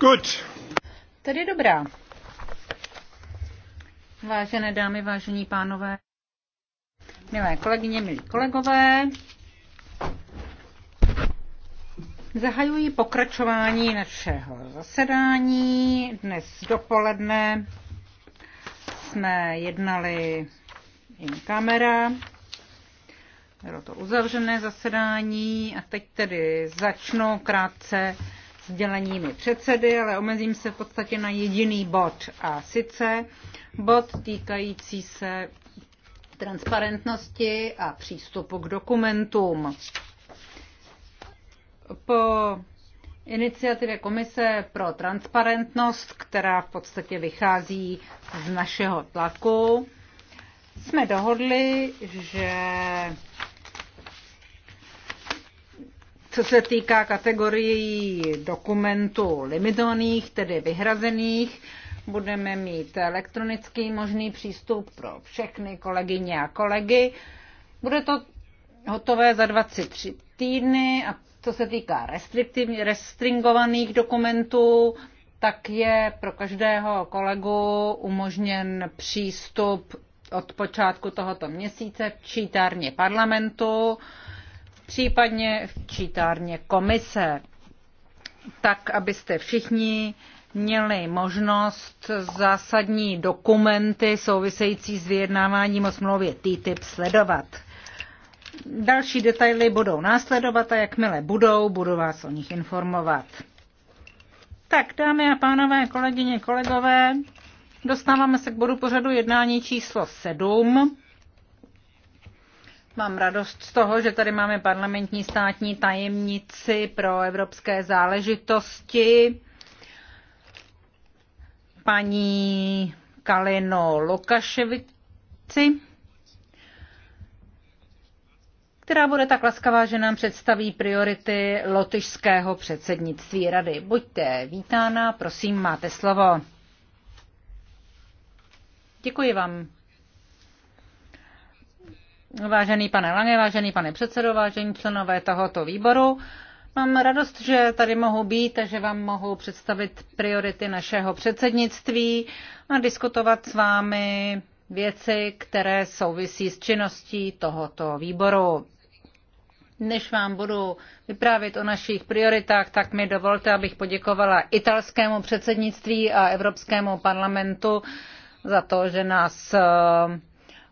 Good. je dobrá. Vážené dámy, vážení pánové, milé kolegyně, milí kolegové, zahajují pokračování našeho zasedání. Dnes dopoledne jsme jednali in kamera. Bylo to uzavřené zasedání a teď tedy začnu krátce sděleními předsedy, ale omezím se v podstatě na jediný bod a sice bod týkající se transparentnosti a přístupu k dokumentům. Po iniciativě Komise pro transparentnost, která v podstatě vychází z našeho tlaku, jsme dohodli, že co se týká kategorií dokumentů limitovaných, tedy vyhrazených, budeme mít elektronický možný přístup pro všechny kolegyně a kolegy. Bude to hotové za 23 týdny a co se týká restringovaných dokumentů, tak je pro každého kolegu umožněn přístup od počátku tohoto měsíce v čítárně parlamentu případně v čítárně komise, tak abyste všichni měli možnost zásadní dokumenty související s vyjednáváním o smlouvě TTIP sledovat. Další detaily budou následovat a jakmile budou, budu vás o nich informovat. Tak, dámy a pánové, kolegyně, kolegové, dostáváme se k bodu pořadu jednání číslo 7. Mám radost z toho, že tady máme parlamentní státní tajemnici pro evropské záležitosti, paní Kalino Lukaševici, která bude tak laskavá, že nám představí priority lotyšského předsednictví rady. Buďte vítána, prosím, máte slovo. Děkuji vám. Vážený pane Lange, vážený pane předsedo, vážení členové tohoto výboru, mám radost, že tady mohu být a že vám mohu představit priority našeho předsednictví a diskutovat s vámi věci, které souvisí s činností tohoto výboru. Než vám budu vyprávět o našich prioritách, tak mi dovolte, abych poděkovala italskému předsednictví a Evropskému parlamentu za to, že nás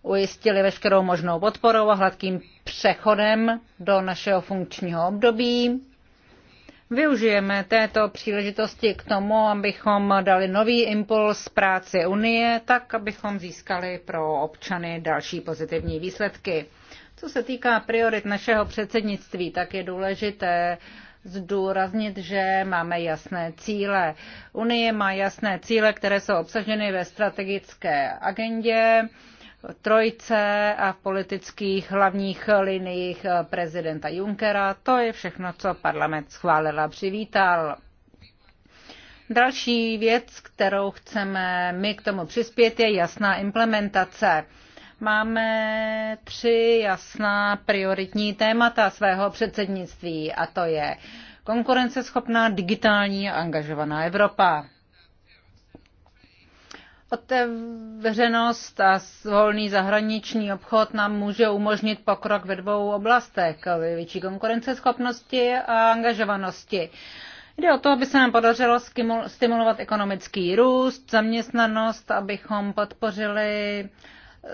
ujistili veškerou možnou podporou a hladkým přechodem do našeho funkčního období. Využijeme této příležitosti k tomu, abychom dali nový impuls práci Unie, tak abychom získali pro občany další pozitivní výsledky. Co se týká priorit našeho předsednictví, tak je důležité zdůraznit, že máme jasné cíle. Unie má jasné cíle, které jsou obsaženy ve strategické agendě trojce a v politických hlavních liniích eh, prezidenta Junckera. To je všechno, co parlament schválil a přivítal. Další věc, kterou chceme my k tomu přispět, je jasná implementace. Máme tři jasná prioritní témata svého předsednictví a to je konkurenceschopná, digitální a angažovaná Evropa. Otevřenost a volný zahraniční obchod nám může umožnit pokrok ve dvou oblastech, větší konkurenceschopnosti a angažovanosti. Jde o to, aby se nám podařilo stimulovat ekonomický růst, zaměstnanost, abychom podpořili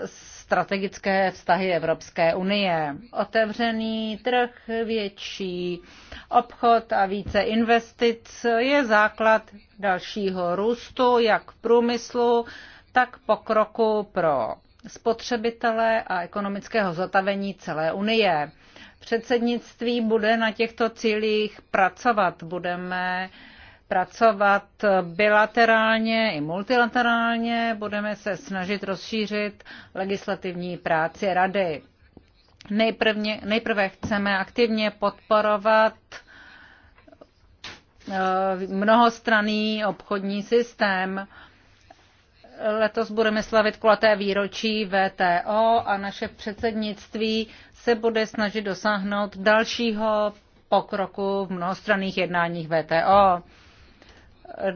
strategické vztahy Evropské unie. Otevřený trh, větší obchod a více investic je základ dalšího růstu jak v průmyslu, tak pokroku pro spotřebitele a ekonomického zotavení celé Unie. Předsednictví bude na těchto cílích pracovat. Budeme pracovat bilaterálně i multilaterálně. Budeme se snažit rozšířit legislativní práci rady. Nejprvně, nejprve chceme aktivně podporovat eh, mnohostranný obchodní systém. Letos budeme slavit kulaté výročí VTO a naše předsednictví se bude snažit dosáhnout dalšího pokroku v mnohostranných jednáních VTO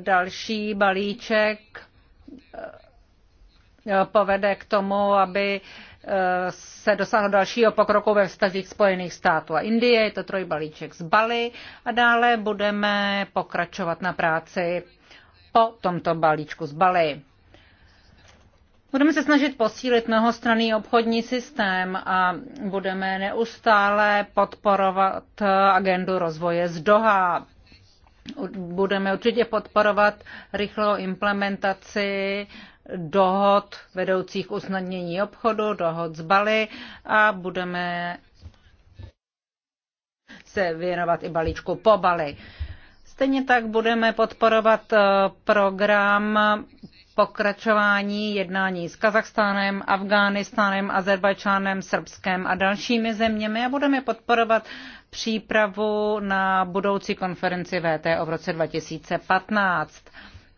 další balíček eh, povede k tomu, aby eh, se dosáhlo dalšího pokroku ve vztazích Spojených států a Indie. Je to trojbalíček z Bali a dále budeme pokračovat na práci po tomto balíčku z Bali. Budeme se snažit posílit mnohostranný obchodní systém a budeme neustále podporovat agendu rozvoje z Doha budeme určitě podporovat rychlou implementaci dohod vedoucích usnadnění obchodu, dohod z Bali a budeme se věnovat i balíčku po Bali. Stejně tak budeme podporovat eh, program pokračování jednání s Kazachstánem, Afghánistánem, Azerbajdžánem, Srbskem a dalšími zeměmi a budeme podporovat přípravu na budoucí konferenci VTO v roce 2015.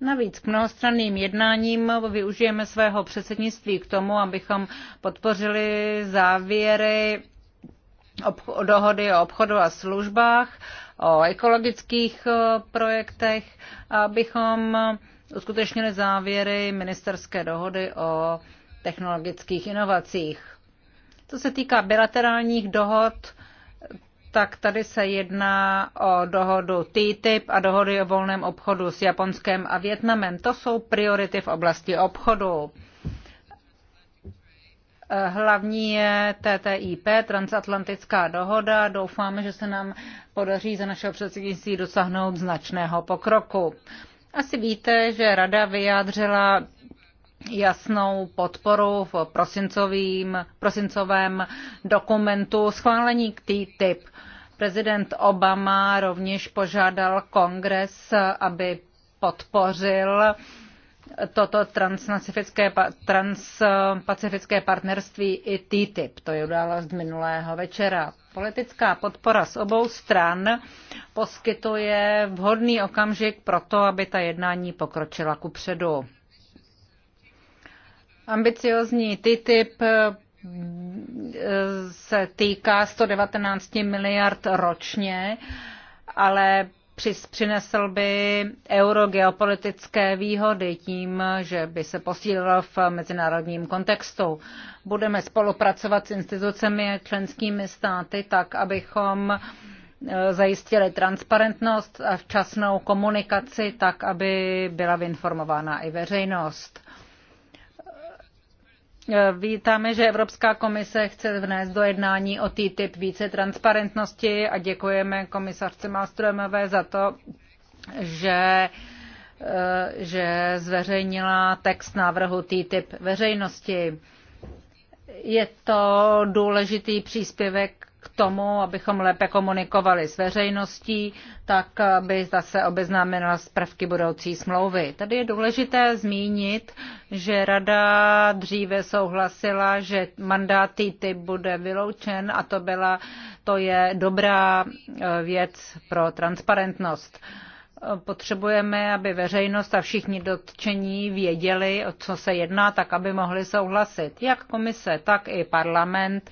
Navíc k mnohostranným jednáním využijeme svého předsednictví k tomu, abychom podpořili závěry dohody o obchodu a službách, o ekologických eh, projektech, abychom uskutečnili závěry ministerské dohody o technologických inovacích. Co se týká bilaterálních dohod, tak tady se jedná o dohodu TTIP a dohody o volném obchodu s Japonskem a Větnamem. To jsou priority v oblasti obchodu. Hlavní je TTIP, transatlantická dohoda. Doufáme, že se nám podaří za našeho předsednictví dosáhnout značného pokroku. Asi víte, že Rada vyjádřila jasnou podporu v prosincovým, prosincovém dokumentu schválení k TTIP. Prezident Obama rovněž požádal kongres, aby podpořil toto transpacifické, transpacifické partnerství i TTIP. To je událost minulého večera. Politická podpora z obou stran poskytuje vhodný okamžik pro to, aby ta jednání pokročila předu. Ambiciozní TTIP eh, se týká 119 miliard ročně, ale přinesl by euro geopolitické výhody tím, že by se posílil v mezinárodním kontextu. Budeme spolupracovat s institucemi a členskými státy tak, abychom eh, zajistili transparentnost a včasnou komunikaci tak, aby byla vyinformována i veřejnost. Eh, vítáme, že Evropská komise chce vnést do jednání o TTIP více transparentnosti a děkujeme komisařce Malströmové za to, že eh, že zveřejnila text návrhu TTIP veřejnosti. Je to důležitý příspěvek tomu, abychom lépe komunikovali s veřejností, tak by zase obeznámila z prvky budoucí smlouvy. Tady je důležité zmínit, že rada dříve souhlasila, že mandát TTIP bude vyloučen a to, byla, to je dobrá e, věc pro transparentnost potřebujeme, aby veřejnost a všichni dotčení věděli, o co se jedná, tak aby mohli souhlasit. Jak komise, tak i parlament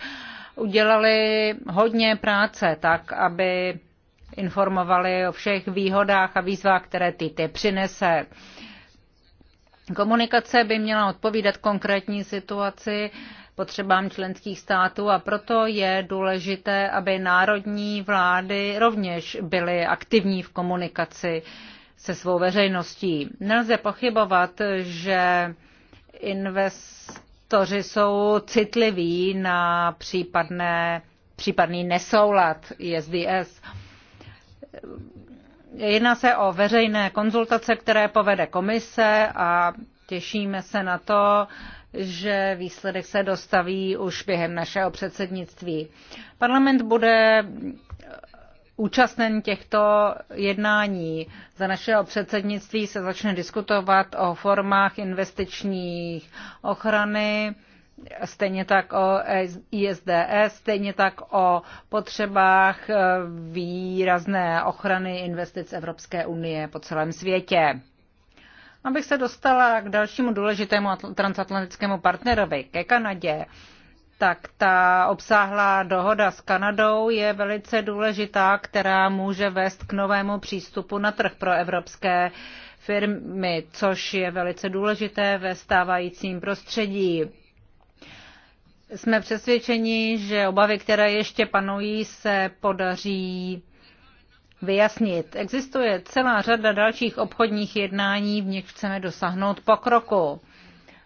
udělali hodně práce tak, aby informovali o všech výhodách a výzvách, které TTIP přinese. Komunikace by měla odpovídat konkrétní situaci, potřebám členských států a proto je důležité, aby národní vlády rovněž byly aktivní v komunikaci se svou veřejností. Nelze pochybovat, že invest investoři jsou citliví na případné, případný nesoulad ISDS. Jedná se o veřejné konzultace, které povede komise a těšíme se na to, že výsledek se dostaví už během našeho předsednictví. Parlament bude účasten těchto jednání. Za našeho předsednictví se začne diskutovat o formách investičních ochrany, stejně tak o ISDS, stejně tak o potřebách eh, výrazné ochrany investic Evropské unie po celém světě. Abych se dostala k dalšímu důležitému transatlantickému partnerovi, ke Kanadě tak ta obsáhlá dohoda s Kanadou je velice důležitá, která může vést k novému přístupu na trh pro evropské firmy, což je velice důležité ve stávajícím prostředí. Jsme přesvědčeni, že obavy, které ještě panují, se podaří vyjasnit. Existuje celá řada dalších obchodních jednání, v nich chceme dosáhnout pokroku.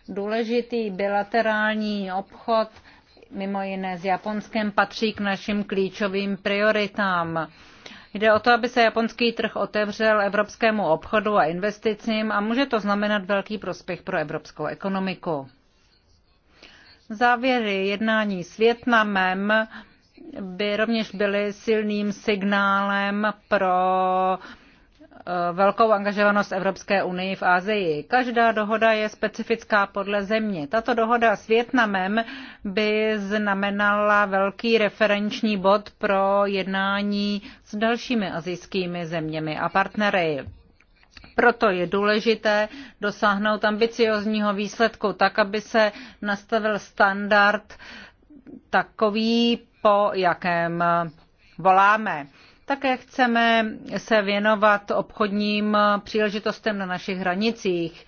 Důležitý bilaterální obchod mimo jiné s Japonskem patří k našim klíčovým prioritám. Jde o to, aby se japonský trh otevřel evropskému obchodu a investicím a může to znamenat velký prospěch pro evropskou ekonomiku. Závěry jednání s Větnamem by rovněž byly silným signálem pro Eh, velkou angažovanost Evropské unii v Asii. Každá dohoda je specifická podle země. Tato dohoda s Větnamem by znamenala velký referenční bod pro jednání s dalšími azijskými zeměmi a partnery. Proto je důležité dosáhnout ambiciozního výsledku tak, aby se nastavil standard takový, po jakém voláme. Také chceme se věnovat obchodním příležitostem na našich hranicích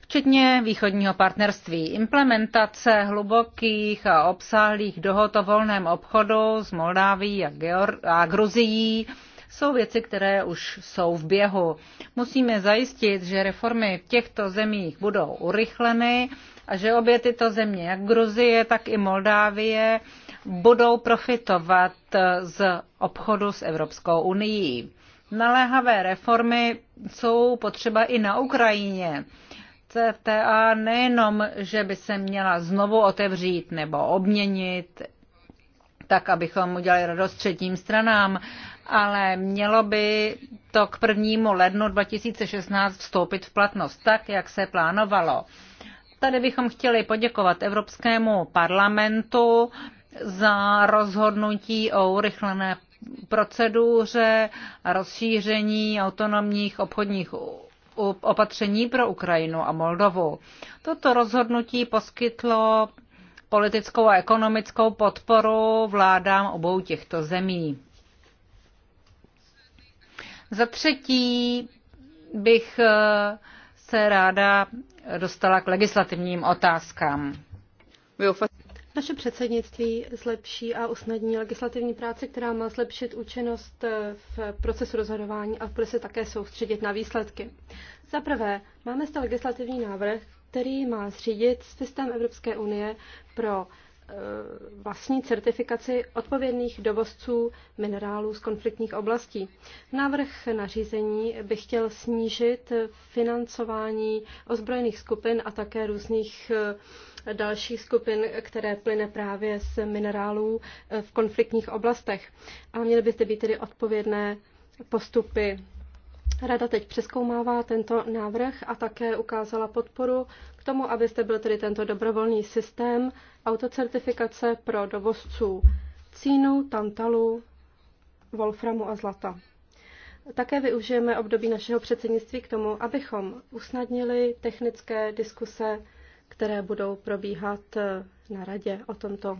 včetně východního partnerství. Implementace hlubokých a obsáhlých dohod o volném obchodu s Moldáví a, Geor- a Gruzií jsou věci, které už jsou v běhu. Musíme zajistit, že reformy v těchto zemích budou urychleny a že obě tyto země, jak Gruzie, tak i Moldávie, budou profitovat eh, z obchodu s Evropskou unii. Naléhavé reformy jsou potřeba i na Ukrajině. CFTA nejenom, že by se měla znovu otevřít nebo obměnit, tak abychom udělali radost třetím stranám, ale mělo by to k 1. lednu 2016 vstoupit v platnost tak, jak se plánovalo. Tady bychom chtěli poděkovat Evropskému parlamentu za rozhodnutí o urychlené proceduře a rozšíření autonomních obchodních opatření pro Ukrajinu a Moldovu. Toto rozhodnutí poskytlo politickou a ekonomickou podporu vládám obou těchto zemí. Za třetí bych eh, se ráda dostala k legislativním otázkám. Naše předsednictví zlepší a usnadní legislativní práci, která má zlepšit účinnost eh, v procesu rozhodování a bude se také soustředit na výsledky. Za prvé, máme zde legislativní návrh, který má zřídit systém Evropské unie pro eh, vlastní certifikaci odpovědných dovozců minerálů z konfliktních oblastí. Návrh nařízení by chtěl snížit financování ozbrojených skupin a také různých eh, dalších skupin, které plyne právě z minerálů eh, v konfliktních oblastech. A měly by zde být tedy odpovědné postupy. Rada teď přeskoumává tento návrh a také ukázala podporu k tomu, aby zde byl tedy tento dobrovolný systém autocertifikace pro dovozců cínu, tantalu, wolframu a zlata. Také využijeme období našeho předsednictví k tomu, abychom usnadnili technické diskuse které budou probíhat eh, na radě o tomto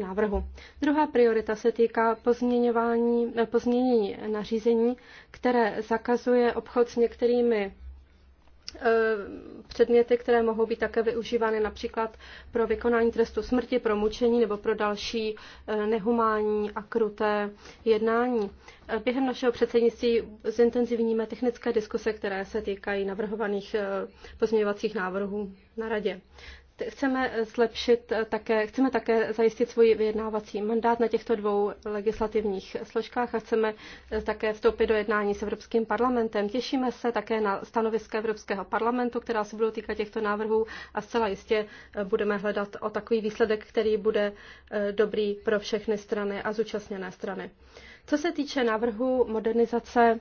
návrhu. Druhá priorita se týká pozměňování, eh, pozměnění nařízení, které zakazuje obchod s některými Eh, předměty, které mohou být také využívány například pro vykonání trestu smrti, pro mučení nebo pro další eh, nehumánní a kruté jednání. Eh, během našeho předsednictví zintenzivníme technické diskuse, které se týkají navrhovaných pozměňovacích návrhů na radě. Chceme zlepšit také, chceme také zajistit svůj vyjednávací mandát na těchto dvou legislativních složkách a chceme eh, také vstoupit do jednání s Evropským parlamentem. Těšíme se také na stanoviska Evropského parlamentu, která se budou týkat těchto návrhů a zcela jistě eh, budeme hledat o takový výsledek, který bude eh, dobrý pro všechny strany a zúčastněné strany. Co se týče návrhu modernizace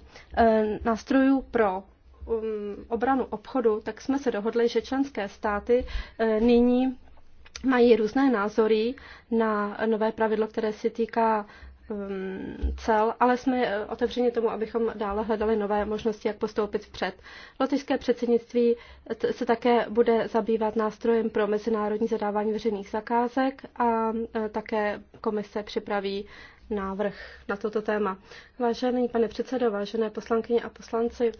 nástrojů pro Um, obranu obchodu, tak jsme se dohodli, že členské státy eh, nyní mají různé názory na nové pravidlo, které se týká um, cel, ale jsme eh, otevřeni tomu, abychom dále hledali nové možnosti, jak postoupit vpřed. Lotyšské předsednictví eh, se také bude zabývat nástrojem pro mezinárodní zadávání veřejných zakázek a také komise připraví návrh na toto téma. Vážený pane předsedo, vážené poslankyně a poslanci,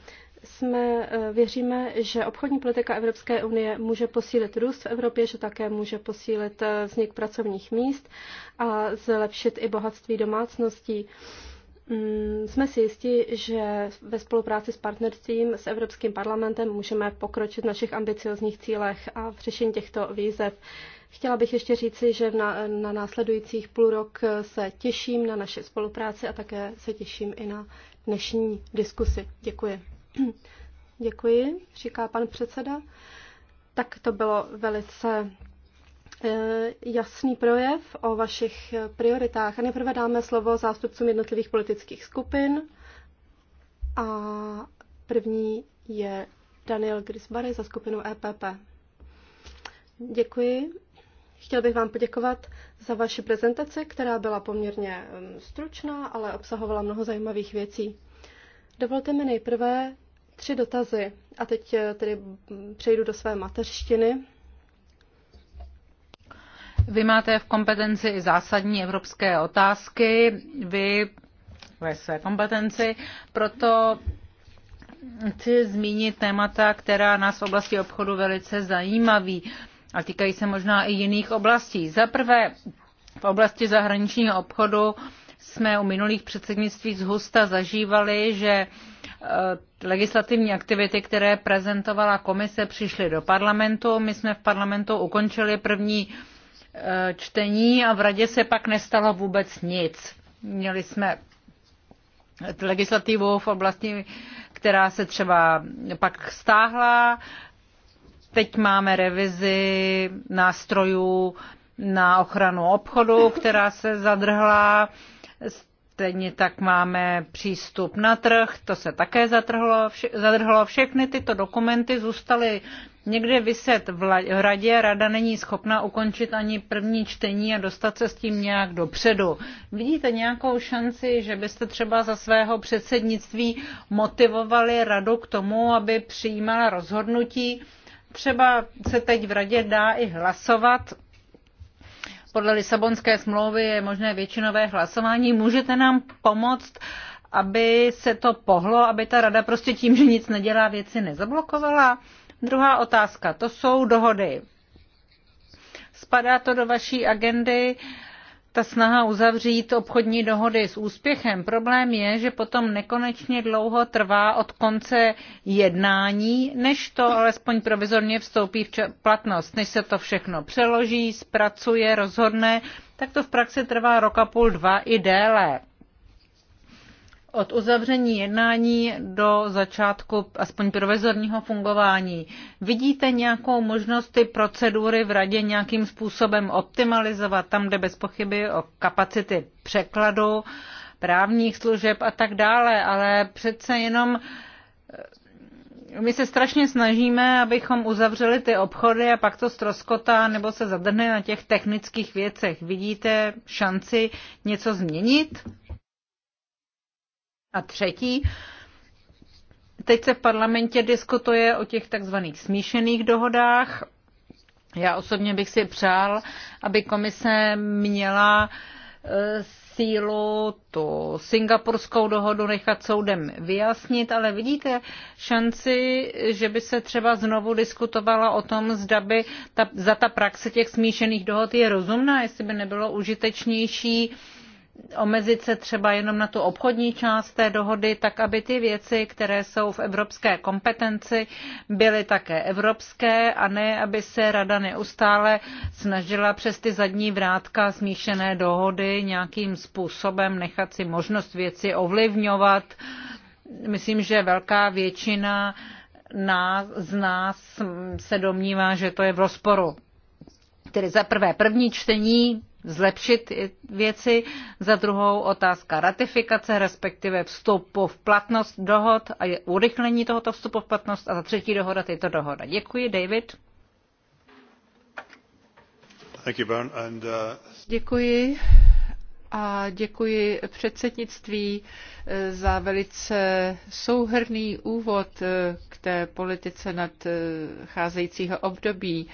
jsme, eh, věříme, že obchodní politika Evropské unie může posílit růst v Evropě, že také může posílit eh, vznik pracovních míst a zlepšit i bohatství domácností. Mm, jsme si jistí, že ve spolupráci s partnerstvím s Evropským parlamentem můžeme pokročit v našich ambiciozních cílech a v řešení těchto výzev. Chtěla bych ještě říci, že na, na následujících půl rok eh, se těším na naše spolupráci a také se těším i na dnešní diskusi. Děkuji. Děkuji, říká pan předseda. Tak to bylo velice eh, jasný projev o vašich prioritách. A nejprve dáme slovo zástupcům jednotlivých politických skupin. A první je Daniel Grisbary za skupinu EPP. Děkuji. Chtěl bych vám poděkovat za vaši prezentaci, která byla poměrně ehm, stručná, ale obsahovala mnoho zajímavých věcí. Dovolte mi nejprve tři dotazy a teď eh, tedy přejdu do své mateřštiny. Vy máte v kompetenci i zásadní evropské otázky, vy ve své kompetenci, proto chci zmínit témata, která nás v oblasti obchodu velice zajímaví a týkají se možná i jiných oblastí. Za prvé, v oblasti zahraničního obchodu jsme u minulých předsednictví z Husta zažívali, že eh, legislativní aktivity, které prezentovala komise, přišly do parlamentu. My jsme v parlamentu ukončili první eh, čtení a v radě se pak nestalo vůbec nic. Měli jsme legislativu v oblasti, která se třeba pak stáhla. Teď máme revizi nástrojů na ochranu obchodu, která se zadrhla. Stejně tak máme přístup na trh, to se také zatrhlo, vše, zadrhlo. Všechny tyto dokumenty zůstaly někde vyset v, v radě. Rada není schopna ukončit ani první čtení a dostat se s tím nějak dopředu. Vidíte nějakou šanci, že byste třeba za svého předsednictví motivovali radu k tomu, aby přijímala rozhodnutí? Třeba se teď v radě dá i hlasovat podle Lisabonské smlouvy je možné většinové hlasování. Můžete nám pomoct, aby se to pohlo, aby ta rada prostě tím, že nic nedělá, věci nezablokovala? Druhá otázka, to jsou dohody. Spadá to do vaší agendy? Uh, ta snaha uzavřít obchodní dohody s úspěchem. Problém je, že potom nekonečně dlouho trvá od konce jednání, než to alespoň provizorně vstoupí v platnost, než se to všechno přeloží, zpracuje, rozhodne, tak to v praxi trvá rok a půl, dva i déle od uzavření jednání do začátku aspoň provizorního fungování. Vidíte nějakou možnost ty procedury v radě nějakým způsobem optimalizovat tam, kde bez pochyby o kapacity překladu, právních služeb a tak dále, ale přece jenom eh, my se strašně snažíme, abychom uzavřeli ty obchody a pak to stroskotá nebo se zadrhne na těch technických věcech. Vidíte šanci něco změnit? A třetí, teď se v parlamentě diskutuje o těch takzvaných smíšených dohodách. Já osobně bych si přál, aby komise měla eh, sílu tu singapurskou dohodu nechat soudem vyjasnit, ale vidíte šanci, že by se třeba znovu diskutovala o tom, zda by ta, za ta praxe těch smíšených dohod je rozumná, jestli by nebylo užitečnější uh, omezit se třeba jenom na tu obchodní část té dohody, tak aby ty věci, které jsou v evropské kompetenci, byly také evropské a ne, aby se rada neustále snažila přes ty zadní vrátka smíšené dohody nějakým způsobem nechat si možnost věci ovlivňovat. Myslím, že velká většina nás, z nás se domnívá, že to je v rozporu. Tedy za prvé první čtení zlepšit věci. Za druhou otázka ratifikace, respektive vstupu v platnost dohod a je urychlení tohoto vstupu v platnost. A za třetí dohoda, tyto dohoda. Děkuji, David. Uh, děkuji a děkuji předsednictví eh, za velice souhrný úvod eh, k té politice nadcházejícího eh, období.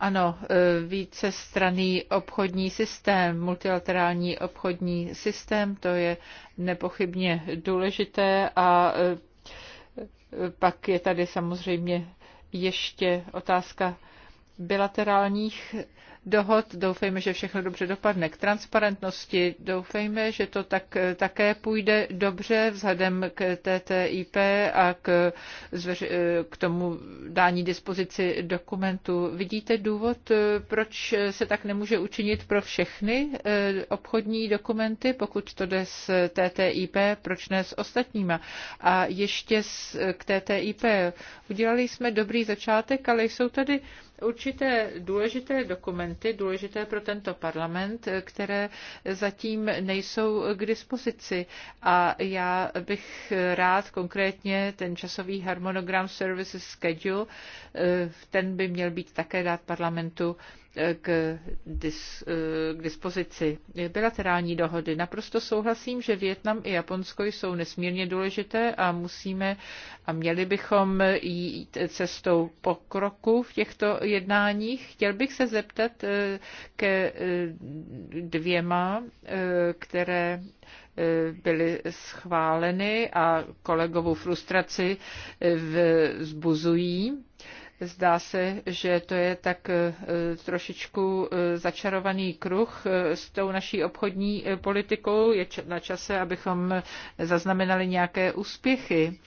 Ano, e, vícestraný obchodní systém, multilaterální obchodní systém, to je nepochybně důležité a e, pak je tady samozřejmě ještě otázka bilaterálních dohod. Doufejme, že všechno dobře dopadne k transparentnosti. Doufejme, že to tak, také půjde dobře vzhledem k TTIP a k, k tomu dání dispozici dokumentu. Vidíte důvod, proč se tak nemůže učinit pro všechny eh, obchodní dokumenty, pokud to jde s TTIP, proč ne s ostatníma? A ještě k TTIP. Udělali jsme dobrý začátek, ale jsou tady určité důležité dokumenty, důležité pro tento parlament, které zatím nejsou k dispozici. A já bych rád konkrétně ten časový harmonogram Services Schedule, eh, ten by měl být také dát parlamentu k, dis, k dispozici. Bilaterální dohody. Naprosto souhlasím, že Větnam i Japonsko jsou nesmírně důležité a musíme a měli bychom jít cestou pokroku v těchto jednáních. Chtěl bych se zeptat eh, ke eh, dvěma, eh, které byly schváleny a kolegovou frustraci vzbuzují Zdá se, že to je tak e, trošičku e, začarovaný kruh e, s tou naší obchodní politikou. Je na čase, abychom zaznamenali nějaké úspěchy.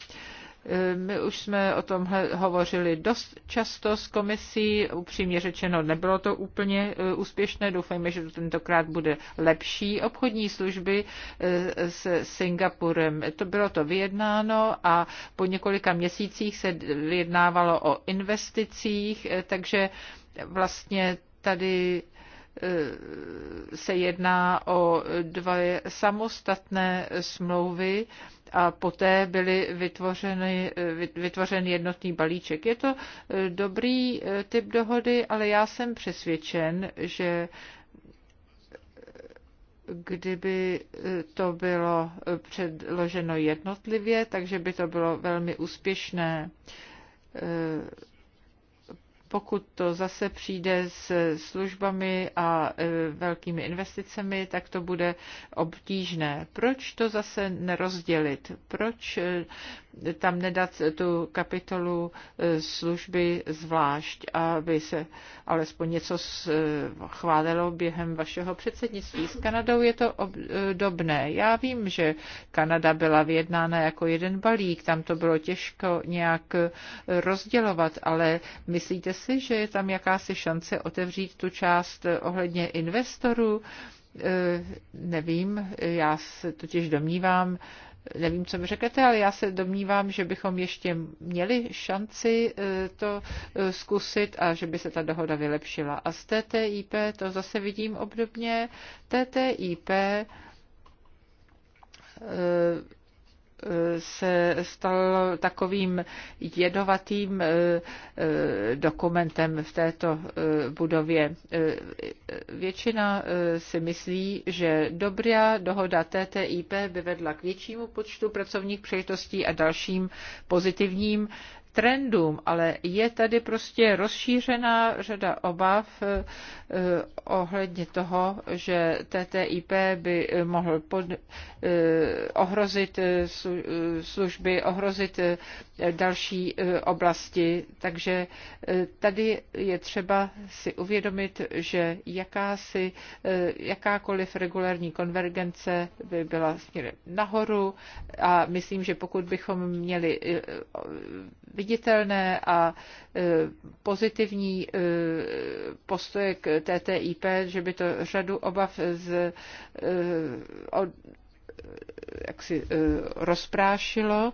My už jsme o tom hovořili dost často s komisí, upřímně řečeno nebylo to úplně e, úspěšné, doufejme, že to tentokrát bude lepší. Obchodní služby e, s Singapurem, to bylo to vyjednáno a po několika měsících se vyjednávalo o investicích, e, takže vlastně tady Eh, se jedná o dva samostatné smlouvy a poté byly vytvořeny, eh, vytvořen jednotný balíček. Je to eh, dobrý typ dohody, ale já jsem přesvědčen, že kdyby to bylo předloženo jednotlivě, takže by to bylo velmi úspěšné pokud to zase přijde s službami a e, velkými investicemi, tak to bude obtížné. Proč to zase nerozdělit? Proč e, tam nedat tu kapitolu e, služby zvlášť, aby se alespoň něco chválilo během vašeho předsednictví. S Kanadou je to obdobné. Já vím, že Kanada byla vyjednána jako jeden balík, tam to bylo těžko nějak rozdělovat, ale myslíte si, že je tam jakási šance otevřít tu část eh, ohledně investorů? Eh, nevím, já se totiž domnívám, nevím, co mi řeknete, ale já se domnívám, že bychom ještě měli šanci eh, to zkusit a že by se ta dohoda vylepšila. A z TTIP to zase vidím obdobně. TTIP se stal takovým jedovatým eh, eh, dokumentem v této eh, budově. Většina si myslí, že dobrá dohoda TTIP by vedla k většímu počtu pracovních příležitostí a dalším pozitivním trendům, ale je tady prostě rozšířená řada obav eh, eh, ohledně toho, že TTIP by mohl pod, eh, ohrozit služby, ohrozit další e, oblasti. Takže e, tady je třeba si uvědomit, že jakási, e, jakákoliv regulární konvergence by byla směrem nahoru a myslím, že pokud bychom měli viditelné a pozitivní postoje k TTIP, že by to řadu obav z, jak si rozprášilo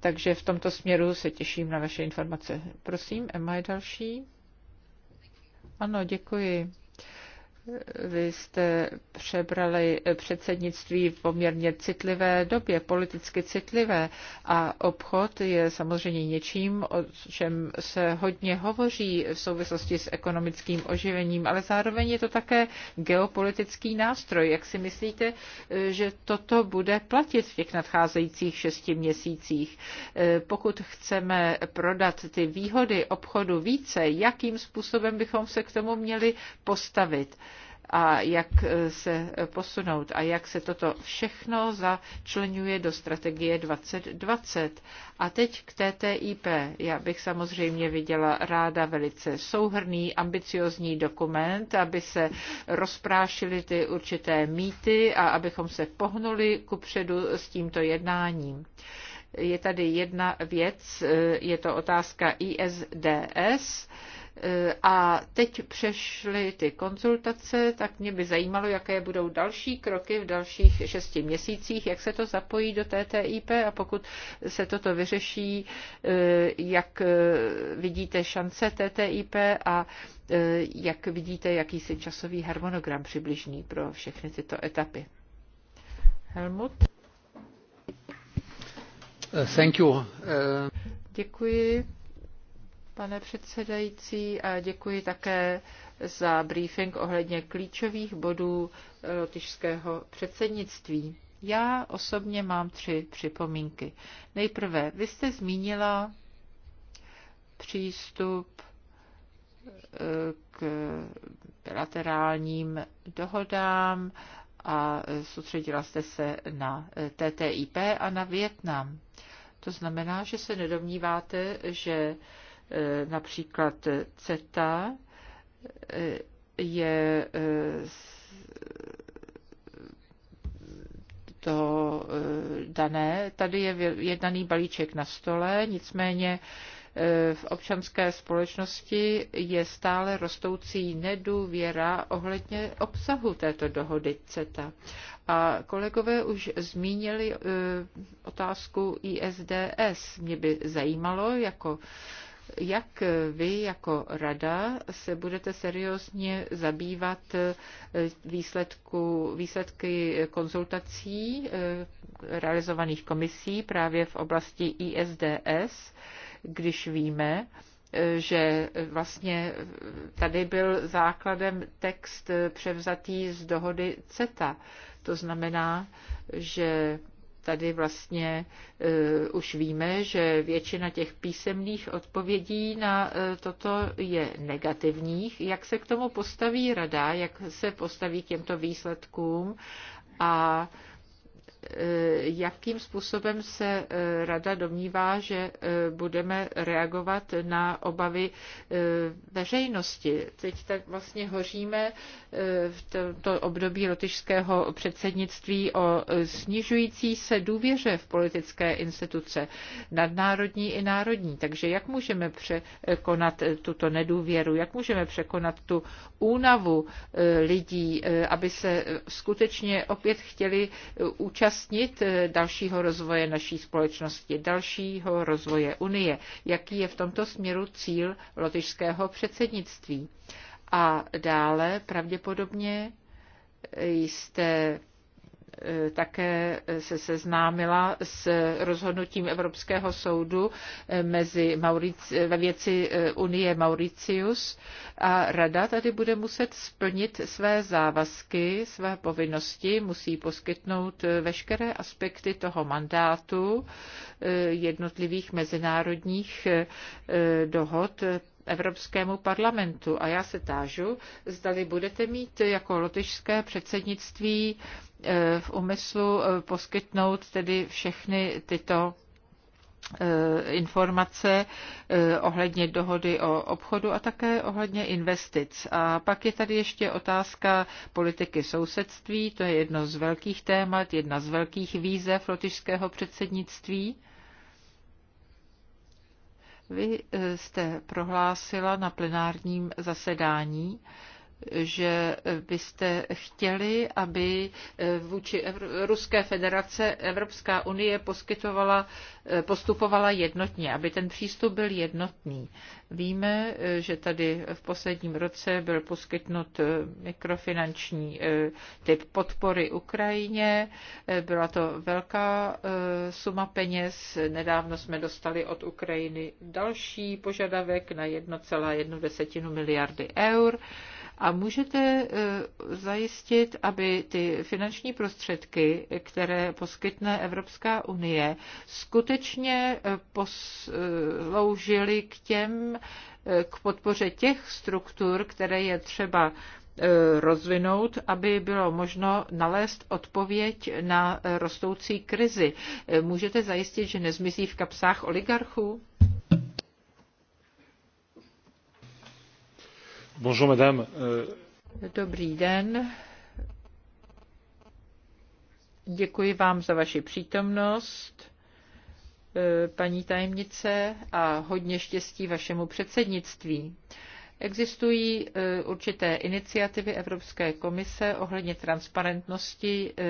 takže v tomto směru se těším na vaše informace. Prosím, Emma je další. Ano, děkuji. Vy jste přebrali eh, předsednictví v poměrně citlivé době, politicky citlivé a obchod je samozřejmě něčím, o čem se hodně hovoří v souvislosti s ekonomickým oživením, ale zároveň je to také geopolitický nástroj. Jak si myslíte, eh, že toto bude platit v těch nadcházejících šesti měsících? Eh, pokud chceme prodat ty výhody obchodu více, jakým způsobem bychom se k tomu měli postavit? a jak eh, se eh, posunout a jak se toto všechno začlenuje do strategie 2020. A teď k TTIP. Já bych samozřejmě viděla ráda velice souhrný, ambiciozní dokument, aby se rozprášily ty určité mýty a abychom se pohnuli kupředu s tímto jednáním je tady jedna věc, eh, je to otázka ISDS. A teď přešly ty konzultace, tak mě by zajímalo, jaké budou další kroky v dalších šesti měsících, jak se to zapojí do TTIP a pokud se toto vyřeší, eh, jak eh, vidíte šance TTIP a eh, jak vidíte jakýsi časový harmonogram přibližný pro všechny tyto etapy. Helmut? Thank you. Děkuji pane předsedající, a děkuji také za briefing ohledně klíčových bodů eh, lotyšského předsednictví. Já osobně mám tři připomínky. Nejprve, vy jste zmínila přístup eh, k bilaterálním dohodám a soustředila jste se na eh, TTIP a na Vietnam. To znamená, že se nedomníváte, že Eh, například CETA eh, je eh, to dané. Tady je jednaný balíček na stole, nicméně v občanské společnosti je stále rostoucí nedůvěra ohledně obsahu této dohody CETA. A kolegové už zmínili otázku ISDS. Mě by zajímalo jako jak vy jako rada se budete seriózně zabývat eh, výsledku, výsledky konzultací eh, realizovaných komisí právě v oblasti ISDS, když víme, eh, že vlastně tady byl základem text převzatý z dohody CETA. To znamená, že tady vlastně e, už víme, že většina těch písemných odpovědí na e, toto je negativních. Jak se k tomu postaví rada, jak se postaví k těmto výsledkům a Eh, jakým způsobem se eh, rada domnívá, že eh, budeme reagovat na obavy veřejnosti. Teď tak vlastně hoříme v tomto období lotyšského předsednictví o snižující se důvěře v politické instituce, nadnárodní i národní. Takže jak můžeme překonat tuto nedůvěru, jak můžeme překonat tu únavu lidí, aby se skutečně opět chtěli účastnit účastnit eh, dalšího rozvoje naší společnosti, dalšího rozvoje Unie. Jaký je v tomto směru cíl lotyšského předsednictví? A dále pravděpodobně eh, jste Eh, také se seznámila s rozhodnutím Evropského soudu eh, mezi Maurici, ve věci eh, Unie Mauricius a Rada tady bude muset splnit své závazky, své povinnosti, musí poskytnout veškeré aspekty toho mandátu jednotlivých mezinárodních dohod Evropskému parlamentu. A já se tážu, zdali budete mít jako lotyšské předsednictví eh, v úmyslu eh, poskytnout tedy všechny tyto eh, informace ohledně dohody o obchodu a také ohledně investic. A pak je tady ještě otázka politiky sousedství, to je jedno z velkých témat, jedna z velkých výzev lotyšského předsednictví. Vy eh, jste prohlásila na plenárním zasedání, že byste chtěli, aby eh, vůči Ruské federace Evropská unie poskytovala, eh, postupovala jednotně, aby ten přístup byl jednotný. Víme, eh, že tady v posledním roce byl poskytnut mikrofinanční typ podpory Ukrajině. Byla to velká suma peněz. Nedávno jsme dostali od Ukrajiny další požadavek na 1,1 miliardy eur a můžete e, zajistit, aby ty finanční prostředky, které poskytne Evropská unie, skutečně e, posloužily k těm, e, k podpoře těch struktur, které je třeba rozvinout, aby bylo možno nalézt odpověď na rostoucí krizi. Můžete zajistit, že nezmizí v kapsách oligarchů? Eh, dobrý den. Děkuji vám za vaši přítomnost, eh, paní tajemnice, a hodně štěstí vašemu předsednictví. Existují e, určité iniciativy Evropské komise ohledně transparentnosti e,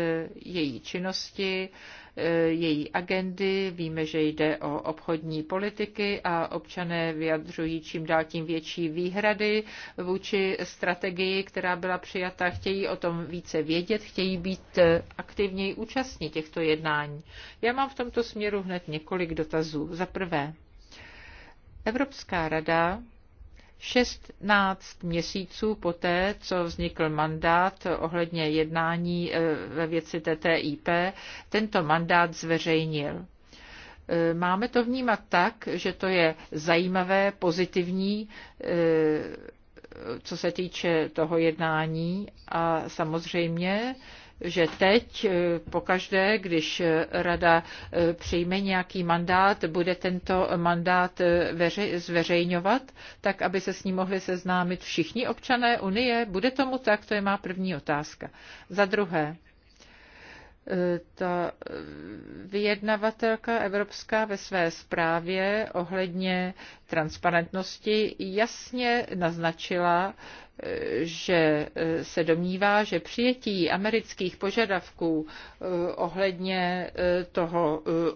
její činnosti, e, její agendy. Víme, že jde o obchodní politiky a občané vyjadřují čím dál tím větší výhrady vůči strategii, která byla přijata. Chtějí o tom více vědět, chtějí být aktivněji účastní těchto jednání. Já mám v tomto směru hned několik dotazů. Za prvé, Evropská rada 16 měsíců poté, co vznikl mandát ohledně jednání e, ve věci TTIP, tento mandát zveřejnil. E, máme to vnímat tak, že to je zajímavé, pozitivní, e, co se týče toho jednání a samozřejmě že teď, eh, pokaždé, když rada eh, přijme nějaký mandát, bude tento mandát eh, veři, zveřejňovat, tak aby se s ním mohli seznámit všichni občané Unie. Bude tomu tak? To je má první otázka. Za druhé, ta vyjednavatelka evropská ve své zprávě ohledně transparentnosti jasně naznačila, že eh, se domnívá, že přijetí amerických požadavků eh, ohledně eh, toho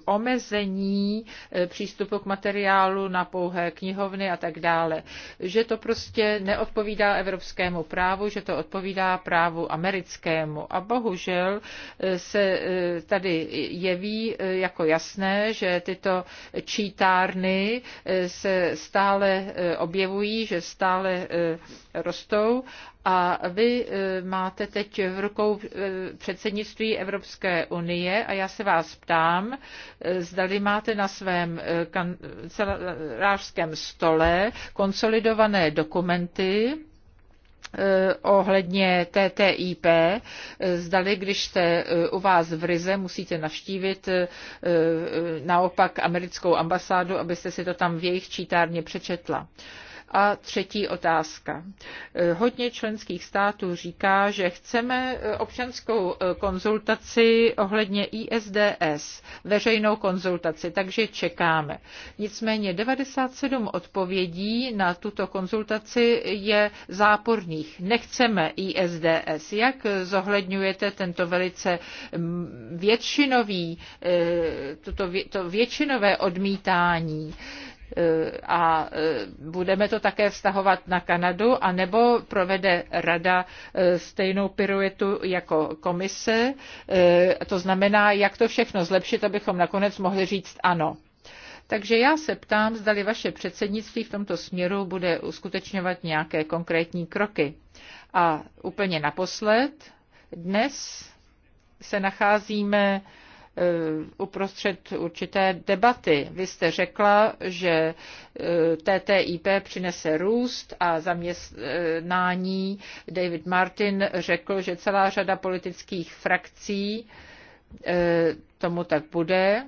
omezení přístupu k materiálu na pouhé knihovny a tak dále, že to prostě neodpovídá evropskému právu, že to odpovídá právu americkému. A bohužel se tady jeví jako jasné, že tyto čítárny se stále objevují, že stále rostou cestou a vy eh, máte teď v rukou eh, předsednictví Evropské unie a já se vás ptám, eh, zdali máte na svém kancelářském stole konsolidované dokumenty, ohledně TTIP, zdali, když jste u vás v Rize, musíte navštívit naopak americkou ambasádu, abyste si to tam v jejich čítárně přečetla. A třetí otázka. Eh, hodně členských států říká, že chceme eh, občanskou eh, konzultaci ohledně ISDS, veřejnou konzultaci, takže čekáme. Nicméně 97 odpovědí na tuto konzultaci je záporných. Nechceme ISDS. Jak zohledňujete tento velice mm, většinový, toto, to většinové odmítání? a e, budeme to také vztahovat na Kanadu, anebo provede rada e, stejnou piruetu jako komise, e, to znamená, jak to všechno zlepšit, abychom nakonec mohli říct ano. Takže já se ptám, zdali vaše předsednictví v tomto směru bude uskutečňovat nějaké konkrétní kroky. A úplně naposled, dnes se nacházíme Eh, uprostřed určité debaty. Vy jste řekla, že eh, TTIP přinese růst a zaměstnání. David Martin řekl, že celá řada politických frakcí eh, tomu tak bude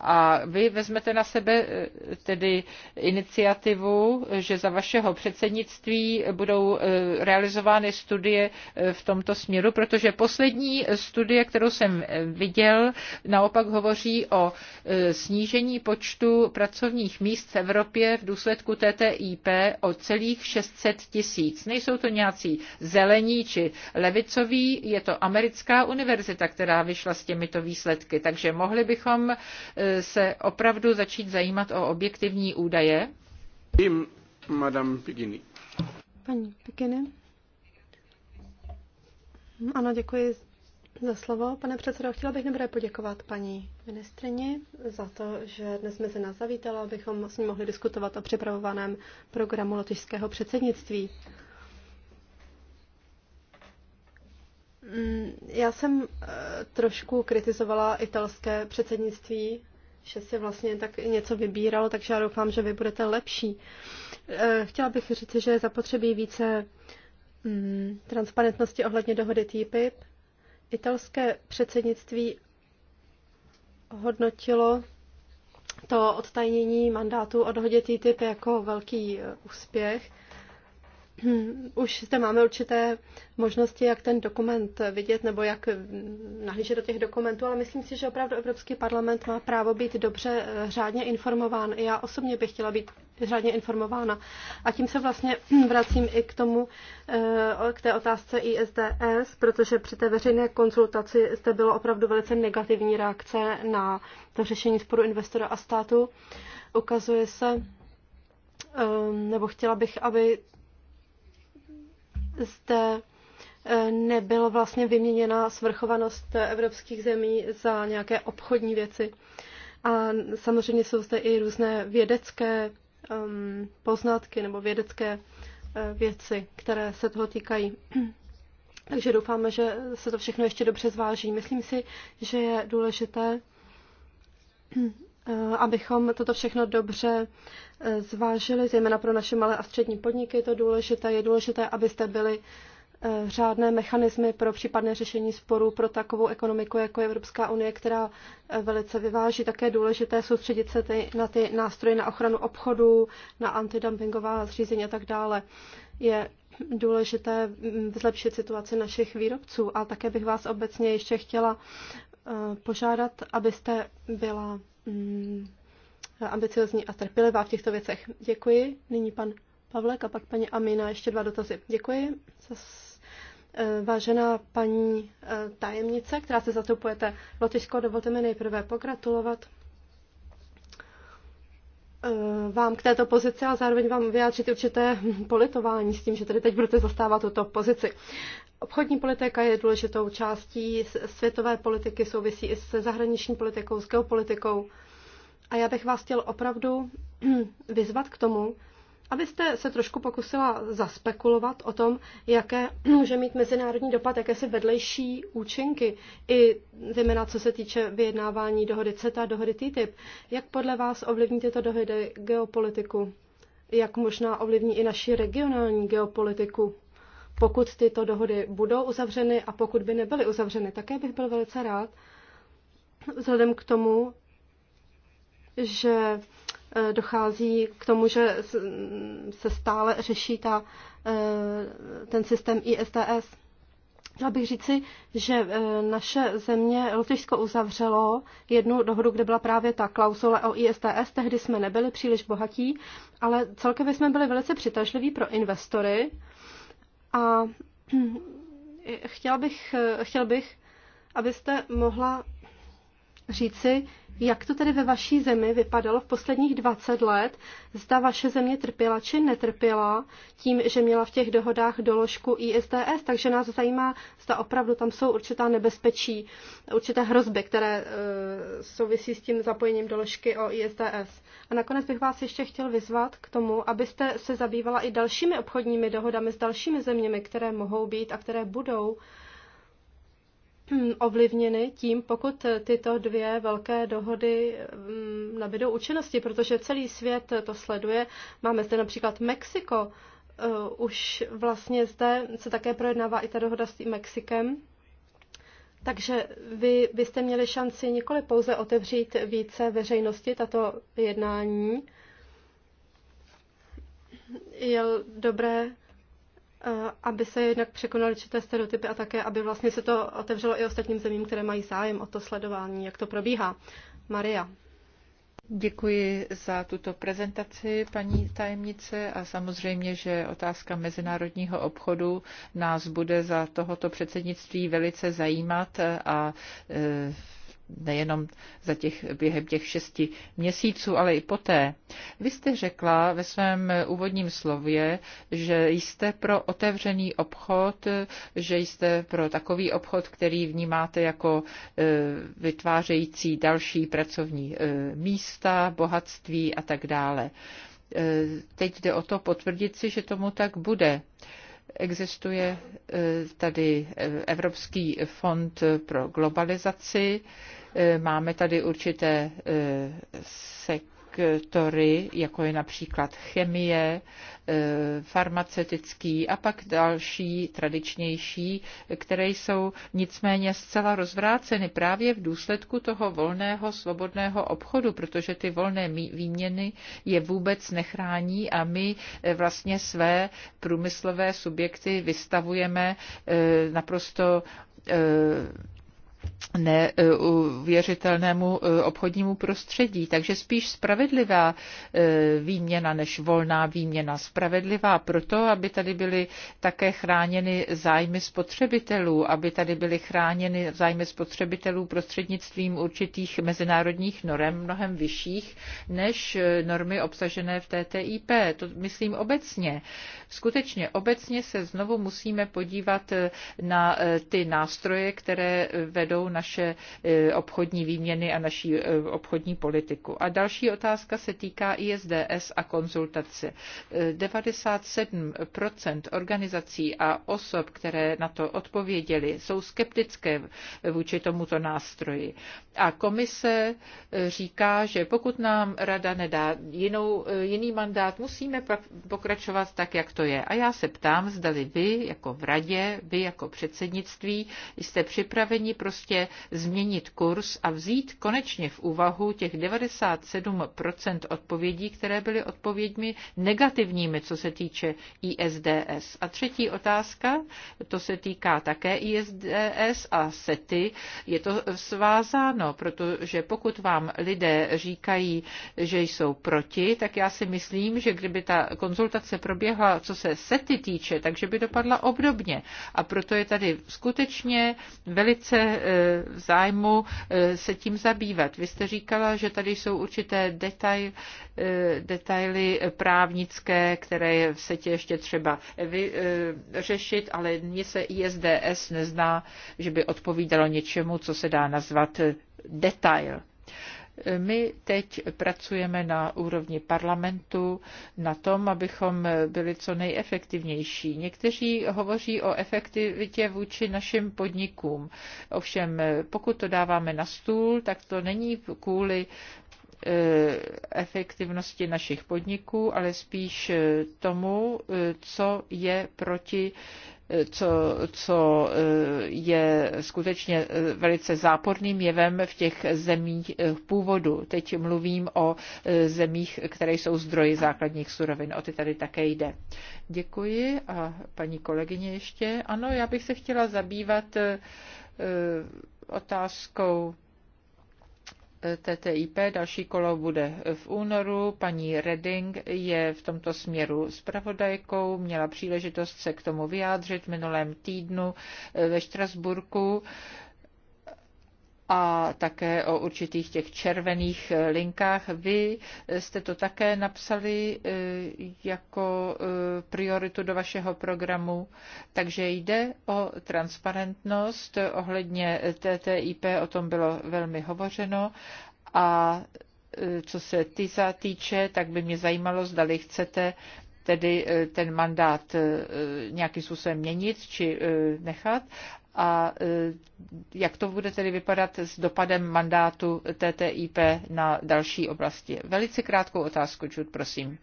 a vy vezmete na sebe eh, tedy iniciativu, že za vašeho předsednictví budou eh, realizovány studie eh, v tomto směru, protože poslední studie, kterou jsem viděl, naopak hovoří o snížení počtu pracovních míst v Evropě v důsledku TTIP o celých 600 tisíc. Nejsou to nějací zelení či levicoví, je to americká univerzita, která vyšla s těmito výsledky. Takže mohli bychom se opravdu začít zajímat o objektivní údaje? Jim, Madame Paní Pigini. Ano, děkuji za slovo. Pane předsedo, chtěla bych nejprve poděkovat paní ministrině za to, že dnes mezi nás zavítala, abychom s ní mohli diskutovat o připravovaném programu lotyšského předsednictví. Mm, já jsem eh, trošku kritizovala italské předsednictví že si vlastně tak něco vybíralo, takže já doufám, že vy budete lepší. Eh, chtěla bych říct, že zapotřebí více mm, transparentnosti ohledně dohody TTIP. Italské předsednictví hodnotilo to odtajnění mandátu o dohodě TTIP jako velký eh, úspěch. Hmm, už zde máme určité možnosti, jak ten dokument vidět nebo jak nahlížet do těch dokumentů, ale myslím si, že opravdu Evropský parlament má právo být dobře eh, řádně informován. já osobně bych chtěla být řádně informována. A tím se vlastně vracím i k tomu, eh, k té otázce ISDS, protože při té veřejné konzultaci zde bylo opravdu velice negativní reakce na to řešení sporu investora a státu. Ukazuje se, eh, nebo chtěla bych, aby zde eh, nebyla vlastně vyměněna svrchovanost evropských zemí za nějaké obchodní věci. A samozřejmě jsou zde i různé vědecké um, poznatky nebo vědecké uh, věci, které se toho týkají. Takže doufáme, že se to všechno ještě dobře zváží. Myslím si, že je důležité Eh, abychom toto všechno dobře eh, zvážili, zejména pro naše malé a střední podniky je to důležité. Je důležité, abyste byli eh, řádné mechanismy pro případné řešení sporů pro takovou ekonomiku, jako je Evropská unie, která velice vyváží. Také je důležité soustředit se ty, na ty nástroje na ochranu obchodu, na antidumpingová zřízení a tak dále. Je důležité mm, zlepšit situaci našich výrobců a také bych vás obecně ještě chtěla požádat, abyste byla Mm, ambiciozní a trpělivá v těchto věcech. Děkuji. Nyní pan Pavlek a pak paní Amina. Ještě dva dotazy. Děkuji. Eh, vážená paní eh, tajemnice, která se v Lotyšsko, dovolte mi nejprve pogratulovat Eh, vám k této pozici a zároveň vám vyjádřit určité politování s tím, že tady teď budete zastávat tuto pozici. Obchodní politika je důležitou částí světové politiky, souvisí i se zahraniční politikou, s geopolitikou. A já bych vás chtěl opravdu vyzvat k tomu, abyste se trošku pokusila zaspekulovat o tom, jaké může mít mezinárodní dopad, jaké si vedlejší účinky, i zejména co se týče vyjednávání dohody CETA, dohody TTIP. Jak podle vás ovlivní tyto dohody geopolitiku? Jak možná ovlivní i naši regionální geopolitiku? Pokud tyto dohody budou uzavřeny a pokud by nebyly uzavřeny, také bych byl velice rád, vzhledem k tomu, že Eh, dochází k tomu, že se stále řeší ta, eh, ten systém ISDS. Chtěla bych říci, že eh, naše země Lotyšsko uzavřelo jednu dohodu, kde byla právě ta klauzule o ISTS. Tehdy jsme nebyli příliš bohatí, ale celkově jsme byli velice přitažliví pro investory. A chtěl bych, chtěl bych, abyste mohla říci, jak to tedy ve vaší zemi vypadalo v posledních 20 let? Zda vaše země trpěla či netrpěla tím, že měla v těch dohodách doložku ISDS, takže nás zajímá, zda opravdu tam jsou určitá nebezpečí, určité hrozby, které e, souvisí s tím zapojením doložky o ISDS. A nakonec bych vás ještě chtěl vyzvat k tomu, abyste se zabývala i dalšími obchodními dohodami s dalšími zeměmi, které mohou být a které budou Hm, ovlivněny tím, pokud tyto dvě velké dohody hm, nabidou účinnosti, protože celý svět to sleduje. Máme zde například Mexiko, eh, už vlastně zde se také projednává i ta dohoda s tím Mexikem. Takže vy byste měli šanci nikoli pouze otevřít více veřejnosti tato jednání. Je dobré aby se jednak překonaly určité stereotypy a také, aby vlastně se to otevřelo i ostatním zemím, které mají zájem o to sledování, jak to probíhá. Maria. Děkuji za tuto prezentaci, paní tajemnice, a samozřejmě, že otázka mezinárodního obchodu nás bude za tohoto předsednictví velice zajímat a e, nejenom za těch, během těch šesti měsíců, ale i poté. Vy jste řekla ve svém úvodním slově, že jste pro otevřený obchod, že jste pro takový obchod, který vnímáte jako e, vytvářející další pracovní e, místa, bohatství a tak dále. E, teď jde o to potvrdit si, že tomu tak bude existuje tady Evropský fond pro globalizaci, E, máme tady určité e, sektory, jako je například chemie, e, farmaceutický a pak další tradičnější, které jsou nicméně zcela rozvráceny právě v důsledku toho volného svobodného obchodu, protože ty volné výměny je vůbec nechrání a my vlastně své průmyslové subjekty vystavujeme naprosto neuvěřitelnému eh, obchodnímu prostředí. Takže spíš spravedlivá eh, výměna než volná výměna. Spravedlivá proto, aby tady byly také chráněny zájmy spotřebitelů, aby tady byly chráněny zájmy spotřebitelů prostřednictvím určitých mezinárodních norem mnohem vyšších než eh, normy obsažené v TTIP. To myslím obecně. Skutečně obecně se znovu musíme podívat na ty nástroje, které vedou vedou naše e, obchodní výměny a naší e, obchodní politiku. A další otázka se týká ISDS a konzultace. 97% e, organizací a osob, které na to odpověděly, jsou skeptické vůči tomuto nástroji. A komise říká, že pokud nám rada nedá jinou, jiný mandát, musíme pokračovat tak, jak to je. A já se ptám, zdali vy jako v radě, vy jako předsednictví jste připraveni prostě okamžitě změnit kurz a vzít konečně v úvahu těch 97% odpovědí, které byly odpověďmi negativními, co se týče ISDS. A třetí otázka, to se týká také ISDS a SETI. Je to svázáno, protože pokud vám lidé říkají, že jsou proti, tak já si myslím, že kdyby ta konzultace proběhla, co se SETI týče, takže by dopadla obdobně. A proto je tady skutečně velice eh, v zájmu eh, se tím zabývat. Vy jste říkala, že tady jsou určité detail, eh, detaily právnické, které v setě ještě třeba vyřešit, eh, ale mně se ISDS nezná, že by odpovídalo něčemu, co se dá nazvat detail. My teď pracujeme na úrovni parlamentu na tom, abychom byli co nejefektivnější. Někteří hovoří o efektivitě vůči našim podnikům. Ovšem, pokud to dáváme na stůl, tak to není kvůli eh, efektivnosti našich podniků, ale spíš eh, tomu, eh, co je proti co, co eh, je skutečně eh, velice záporným jevem v těch zemích eh, původu. Teď mluvím o zemích, které jsou zdroji základních surovin. O ty tady také jde. Děkuji. A paní kolegyně ještě. Ano, já bych se chtěla zabývat otázkou TTIP. Další kolo bude v únoru. Paní Redding je v tomto směru zpravodajkou. Měla příležitost se k tomu vyjádřit v minulém týdnu eh, ve Štrasburku a také o určitých těch červených eh, linkách. Vy eh, jste to také napsali eh, jako prioritu do vašeho programu, takže jde o transparentnost ohledně TTIP, o tom bylo velmi hovořeno a co se ty týče, tak by mě zajímalo, zdali chcete tedy ten mandát nějakým způsobem měnit či nechat a e, jak to bude tedy vypadat s dopadem mandátu TTIP na další oblasti. Velice krátkou otázku, Jude, prosím. Uh,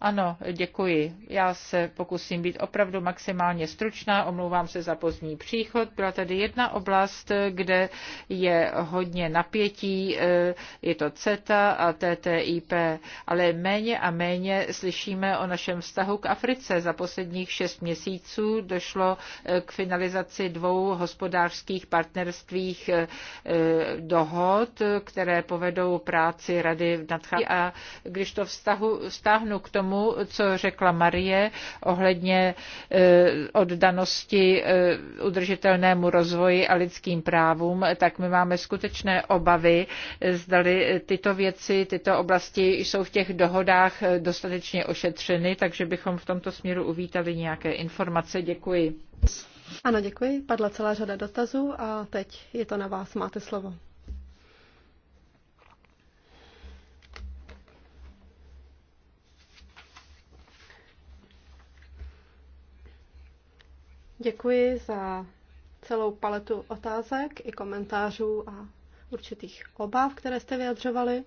ano, děkuji. Já se pokusím být opravdu maximálně stručná. Omlouvám se za pozdní příchod. Byla tady jedna oblast, kde je hodně napětí. Eh, je to CETA a TTIP, ale méně a méně slyšíme o našem vztahu k Africe. Za posledních šest měsíců došlo eh, k finalizaci dvou hospodářských partnerstvích eh, dohod, které povedou práci Rady v nadchází. A když to vztahu, vztáhnu k tomu, tomu, co řekla Marie ohledně e, oddanosti e, udržitelnému rozvoji a lidským právům, tak my máme skutečné obavy, zdali tyto věci, tyto oblasti jsou v těch dohodách dostatečně ošetřeny, takže bychom v tomto směru uvítali nějaké informace. Děkuji. Ano, děkuji. Padla celá řada dotazů a teď je to na vás. Máte slovo. Děkuji za celou paletu otázek i komentářů a určitých obav, které jste vyjadřovali.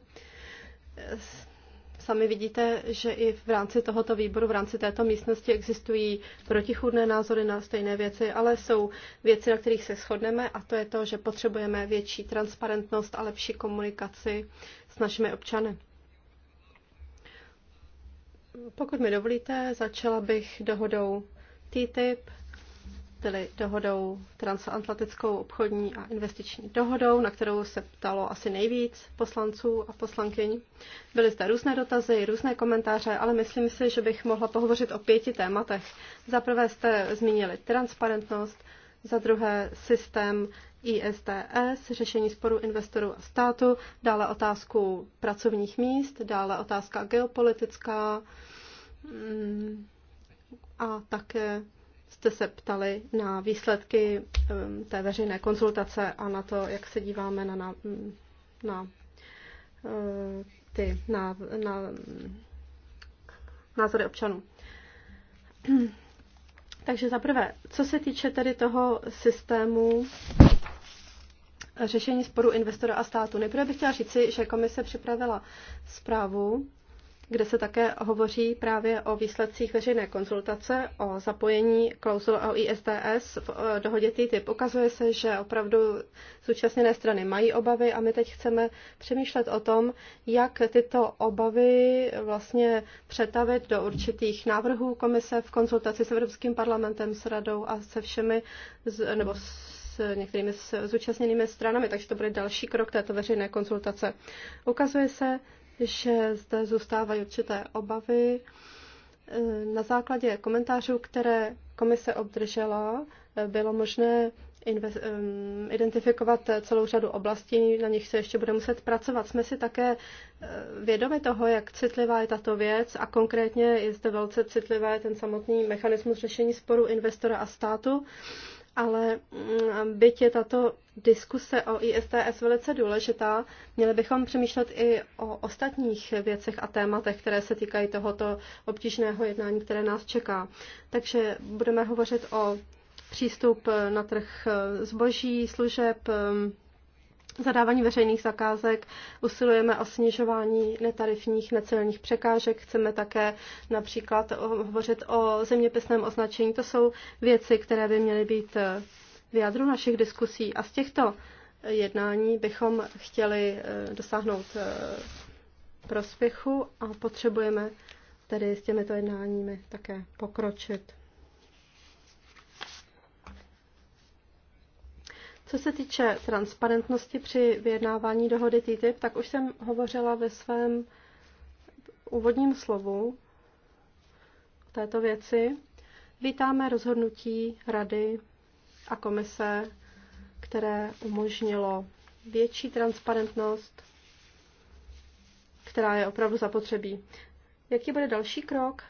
Sami vidíte, že i v rámci tohoto výboru, v rámci této místnosti existují protichůdné názory na stejné věci, ale jsou věci, na kterých se shodneme a to je to, že potřebujeme větší transparentnost a lepší komunikaci s našimi občany. Pokud mi dovolíte, začala bych dohodou TTIP, tedy dohodou transatlantickou obchodní a investiční dohodou, na kterou se ptalo asi nejvíc poslanců a poslankyň. Byly zde různé dotazy, různé komentáře, ale myslím si, že bych mohla pohovořit o pěti tématech. Za prvé jste zmínili transparentnost, za druhé systém ISTS, řešení sporů investorů a státu, dále otázku pracovních míst, dále otázka geopolitická mm, a také jste se ptali na výsledky té veřejné konzultace a na to, jak se díváme na, na, na eh, ty na, na názory občanů. Takže zaprvé, co se týče tedy toho systému řešení sporu investora a státu, nejprve bych chtěla říci, že komise připravila zprávu kde se také hovoří právě o výsledcích veřejné konzultace, o zapojení klauzul a ISDS v eh, dohodě TTIP. Ukazuje se, že opravdu zúčastněné strany mají obavy a my teď chceme přemýšlet o tom, jak tyto obavy vlastně přetavit do určitých návrhů komise v konzultaci s Evropským parlamentem, s radou a se všemi, nebo s některými zúčastněnými stranami, takže to bude další krok této veřejné konzultace. Ukazuje se, že zde zůstávají určité obavy. Eh, na základě komentářů, které komise obdržela, eh, bylo možné eh, identifikovat celou řadu oblastí, na nich se ještě bude muset pracovat. Jsme si také vědomi toho, jak citlivá je tato věc a konkrétně je zde velice citlivé ten samotný mechanismus řešení sporu investora a státu ale mm, byť je tato diskuse o ISTS velice důležitá, měli bychom přemýšlet i o ostatních věcech a tématech, které se týkají tohoto obtížného jednání, které nás čeká. Takže budeme hovořit o přístup na trh zboží, služeb, mm, zadávání veřejných zakázek, usilujeme o snižování netarifních necelních překážek, chceme také například hovořit o zeměpisném označení. To jsou věci, které by měly být v jádru našich diskusí a z těchto jednání bychom chtěli eh, dosáhnout eh, prospěchu a potřebujeme tedy s těmito jednáními také pokročit. Co se týče transparentnosti při vyjednávání dohody TTIP, tak už jsem hovořila ve svém úvodním slovu o této věci. Vítáme rozhodnutí Rady a komise, které umožnilo větší transparentnost, která je opravdu zapotřebí. Jaký bude další krok?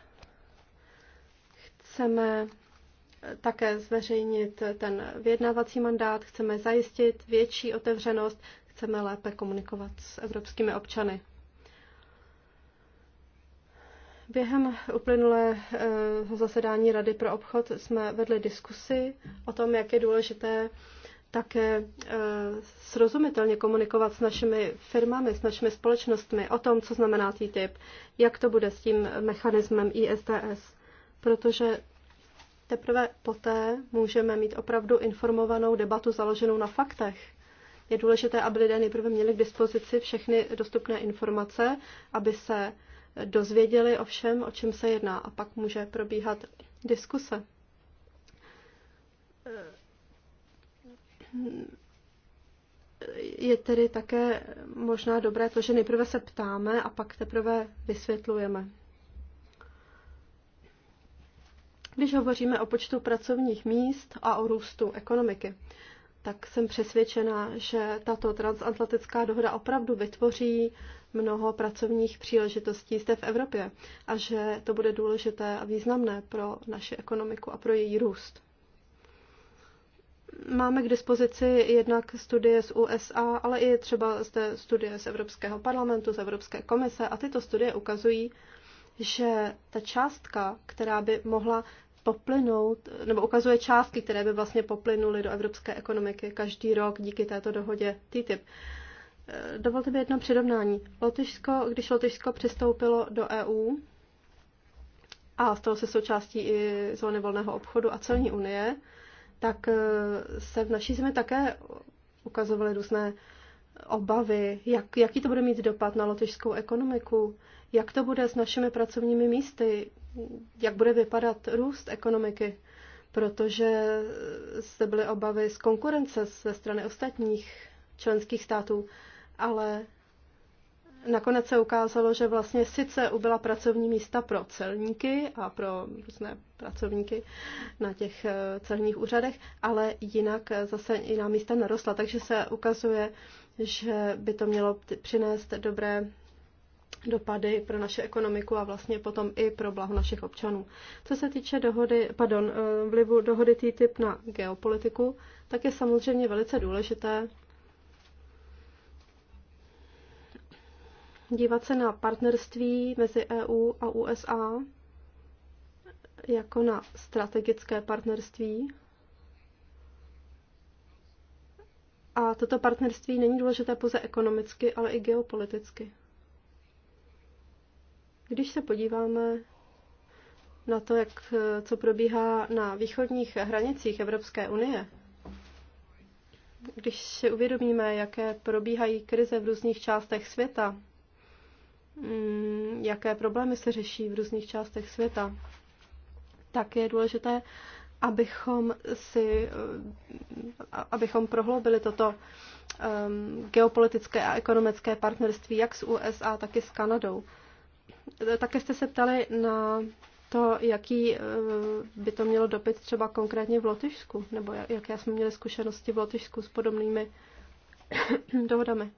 Chceme také zveřejnit ten vyjednávací mandát, chceme zajistit větší otevřenost, chceme lépe komunikovat s evropskými občany. Během uplynulého eh, zasedání Rady pro obchod jsme vedli diskusi o tom, jak je důležité také eh, srozumitelně komunikovat s našimi firmami, s našimi společnostmi o tom, co znamená TTIP, jak to bude s tím mechanismem ISDS, protože Teprve poté můžeme mít opravdu informovanou debatu založenou na faktech. Je důležité, aby lidé nejprve měli k dispozici všechny dostupné informace, aby se dozvěděli o všem, o čem se jedná a pak může probíhat diskuse. Je tedy také možná dobré to, že nejprve se ptáme a pak teprve vysvětlujeme. když hovoříme o počtu pracovních míst a o růstu ekonomiky. Tak jsem přesvědčena, že tato transatlantická dohoda opravdu vytvoří mnoho pracovních příležitostí zde v Evropě a že to bude důležité a významné pro naši ekonomiku a pro její růst. Máme k dispozici jednak studie z USA, ale i třeba zde studie z Evropského parlamentu, z Evropské komise a tyto studie ukazují, že ta částka, která by mohla poplynout, nebo ukazuje částky, které by vlastně poplynuly do evropské ekonomiky každý rok díky této dohodě TTIP. Eh, dovolte mi jedno přirovnání. Lotyšsko, když Lotyšsko přistoupilo do EU a stalo se součástí i zóny volného obchodu a celní unie, tak eh, se v naší zemi také ukazovaly různé obavy, jak, jaký to bude mít dopad na lotyšskou ekonomiku, jak to bude s našimi pracovními místy, jak bude vypadat růst ekonomiky, protože zde byly obavy z konkurence ze strany ostatních členských států, ale nakonec se ukázalo, že vlastně sice ubyla pracovní místa pro celníky a pro různé pracovníky na těch eh, celních úřadech, ale jinak eh, zase jiná místa narostla, takže se ukazuje, že by to mělo přinést dobré dopady pro naše ekonomiku a vlastně potom i pro blahu našich občanů. Co se týče dohody, pardon, eh, vlivu dohody TTIP na geopolitiku, tak je samozřejmě velice důležité dívat se na partnerství mezi EU a USA jako na strategické partnerství. A toto partnerství není důležité pouze ekonomicky, ale i geopoliticky. Když se podíváme na to, jak, co probíhá na východních hranicích Evropské unie, když si uvědomíme, jaké probíhají krize v různých částech světa, mm, jaké problémy se řeší v různých částech světa, tak je důležité, abychom si, eh, abychom prohloubili toto ehm, geopolitické a ekonomické partnerství jak s USA, tak i s Kanadou. Také jste se ptali na to, jaký eh, by to mělo dopad třeba konkrétně v Lotyšsku, nebo jaké jsme měli zkušenosti v Lotyšsku s podobnými dohodami.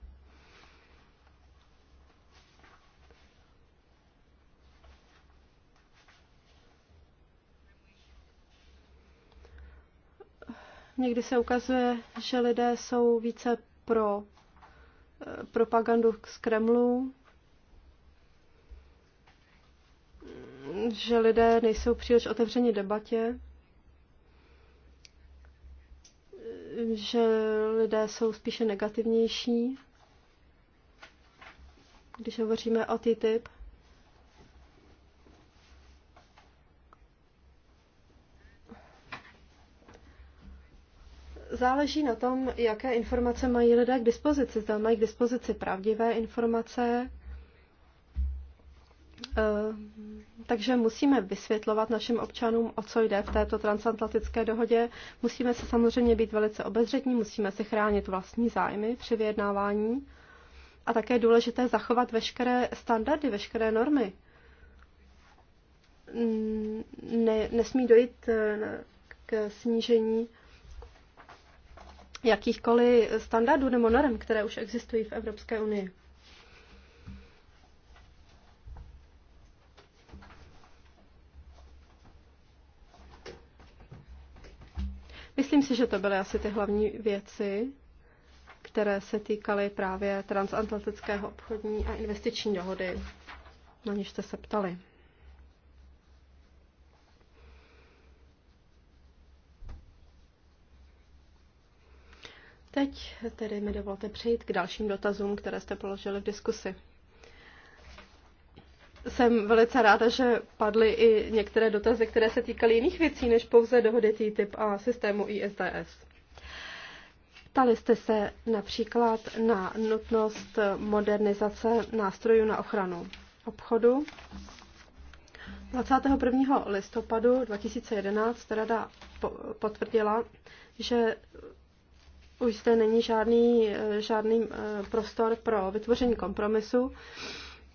Někdy se ukazuje, že lidé jsou více pro eh, propagandu z Kremlu, že lidé nejsou příliš otevřeni debatě, že lidé jsou spíše negativnější, když hovoříme o TTIP. Záleží na tom, jaké informace mají lidé k dispozici. Zda mají k dispozici pravdivé informace, Eh, takže musíme vysvětlovat našim občanům, o co jde v této transatlantické dohodě. Musíme se samozřejmě být velice obezřetní, musíme si chránit vlastní zájmy při vyjednávání. A také je důležité zachovat veškeré standardy, veškeré normy. Mm, ne, nesmí dojít eh, k snížení jakýchkoliv standardů nebo norm, které už existují v Evropské unii. Myslím si, že to byly asi ty hlavní věci, které se týkaly právě transatlantického obchodní a investiční dohody, na něž jste se ptali. Teď tedy mi dovolte přejít k dalším dotazům, které jste položili v diskusi jsem velice ráda, že padly i některé dotazy, které se týkaly jiných věcí než pouze dohody TTIP a systému ISDS. Ptali jste se například na nutnost modernizace nástrojů na ochranu obchodu. 21. listopadu 2011 rada potvrdila, že už zde není žádný, žádný eh, prostor pro vytvoření kompromisu.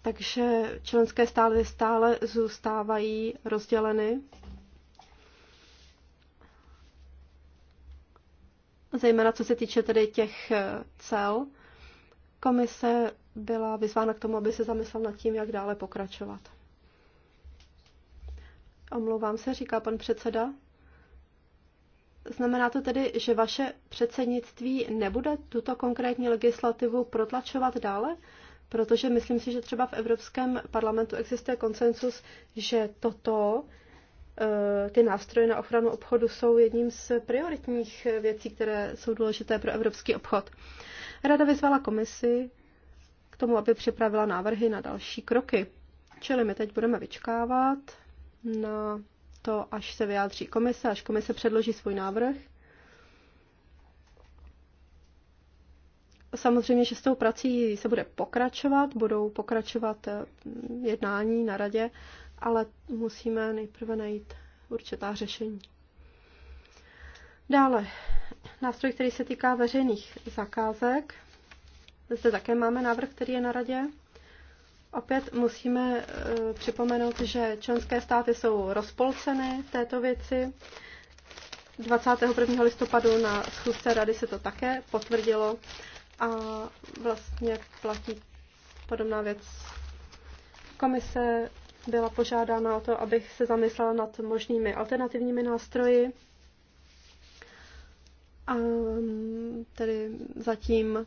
Takže členské státy stále zůstávají rozděleny. Zejména co se týče tedy těch eh, cel, komise byla vyzvána k tomu, aby se zamyslel nad tím, jak dále pokračovat. Omlouvám se, říká pan předseda. Znamená to tedy, že vaše předsednictví nebude tuto konkrétní legislativu protlačovat dále? protože myslím si, že třeba v Evropském parlamentu existuje konsensus, že toto, eh, ty nástroje na ochranu obchodu jsou jedním z prioritních věcí, které jsou důležité pro evropský obchod. Rada vyzvala komisi k tomu, aby připravila návrhy na další kroky. Čili my teď budeme vyčkávat na to, až se vyjádří komise, až komise předloží svůj návrh. Samozřejmě, že s tou prací se bude pokračovat, budou pokračovat eh, jednání na radě, ale musíme nejprve najít určitá řešení. Dále, nástroj, který se týká veřejných zakázek. Zde také máme návrh, který je na radě. Opět musíme eh, připomenout, že členské státy jsou rozpolceny v této věci. 21. listopadu na schůzce rady se to také potvrdilo a vlastně platí podobná věc. Komise byla požádána o to, abych se zamyslela nad možnými alternativními nástroji. A mm, tedy zatím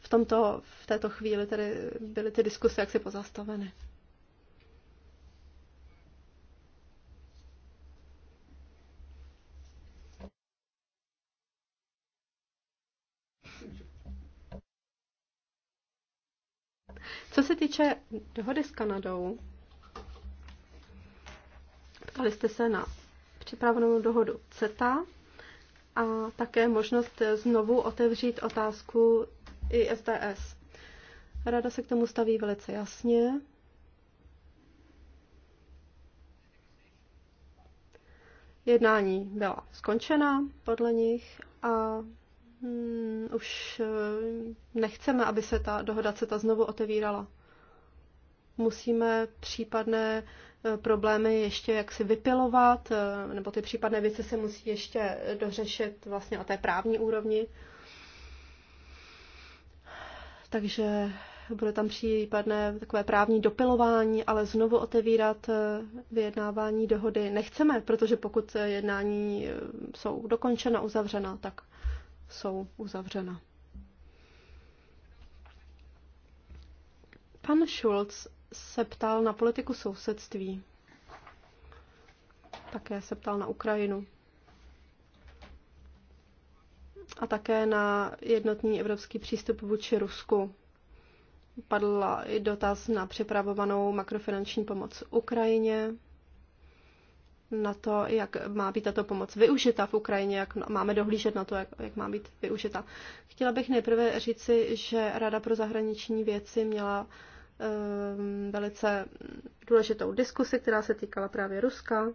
v, tomto, v této chvíli tedy byly ty diskuse jaksi pozastaveny. Co se týče dohody s Kanadou, ptali jste se na připravenou dohodu CETA a také možnost znovu otevřít otázku ISDS. Rada se k tomu staví velice jasně. Jednání byla skončena podle nich a Hmm, už eh, nechceme, aby se ta dohoda CETA znovu otevírala. Musíme případné eh, problémy ještě jaksi vypilovat, eh, nebo ty případné věci se musí ještě dořešit vlastně na té právní úrovni. Takže bude tam případné takové právní dopilování, ale znovu otevírat vyjednávání dohody nechceme, protože pokud jednání jsou dokončena, uzavřena, tak jsou uzavřena. Pan Schulz se ptal na politiku sousedství. Také se ptal na Ukrajinu. A také na jednotný evropský přístup vůči Rusku. Padl i dotaz na připravovanou makrofinanční pomoc Ukrajině na to, jak má být tato pomoc využita v Ukrajině, jak máme dohlížet na to, jak, jak má být využita. Chtěla bych nejprve říci, že Rada pro zahraniční věci měla um, velice důležitou diskusi, která se týkala právě Ruska.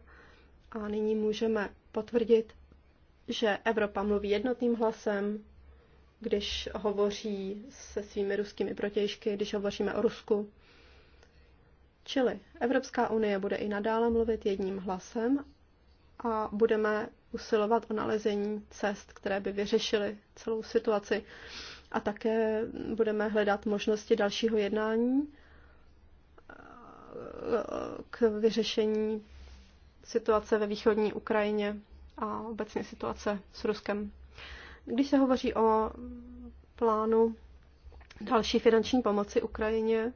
A nyní můžeme potvrdit, že Evropa mluví jednotným hlasem, když hovoří se svými ruskými protějšky, když hovoříme o Rusku. Čili Evropská unie bude i nadále mluvit jedním hlasem a budeme usilovat o nalezení cest, které by vyřešily celou situaci. A také budeme hledat možnosti dalšího jednání eh, k vyřešení situace ve východní Ukrajině a obecně situace s Ruskem. Když se hovoří o plánu další finanční pomoci Ukrajině,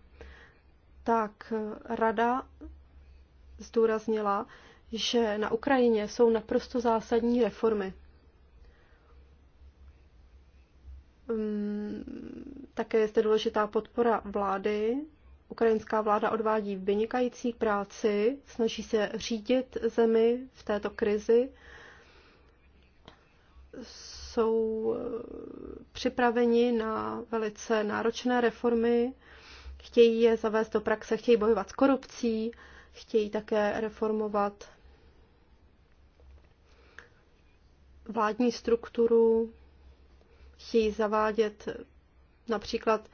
tak rada zdůraznila, že na Ukrajině jsou naprosto zásadní reformy. Mm, také je zde důležitá podpora vlády. Ukrajinská vláda odvádí vynikající práci, snaží se řídit zemi v této krizi. Jsou eh, připraveni na velice náročné reformy, chtějí je zavést do praxe, chtějí bojovat s korupcí, chtějí také reformovat vládní strukturu, chtějí zavádět například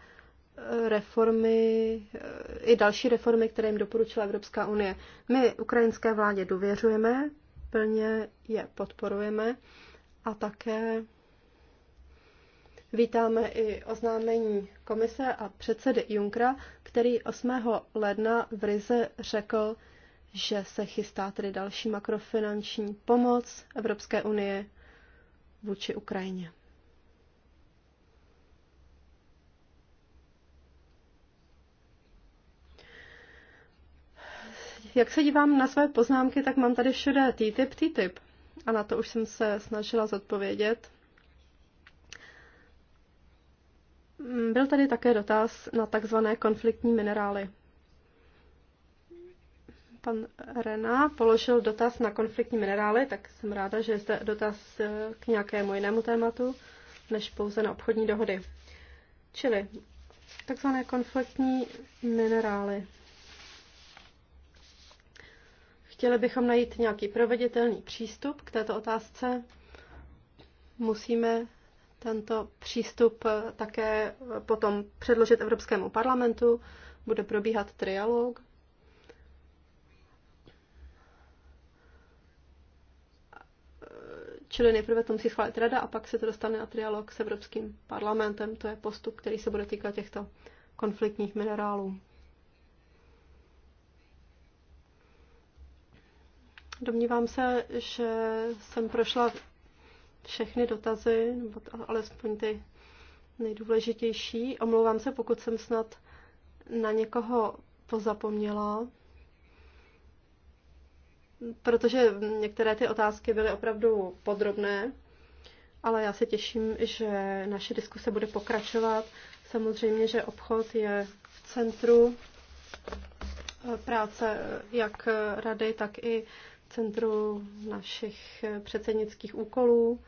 reformy, eh, i další reformy, které jim doporučila Evropská unie. My ukrajinské vládě důvěřujeme, plně je podporujeme a také Vítáme i oznámení komise a předsedy Junkra, který 8. ledna v Rize řekl, že se chystá tedy další makrofinanční pomoc Evropské unie vůči Ukrajině. Jak se dívám na své poznámky, tak mám tady všude TTIP, TTIP. A na to už jsem se snažila zodpovědět Mm, byl tady také dotaz na takzvané konfliktní minerály. Pan Rena položil dotaz na konfliktní minerály, tak jsem ráda, že je zde dotaz eh, k nějakému jinému tématu, než pouze na obchodní dohody. Čili takzvané konfliktní minerály. Chtěli bychom najít nějaký proveditelný přístup k této otázce. Musíme tento přístup také potom předložit Evropskému parlamentu. Bude probíhat trialog. Čili nejprve to musí schválit rada a pak se to dostane na trialog s Evropským parlamentem. To je postup, který se bude týkat těchto konfliktních minerálů. Domnívám se, že jsem prošla všechny dotazy, nebo alespoň ty nejdůležitější. Omlouvám se, pokud jsem snad na někoho pozapomněla, protože některé ty otázky byly opravdu podrobné, ale já se těším, že naše diskuse bude pokračovat. Samozřejmě, že obchod je v centru eh, práce jak rady, tak i centru našich eh, předsednických úkolů.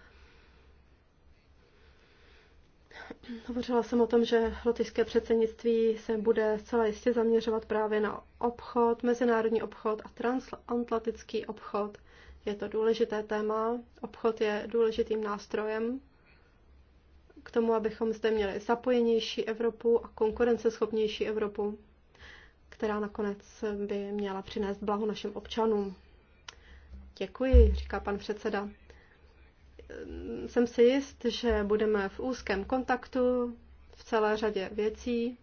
Hovořila jsem o tom, že lotyšské předsednictví se bude zcela jistě zaměřovat právě na obchod, mezinárodní obchod a transatlantický obchod. Je to důležité téma. Obchod je důležitým nástrojem k tomu, abychom zde měli zapojenější Evropu a konkurenceschopnější Evropu, která nakonec by měla přinést blaho našim občanům. Děkuji, říká pan předseda jsem si jist, že budeme v úzkém kontaktu v celé řadě věcí.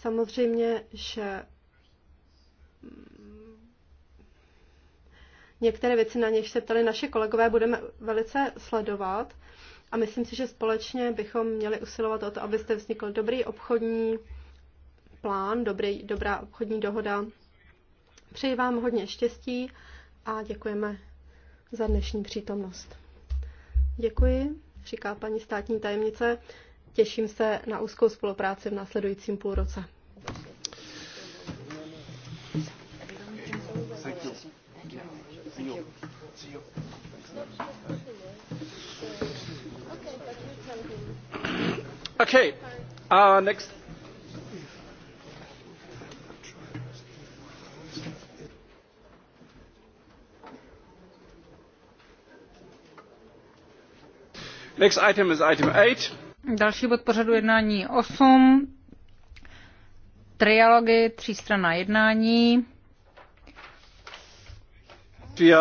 Samozřejmě, že mm, některé věci, na něž se ptali naši kolegové, budeme velice sledovat a myslím si, že společně bychom měli usilovat o to, abyste vznikl dobrý obchodní plán, dobrý, dobrá obchodní dohoda. Přeji vám hodně štěstí a děkujeme za dnešní přítomnost. Děkuji, říká paní státní tajemnice. Těším se na úzkou spolupráci v následujícím půlroce. Okay. Our uh, next Další bod pořadu jednání 8. Trialogy, třístranná jednání. Wir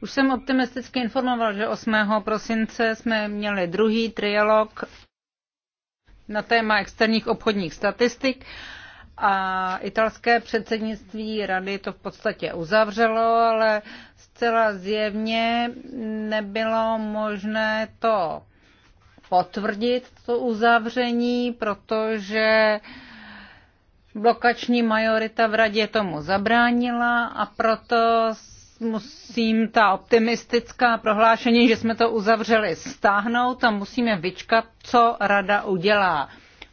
už jsem optimisticky informoval, že 8. prosince jsme měli druhý trialog na téma externích obchodních statistik a italské předsednictví rady to v podstatě uzavřelo, ale zcela zjevně nebylo možné to potvrdit, to uzavření, protože blokační majorita v radě tomu zabránila a proto musím ta optimistická prohlášení, že jsme to uzavřeli, stáhnout a musíme vyčkat, co rada udělá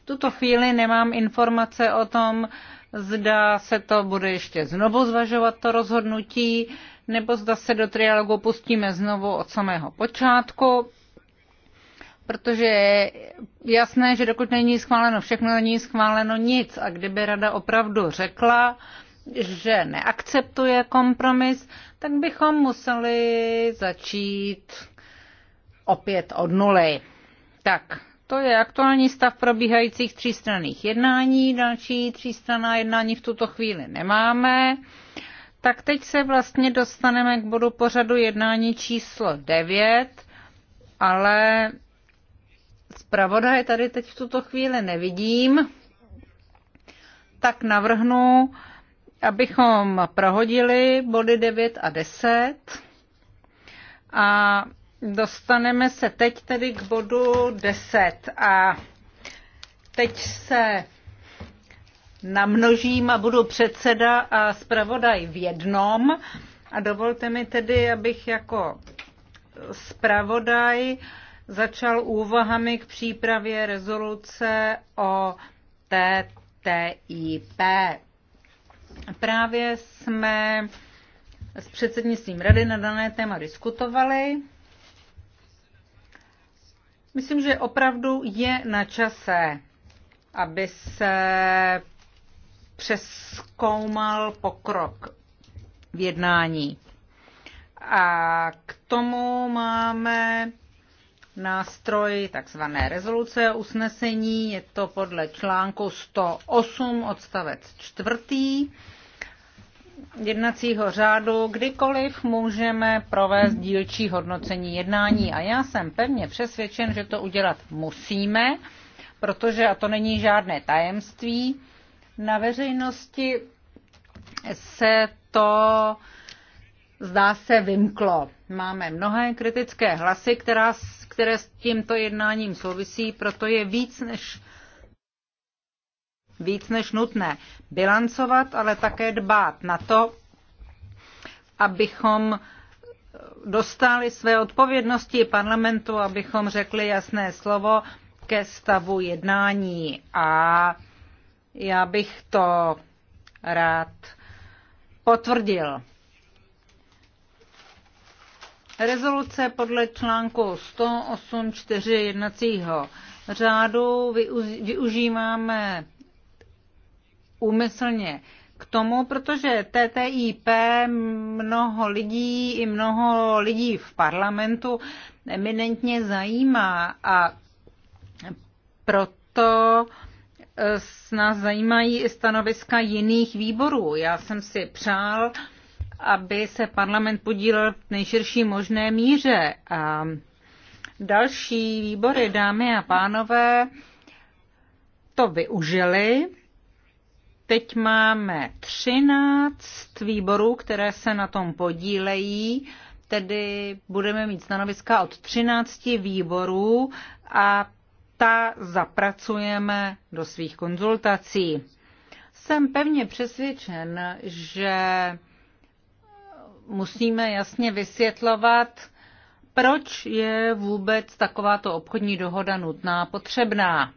tuto chvíli nemám informace o tom, zda se to bude ještě znovu zvažovat to rozhodnutí, nebo zda se do trialogu pustíme znovu od samého počátku, protože je jasné, že dokud není schváleno všechno, není schváleno nic. A kdyby rada opravdu řekla, že neakceptuje kompromis, tak bychom museli začít opět od nuly. Tak, to je aktuální stav probíhajících třístranných jednání. Další třístranná jednání v tuto chvíli nemáme. Tak teď se vlastně dostaneme k bodu pořadu jednání číslo 9, ale zpravodaj tady teď v tuto chvíli nevidím. Tak navrhnu, abychom prohodili body 9 a 10 a Dostaneme se teď tedy k bodu 10 a teď se namnožím a budu předseda a zpravodaj v jednom. A dovolte mi tedy, abych jako zpravodaj začal úvahami k přípravě rezoluce o TTIP. Právě jsme s předsednictvím rady na dané téma diskutovali Myslím, že opravdu je na čase, aby se přeskoumal pokrok v jednání. A k tomu máme nástroj takzvané rezoluce usnesení, je to podle článku 108 odstavec 4 jednacího řádu kdykoliv můžeme provést dílčí hodnocení jednání. A já jsem pevně přesvědčen, že to udělat musíme, protože, a to není žádné tajemství, na veřejnosti se to zdá se vymklo. Máme mnohé kritické hlasy, která, které s tímto jednáním souvisí, proto je víc než víc než nutné bilancovat, ale také dbát na to, abychom dostali své odpovědnosti parlamentu, abychom řekli jasné slovo ke stavu jednání. A já bych to rád potvrdil. Rezoluce podle článku 108.4 jednacího řádu využíváme úmyslně k tomu, protože TTIP mnoho lidí i mnoho lidí v parlamentu eminentně zajímá a proto eh, s nás zajímají i stanoviska jiných výborů. Já jsem si přál, aby se parlament podílel v nejširší možné míře. A další výbory, dámy a pánové, to využili Teď máme 13 výborů, které se na tom podílejí, tedy budeme mít stanoviska od 13 výborů a ta zapracujeme do svých konzultací. Jsem pevně přesvědčen, že musíme jasně vysvětlovat, proč je vůbec takováto obchodní dohoda nutná potřebná.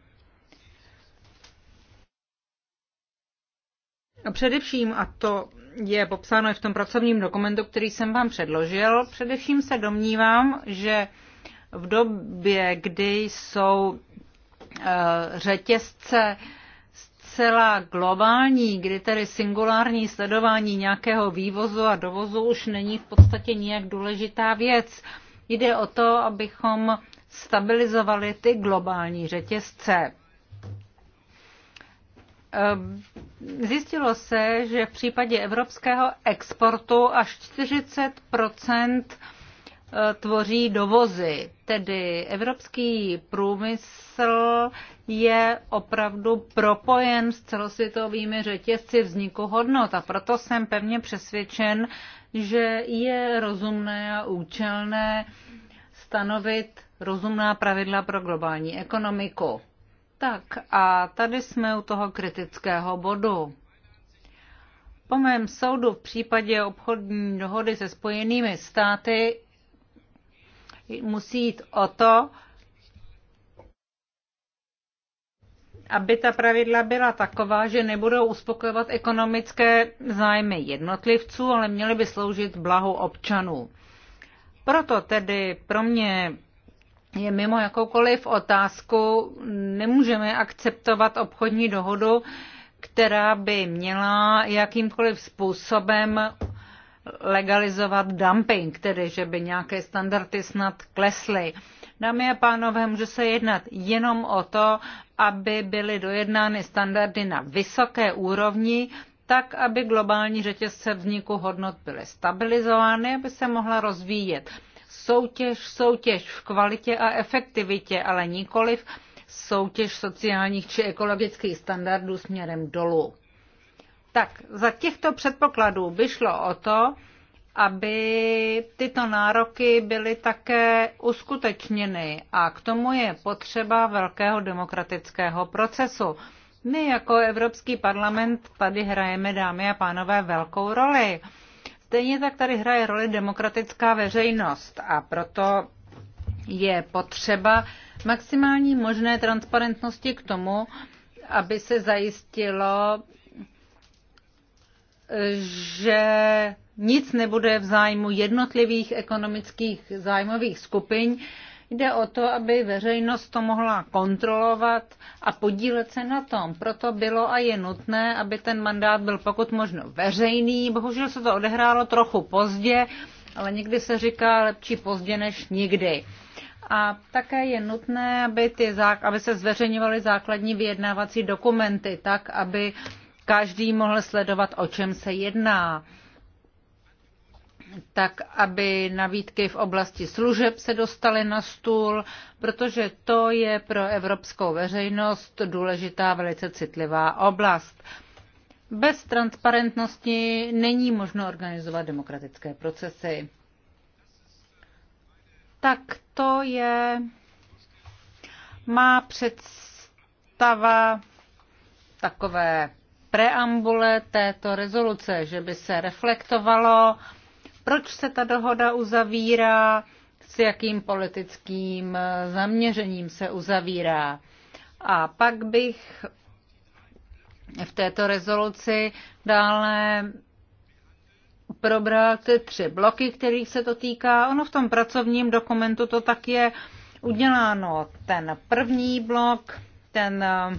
A především, a to je popsáno i v tom pracovním dokumentu, který jsem vám předložil, především se domnívám, že v době, kdy jsou e, řetězce zcela globální, kdy tedy singulární sledování nějakého vývozu a dovozu už není v podstatě nijak důležitá věc. Jde o to, abychom stabilizovali ty globální řetězce. Ehm, zjistilo se, že v případě evropského exportu až 40 e, tvoří dovozy. Tedy evropský průmysl je opravdu propojen s celosvětovými řetězci vzniku hodnot a proto jsem pevně přesvědčen, že je rozumné a účelné stanovit rozumná pravidla pro globální ekonomiku. Tak a tady jsme u toho kritického bodu. Po mém soudu v případě obchodní dohody se spojenými státy musí jít o to, aby ta pravidla byla taková, že nebudou uspokojovat ekonomické zájmy jednotlivců, ale měly by sloužit blahu občanů. Proto tedy pro mě je mimo jakoukoliv otázku. Nemůžeme akceptovat obchodní dohodu, která by měla jakýmkoliv způsobem legalizovat dumping, tedy že by nějaké standardy snad klesly. Dámy a pánové, může se jednat jenom o to, aby byly dojednány standardy na vysoké úrovni, tak, aby globální řetězce vzniku hodnot byly stabilizovány, aby se mohla rozvíjet soutěž, soutěž v kvalitě a efektivitě, ale nikoliv soutěž sociálních či ekologických standardů směrem dolů. Tak, za těchto předpokladů by šlo o to, aby tyto nároky byly také uskutečněny a k tomu je potřeba velkého demokratického procesu. My jako Evropský parlament tady hrajeme, dámy a pánové, velkou roli. Stejně tak tady hraje roli demokratická veřejnost a proto je potřeba maximální možné transparentnosti k tomu, aby se zajistilo, že nic nebude v zájmu jednotlivých ekonomických zájmových skupin, Jde o to, aby veřejnost to mohla kontrolovat a podílet se na tom. Proto bylo a je nutné, aby ten mandát byl pokud možno veřejný. Bohužel se to odehrálo trochu pozdě, ale někdy se říká lepší pozdě než nikdy. A také je nutné, aby, ty, aby se zveřejňovaly základní vyjednávací dokumenty, tak aby každý mohl sledovat, o čem se jedná tak aby nabídky v oblasti služeb se dostaly na stůl, protože to je pro evropskou veřejnost důležitá, velice citlivá oblast. Bez transparentnosti není možno organizovat demokratické procesy. Tak to je má představa takové preambule této rezoluce, že by se reflektovalo proč se ta dohoda uzavírá, s jakým politickým eh, zaměřením se uzavírá. A pak bych v této rezoluci dále probral ty tři bloky, kterých se to týká. Ono v tom pracovním dokumentu to tak je uděláno. Ten první blok, ten eh,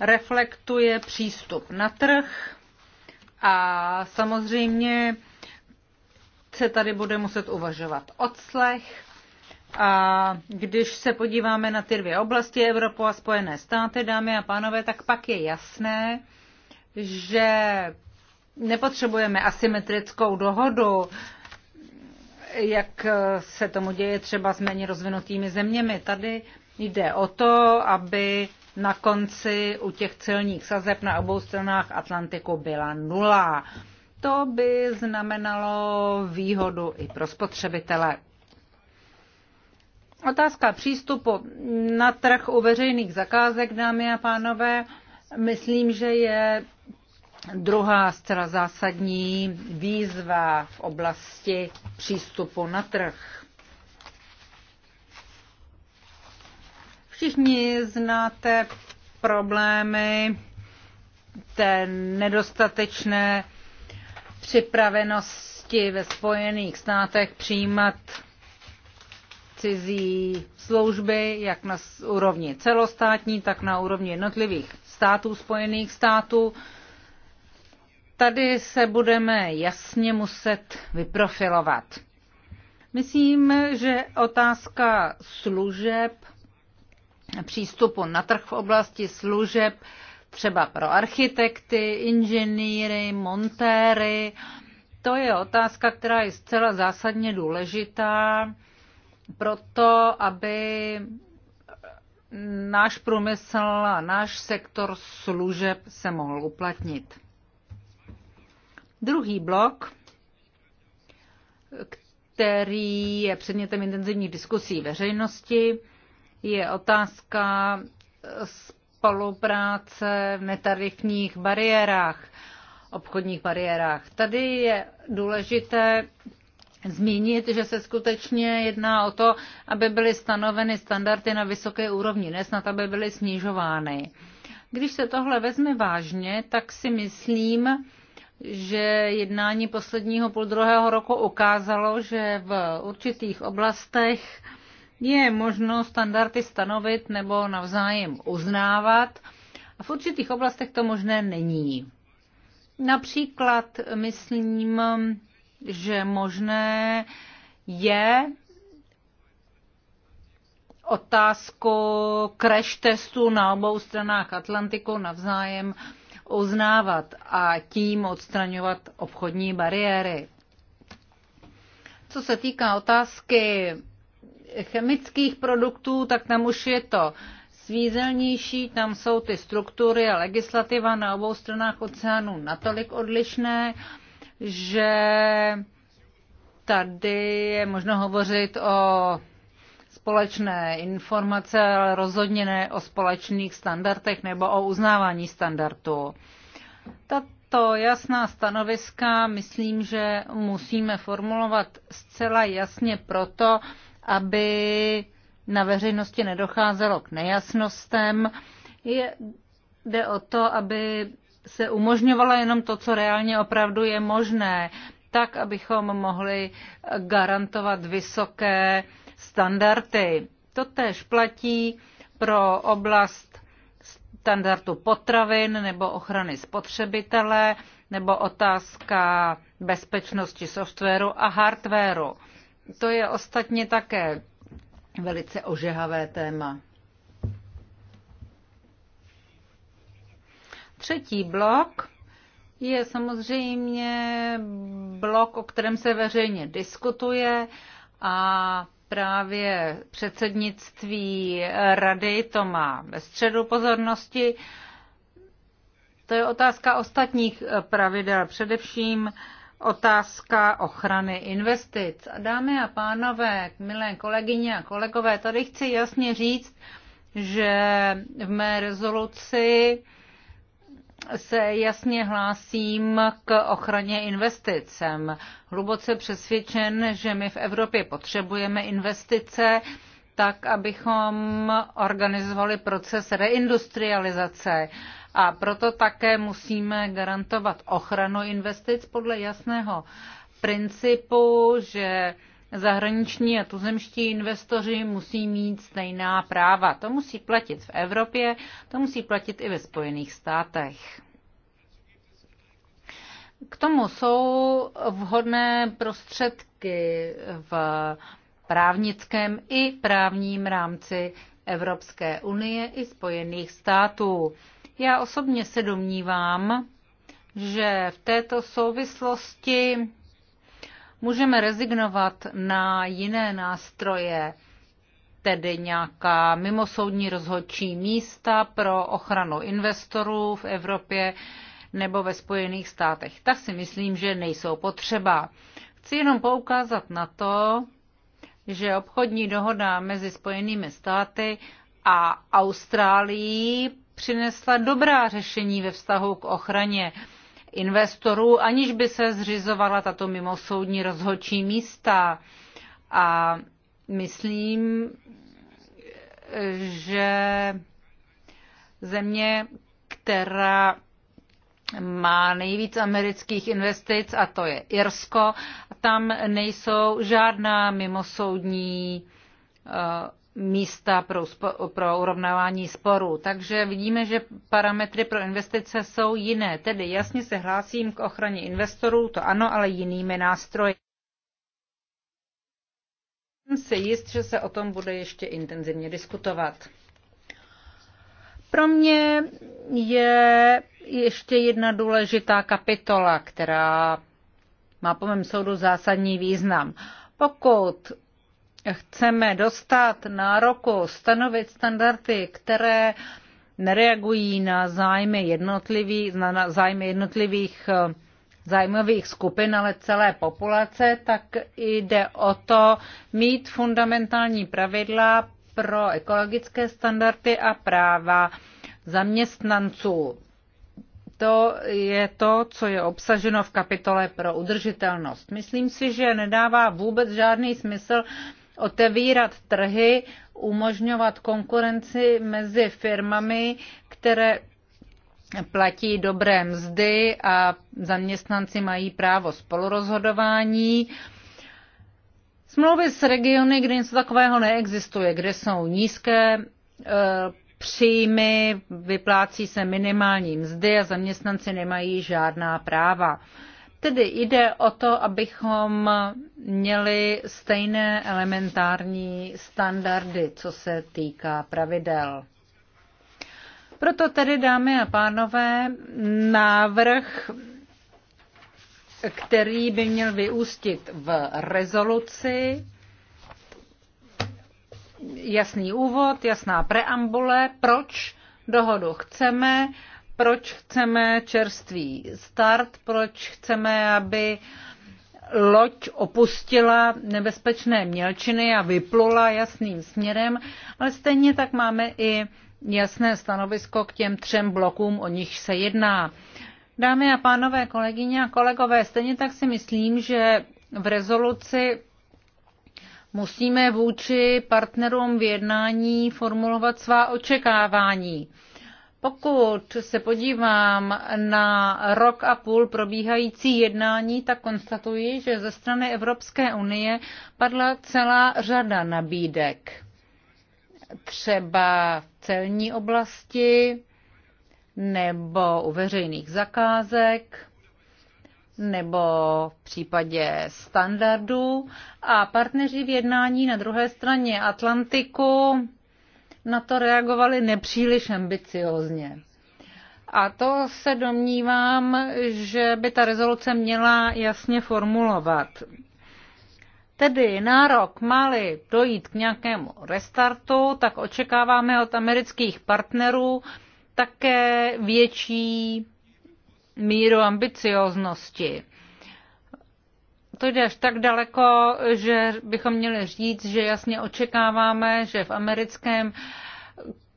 reflektuje přístup na trh a samozřejmě se tady bude muset uvažovat odslech. A když se podíváme na ty dvě oblasti, Evropu a Spojené státy, dámy a pánové, tak pak je jasné, že nepotřebujeme asymetrickou dohodu, jak se tomu děje třeba s méně rozvinutými zeměmi. Tady jde o to, aby na konci u těch celních sazeb na obou stranách Atlantiku byla nula. To by znamenalo výhodu i pro spotřebitele. Otázka přístupu na trh u veřejných zakázek, dámy a pánové, myslím, že je druhá zcela zásadní výzva v oblasti přístupu na trh. Všichni znáte problémy té nedostatečné připravenosti ve Spojených státech přijímat cizí služby, jak na úrovni celostátní, tak na úrovni jednotlivých států Spojených států. Tady se budeme jasně muset vyprofilovat. Myslím, že otázka služeb, přístupu na trh v oblasti služeb třeba pro architekty, inženýry, montéry. To je otázka, která je zcela zásadně důležitá pro to, aby náš průmysl a náš sektor služeb se mohl uplatnit. Druhý blok, který je předmětem intenzivních diskusí veřejnosti, je otázka spolupráce v netarifních bariérách, obchodních bariérách. Tady je důležité zmínit, že se skutečně jedná o to, aby byly stanoveny standardy na vysoké úrovni, ne snad aby byly snižovány. Když se tohle vezme vážně, tak si myslím, že jednání posledního půl druhého roku ukázalo, že v určitých oblastech je možno standardy stanovit nebo navzájem uznávat a v určitých oblastech to možné není. Například myslím, že možné je otázku crash testu na obou stranách Atlantiku navzájem uznávat a tím odstraňovat obchodní bariéry. Co se týká otázky chemických produktů, tak tam už je to svízelnější, tam jsou ty struktury a legislativa na obou stranách oceánu natolik odlišné, že tady je možno hovořit o společné informace, ale rozhodně ne o společných standardech nebo o uznávání standardů. Tato jasná stanoviska myslím, že musíme formulovat zcela jasně proto, aby na veřejnosti nedocházelo k nejasnostem. Je, jde o to, aby se umožňovalo jenom to, co reálně opravdu je možné, tak, abychom mohli garantovat vysoké standardy. To též platí pro oblast standardu potravin nebo ochrany spotřebitele nebo otázka bezpečnosti softwaru a hardwaru. To je ostatně také velice ožehavé téma. Třetí blok je samozřejmě blok, o kterém se veřejně diskutuje a právě předsednictví rady to má ve středu pozornosti. To je otázka ostatních pravidel, především otázka ochrany investic. Dámy a pánové, milé kolegyně a kolegové, tady chci jasně říct, že v mé rezoluci se jasně hlásím k ochraně investicem. Hluboce přesvědčen, že my v Evropě potřebujeme investice, tak abychom organizovali proces reindustrializace a proto také musíme garantovat ochranu investic podle jasného principu, že zahraniční a tuzemští investoři musí mít stejná práva. To musí platit v Evropě, to musí platit i ve Spojených státech. K tomu jsou vhodné prostředky v právnickém i právním rámci Evropské unie i Spojených států. Já osobně se domnívám, že v této souvislosti můžeme rezignovat na jiné nástroje, tedy nějaká mimosoudní rozhodčí místa pro ochranu investorů v Evropě nebo ve Spojených státech. Tak si myslím, že nejsou potřeba. Chci jenom poukázat na to, že obchodní dohoda mezi Spojenými státy a Austrálií přinesla dobrá řešení ve vztahu k ochraně investorů, aniž by se zřizovala tato mimosoudní rozhodčí místa. A myslím, že země, která má nejvíc amerických investic, a to je Irsko, tam nejsou žádná mimosoudní eh, místa pro, pro urovnávání sporů. Takže vidíme, že parametry pro investice jsou jiné. Tedy jasně se hlásím k ochraně investorů, to ano, ale jinými nástroji. Jsem si jist, že se o tom bude ještě intenzivně diskutovat. Pro mě je ještě jedna důležitá kapitola, která má po mém soudu zásadní význam. Pokud chceme dostat nároku stanovit standardy, které nereagují na zájmy jednotlivých, na zájmy jednotlivých eh, zájmových skupin, ale celé populace, tak jde o to mít fundamentální pravidla pro ekologické standardy a práva zaměstnanců. To je to, co je obsaženo v kapitole pro udržitelnost. Myslím si, že nedává vůbec žádný smysl otevírat trhy, umožňovat konkurenci mezi firmami, které platí dobré mzdy a zaměstnanci mají právo spolurozhodování. Smlouvy s regiony, kde něco takového neexistuje, kde jsou nízké e, příjmy, vyplácí se minimální mzdy a zaměstnanci nemají žádná práva. E, Tedy jde o to, abychom měli stejné elementární standardy, co se týká pravidel. Proto tedy, dámy a pánové, návrh, který by měl vyústit v rezoluci, jasný úvod, jasná preambule, proč dohodu chceme proč chceme čerstvý start, proč chceme, aby loď opustila nebezpečné mělčiny a vyplula jasným směrem, ale stejně tak máme i jasné stanovisko k těm třem blokům, o nich se jedná. Dámy a pánové, kolegyně a kolegové, stejně tak si myslím, že v rezoluci musíme vůči partnerům v jednání formulovat svá očekávání. Pokud se podívám na rok a půl probíhající jednání, tak konstatuji, že ze strany Evropské unie padla celá řada nabídek. Třeba v celní oblasti nebo u veřejných zakázek nebo v případě standardů a partneři v jednání na druhé straně Atlantiku na to reagovali nepříliš ambiciozně. A to se domnívám, že by ta rezoluce měla jasně formulovat. Tedy nárok máli dojít k nějakému restartu, tak očekáváme od amerických partnerů také větší míru ambicioznosti to jde až tak daleko, že bychom měli říct, že jasně očekáváme, že v americkém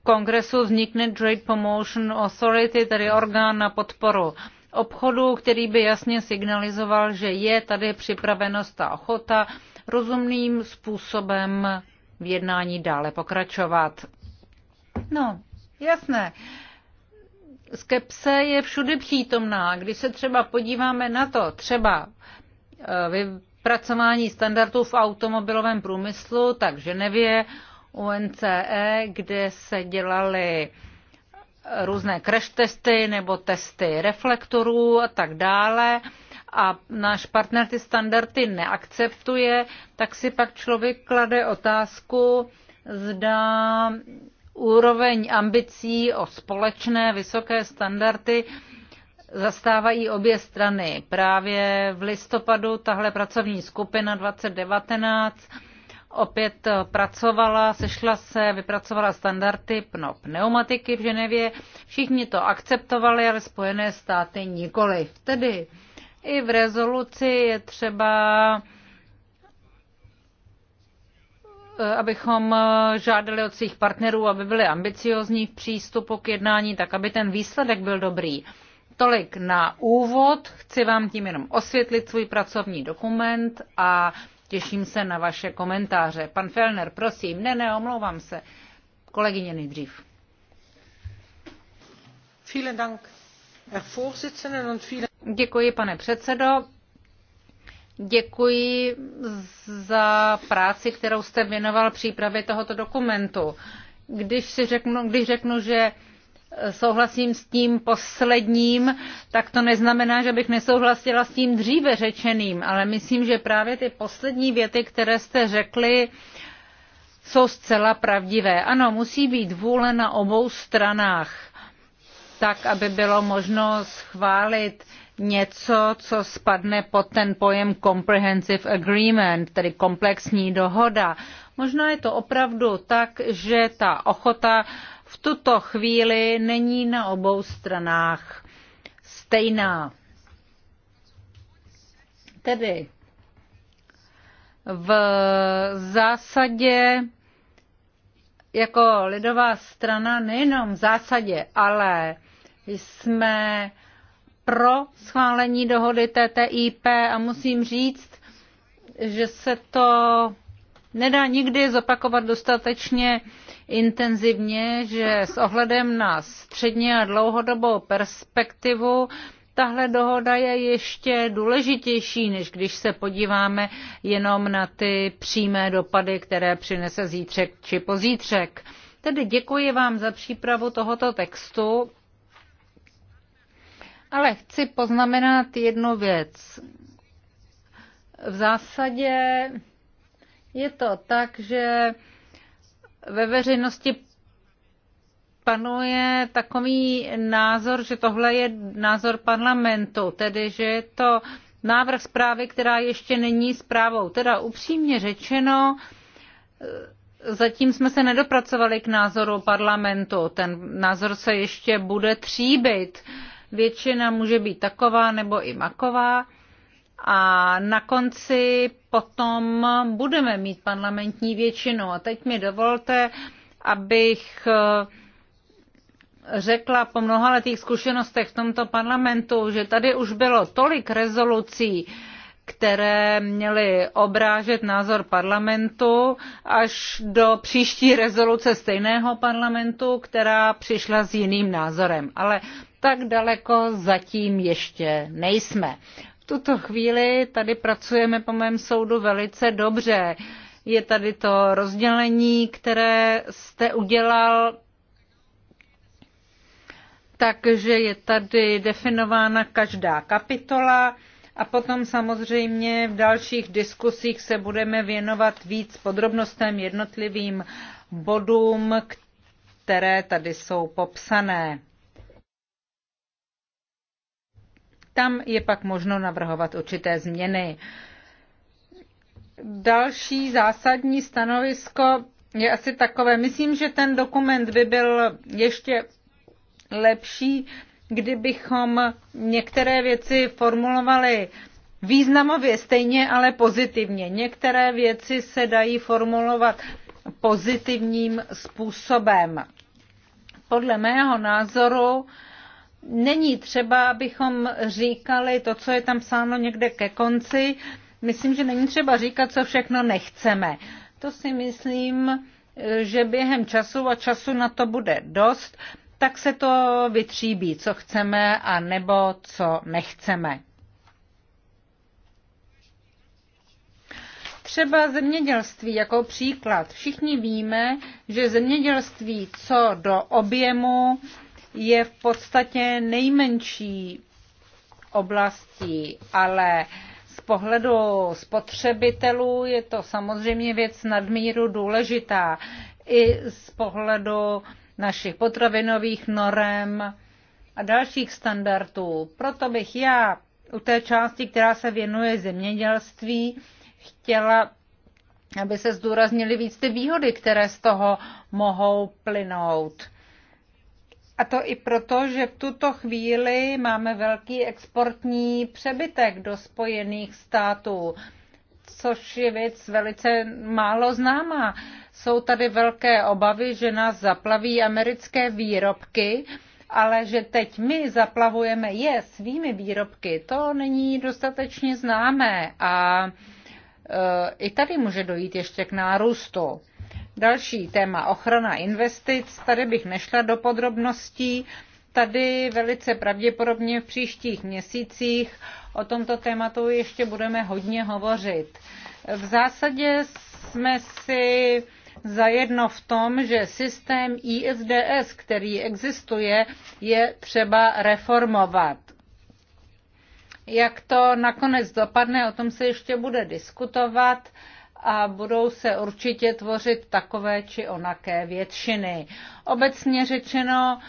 kongresu vznikne Trade Promotion Authority, tedy orgán na podporu obchodu, který by jasně signalizoval, že je tady připravenost a ochota rozumným způsobem v jednání dále pokračovat. No, jasné. Skepse je všude přítomná. Když se třeba podíváme na to, třeba Eh, vypracování standardů v automobilovém průmyslu, tak v Ženevě, UNCE, kde se dělaly různé crash testy nebo testy reflektorů a tak dále a náš partner ty standardy neakceptuje, tak si pak člověk klade otázku, zda úroveň ambicí o společné vysoké standardy zastávají obě strany. Právě v listopadu tahle pracovní skupina 2019 opět pracovala, sešla se, vypracovala standardy pro pneumatiky v Ženevě. Všichni to akceptovali, ale Spojené státy nikoli. Tedy i v rezoluci je třeba eh, abychom eh, žádali od svých partnerů, aby byli ambiciozní v přístupu k jednání, tak aby ten výsledek byl dobrý. Tolik na úvod. Chci vám tím jenom osvětlit svůj pracovní dokument a těším se na vaše komentáře. Pan Felner, prosím. Ne, ne, omlouvám se. Kolegyně nejdřív. Děkuji, pane předsedo. Děkuji za práci, kterou jste věnoval přípravě tohoto dokumentu. Když, si řeknu, když řeknu, že souhlasím s tím posledním, tak to neznamená, že bych nesouhlasila s tím dříve řečeným, ale myslím, že právě ty poslední věty, které jste řekli, jsou zcela pravdivé. Ano, musí být vůle na obou stranách, tak, aby bylo možno schválit něco, co spadne pod ten pojem comprehensive agreement, tedy komplexní dohoda. Možná je to opravdu tak, že ta ochota v tuto chvíli není na obou stranách stejná. Tedy v zásadě jako lidová strana nejenom v zásadě, ale jsme pro schválení dohody TTIP a musím říct, že se to nedá nikdy zopakovat dostatečně intenzivně, že s ohledem na střední a dlouhodobou perspektivu tahle dohoda je ještě důležitější, než když se podíváme jenom na ty přímé dopady, které přinese zítřek či pozítřek. Tedy děkuji vám za přípravu tohoto textu, ale chci poznamenat jednu věc. V zásadě je to tak, že ve veřejnosti panuje takový názor, že tohle je názor parlamentu, tedy že je to návrh zprávy, která ještě není zprávou. Teda upřímně řečeno, zatím jsme se nedopracovali k názoru parlamentu. Ten názor se ještě bude tříbit. Většina může být taková nebo i maková a na konci potom budeme mít parlamentní většinu. A teď mi dovolte, abych eh, řekla po mnoha letých zkušenostech v tomto parlamentu, že tady už bylo tolik rezolucí, které měly obrážet názor parlamentu až do příští rezoluce stejného parlamentu, která přišla s jiným názorem. Ale tak daleko zatím ještě nejsme tuto chvíli tady pracujeme po mém soudu velice dobře. Je tady to rozdělení, které jste udělal, takže je tady definována každá kapitola a potom samozřejmě v dalších diskusích se budeme věnovat víc podrobnostem jednotlivým bodům, které tady jsou popsané. Tam je pak možno navrhovat určité změny. Další zásadní stanovisko je asi takové. Myslím, že ten dokument by byl ještě lepší, kdybychom některé věci formulovali významově stejně, ale pozitivně. Některé věci se dají formulovat pozitivním způsobem. Podle mého názoru není třeba, abychom říkali to, co je tam psáno někde ke konci. Myslím, že není třeba říkat, co všechno nechceme. To si myslím, že během času a času na to bude dost, tak se to vytříbí, co chceme a nebo co nechceme. Třeba zemědělství jako příklad. Všichni víme, že zemědělství co do objemu, je v podstatě nejmenší oblastí, ale z pohledu spotřebitelů je to samozřejmě věc nadmíru důležitá. I z pohledu našich potravinových norem a dalších standardů. Proto bych já u té části, která se věnuje zemědělství, chtěla, aby se zdůraznily víc ty výhody, které z toho mohou plynout. A to i proto, že v tuto chvíli máme velký exportní přebytek do Spojených států, což je věc velice málo známá. Jsou tady velké obavy, že nás zaplaví americké výrobky, ale že teď my zaplavujeme je svými výrobky, to není dostatečně známé a e, i tady může dojít ještě k nárůstu. Další téma ochrana investic. Tady bych nešla do podrobností. Tady velice pravděpodobně v příštích měsících o tomto tématu ještě budeme hodně hovořit. V zásadě jsme si zajedno v tom, že systém ISDS, který existuje, je třeba reformovat. Jak to nakonec dopadne, o tom se ještě bude diskutovat a budou se určitě tvořit takové či onaké většiny. Obecně řečeno,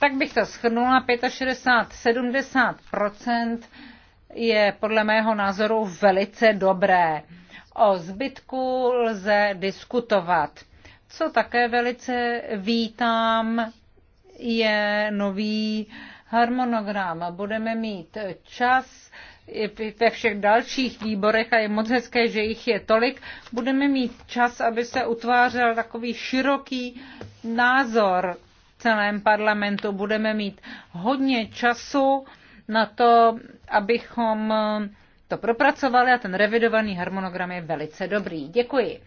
tak bych to schrnula, 65-70% je podle mého názoru velice dobré. O zbytku lze diskutovat. Co také velice vítám, je nový harmonogram. Budeme mít čas ve všech dalších výborech a je moc hezké, že jich je tolik, budeme mít čas, aby se utvářel takový široký názor v celém parlamentu. Budeme mít hodně času na to, abychom to propracovali a ten revidovaný harmonogram je velice dobrý. Děkuji.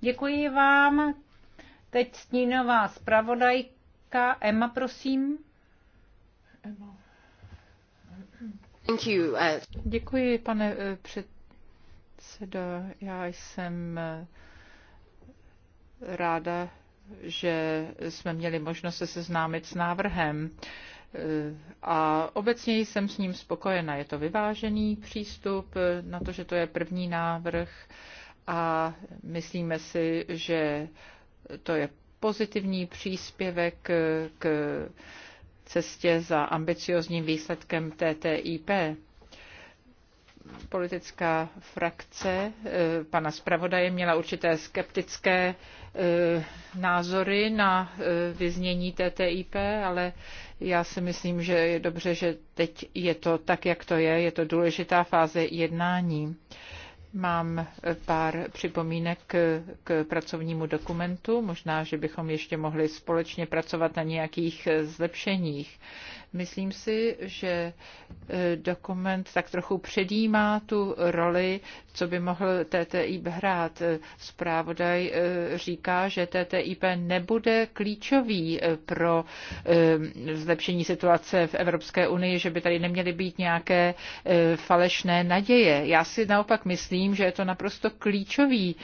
Děkuji vám. Teď stínová zpravodajka. Emma, prosím. Emma. Uh, Děkuji, pane eh, předsedající Já jsem eh, ráda, že jsme měli možnost se seznámit s návrhem eh, a obecně jsem s ním spokojena. Je to vyvážený přístup na to, že to je první návrh a myslíme si, že to je pozitivní příspěvek k cestě za ambiciozním výsledkem TTIP. Politická frakce eh, pana zpravodaje měla určité skeptické eh, názory na eh, vyznění TTIP, ale já si myslím, že je dobře, že teď je to tak, jak to je. Je to důležitá fáze jednání. Mám eh, pár připomínek k, k pracovnímu dokumentu. Možná, že bychom ještě mohli společně pracovat na nějakých eh, zlepšeních. Myslím si, že eh, dokument tak trochu předjímá tu roli, co by mohl TTIP hrát. Eh, Zprávodaj eh, říká, že TTIP nebude klíčový pro zlepšení situace v Evropské unii, že by tady neměly být nějaké falešné naděje. Já si naopak myslím, že je to naprosto klíčový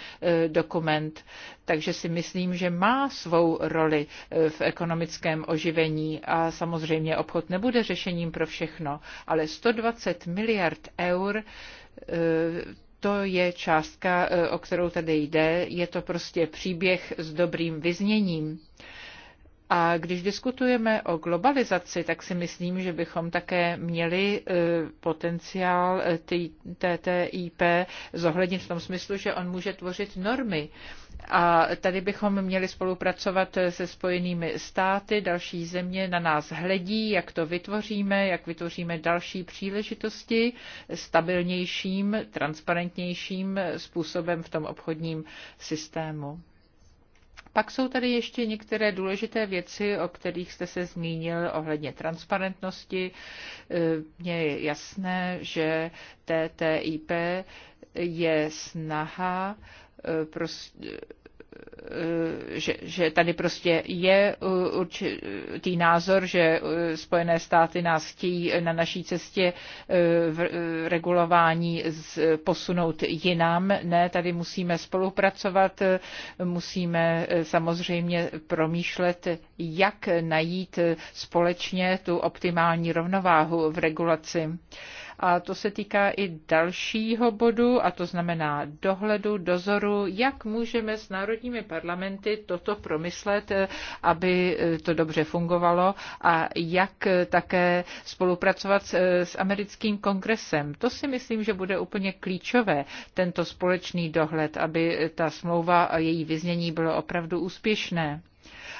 dokument takže si myslím, že má svou roli eh, v ekonomickém oživení a samozřejmě obchod nebude řešením pro všechno, ale 120 miliard eur eh, to je částka, eh, o kterou tady jde. Je to prostě příběh s dobrým vyzněním. A když diskutujeme o globalizaci, tak si myslím, že bychom také měli e, potenciál e, TTIP zohlednit v tom smyslu, že on může tvořit normy. A tady bychom měli spolupracovat e, se spojenými státy, další země na nás hledí, jak to vytvoříme, jak vytvoříme další příležitosti stabilnějším, transparentnějším způsobem v tom obchodním systému. Pak jsou tady ještě některé důležité věci, o kterých jste se zmínil ohledně transparentnosti. E, mně je jasné, že TTIP je snaha e, prostě že, že tady prostě je uh, určitý názor, že uh, Spojené státy nás chtějí na naší cestě uh, v regulování posunout jinam. Ne, tady musíme spolupracovat, musíme samozřejmě promýšlet, jak najít společně tu optimální rovnováhu v regulaci. A to se týká i dalšího bodu, a to znamená dohledu, dozoru, jak můžeme s národními parlamenty toto promyslet, eh, aby eh, to dobře fungovalo a jak eh, také spolupracovat s americkým kongresem. To si myslím, že bude úplně klíčové, tento společný dohled, aby ta smlouva a její vyznění bylo opravdu úspěšné.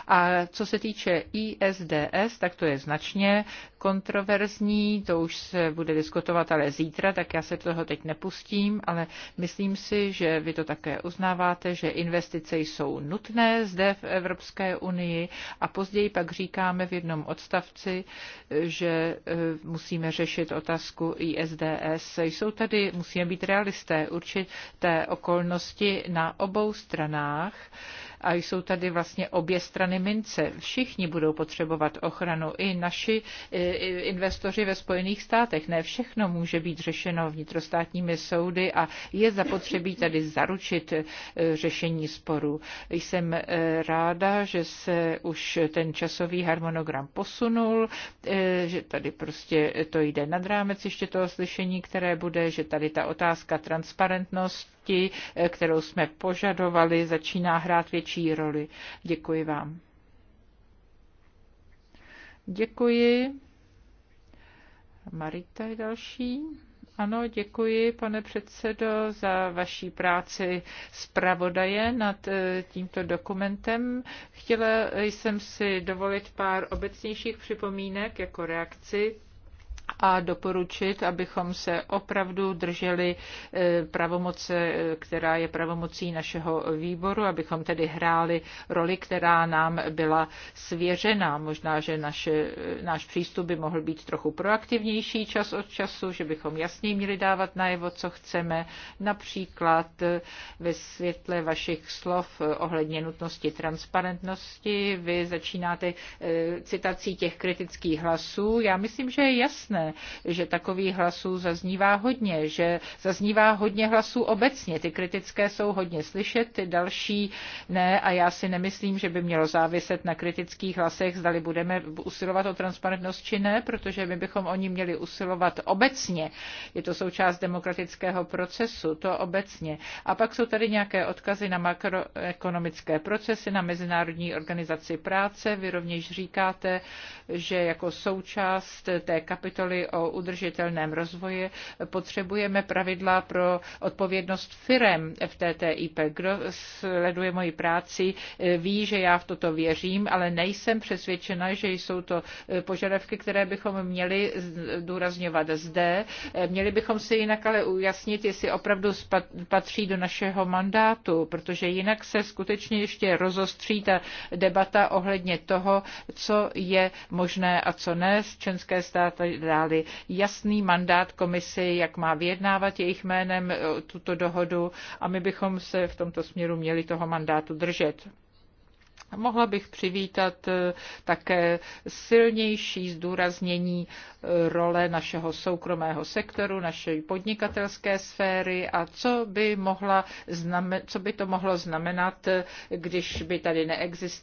A co se týče ISDS, tak to je značně kontroverzní, to už se bude diskutovat ale zítra, tak já se toho teď nepustím, ale myslím si, že vy to také uznáváte, že investice jsou nutné zde v Evropské unii a později pak říkáme v jednom odstavci, že eh, musíme řešit otázku ISDS. Jsou tady, musíme být realisté, určité okolnosti na obou stranách a jsou tady vlastně obě strany mince. Všichni budou potřebovat ochranu, i naši investoři ve Spojených státech. Ne všechno může být řešeno vnitrostátními soudy a je zapotřebí tady zaručit e, řešení sporu. Jsem e, ráda, že se už ten časový harmonogram posunul, e, že tady prostě to jde nad rámec ještě toho slyšení, které bude, že tady ta otázka transparentnost činnosti, eh, kterou jsme požadovali, začíná hrát větší roli. Děkuji vám. Děkuji. Marita je další. Ano, děkuji, pane předsedo, za vaší práci zpravodaje nad eh, tímto dokumentem. Chtěla jsem si dovolit pár obecnějších připomínek jako reakci a doporučit, abychom se opravdu drželi eh, pravomoce, eh, která je pravomocí našeho výboru, abychom tedy hráli roli, která nám byla svěřena. Možná, že naše, eh, náš přístup by mohl být trochu proaktivnější čas od času, že bychom jasně měli dávat najevo, co chceme, například ve světle vašich slov ohledně nutnosti transparentnosti. Vy začínáte citací těch kritických hlasů. Já myslím, že je jasné, že takových hlasů zaznívá hodně, že zaznívá hodně hlasů obecně. Ty kritické jsou hodně slyšet, ty další ne a já si nemyslím, že by mělo záviset na kritických hlasech, zdali budeme usilovat o transparentnost či ne, protože my bychom o ní měli usilovat obecně. Je to součást demokratického procesu, to obecně. A pak jsou tady nějaké odkazy na makroekonomické procesy, na Mezinárodní organizaci práce. Vy rovněž říkáte, že jako součást té kapitoly zprávy o udržitelném rozvoji potřebujeme pravidla pro odpovědnost firem v TTIP. Kdo sleduje moji práci, ví, že já v toto věřím, ale nejsem přesvědčena, že jsou to eh, požadavky, které bychom měli důrazňovat zde. Eh, měli bychom si jinak ale ujasnit, jestli opravdu patří do našeho mandátu, protože jinak se skutečně ještě rozostří ta debata ohledně toho, co je možné a co ne. Členské státy dále dali jasný mandát komisi, jak má vyjednávat jejich jménem e, tuto dohodu a my bychom se v tomto směru měli toho mandátu držet. Mohla bych přivítat eh, také silnější zdůraznění eh, role našeho soukromého sektoru, naší podnikatelské sféry a co by, mohla, co by to mohlo znamenat, eh, když by tady neexistovaly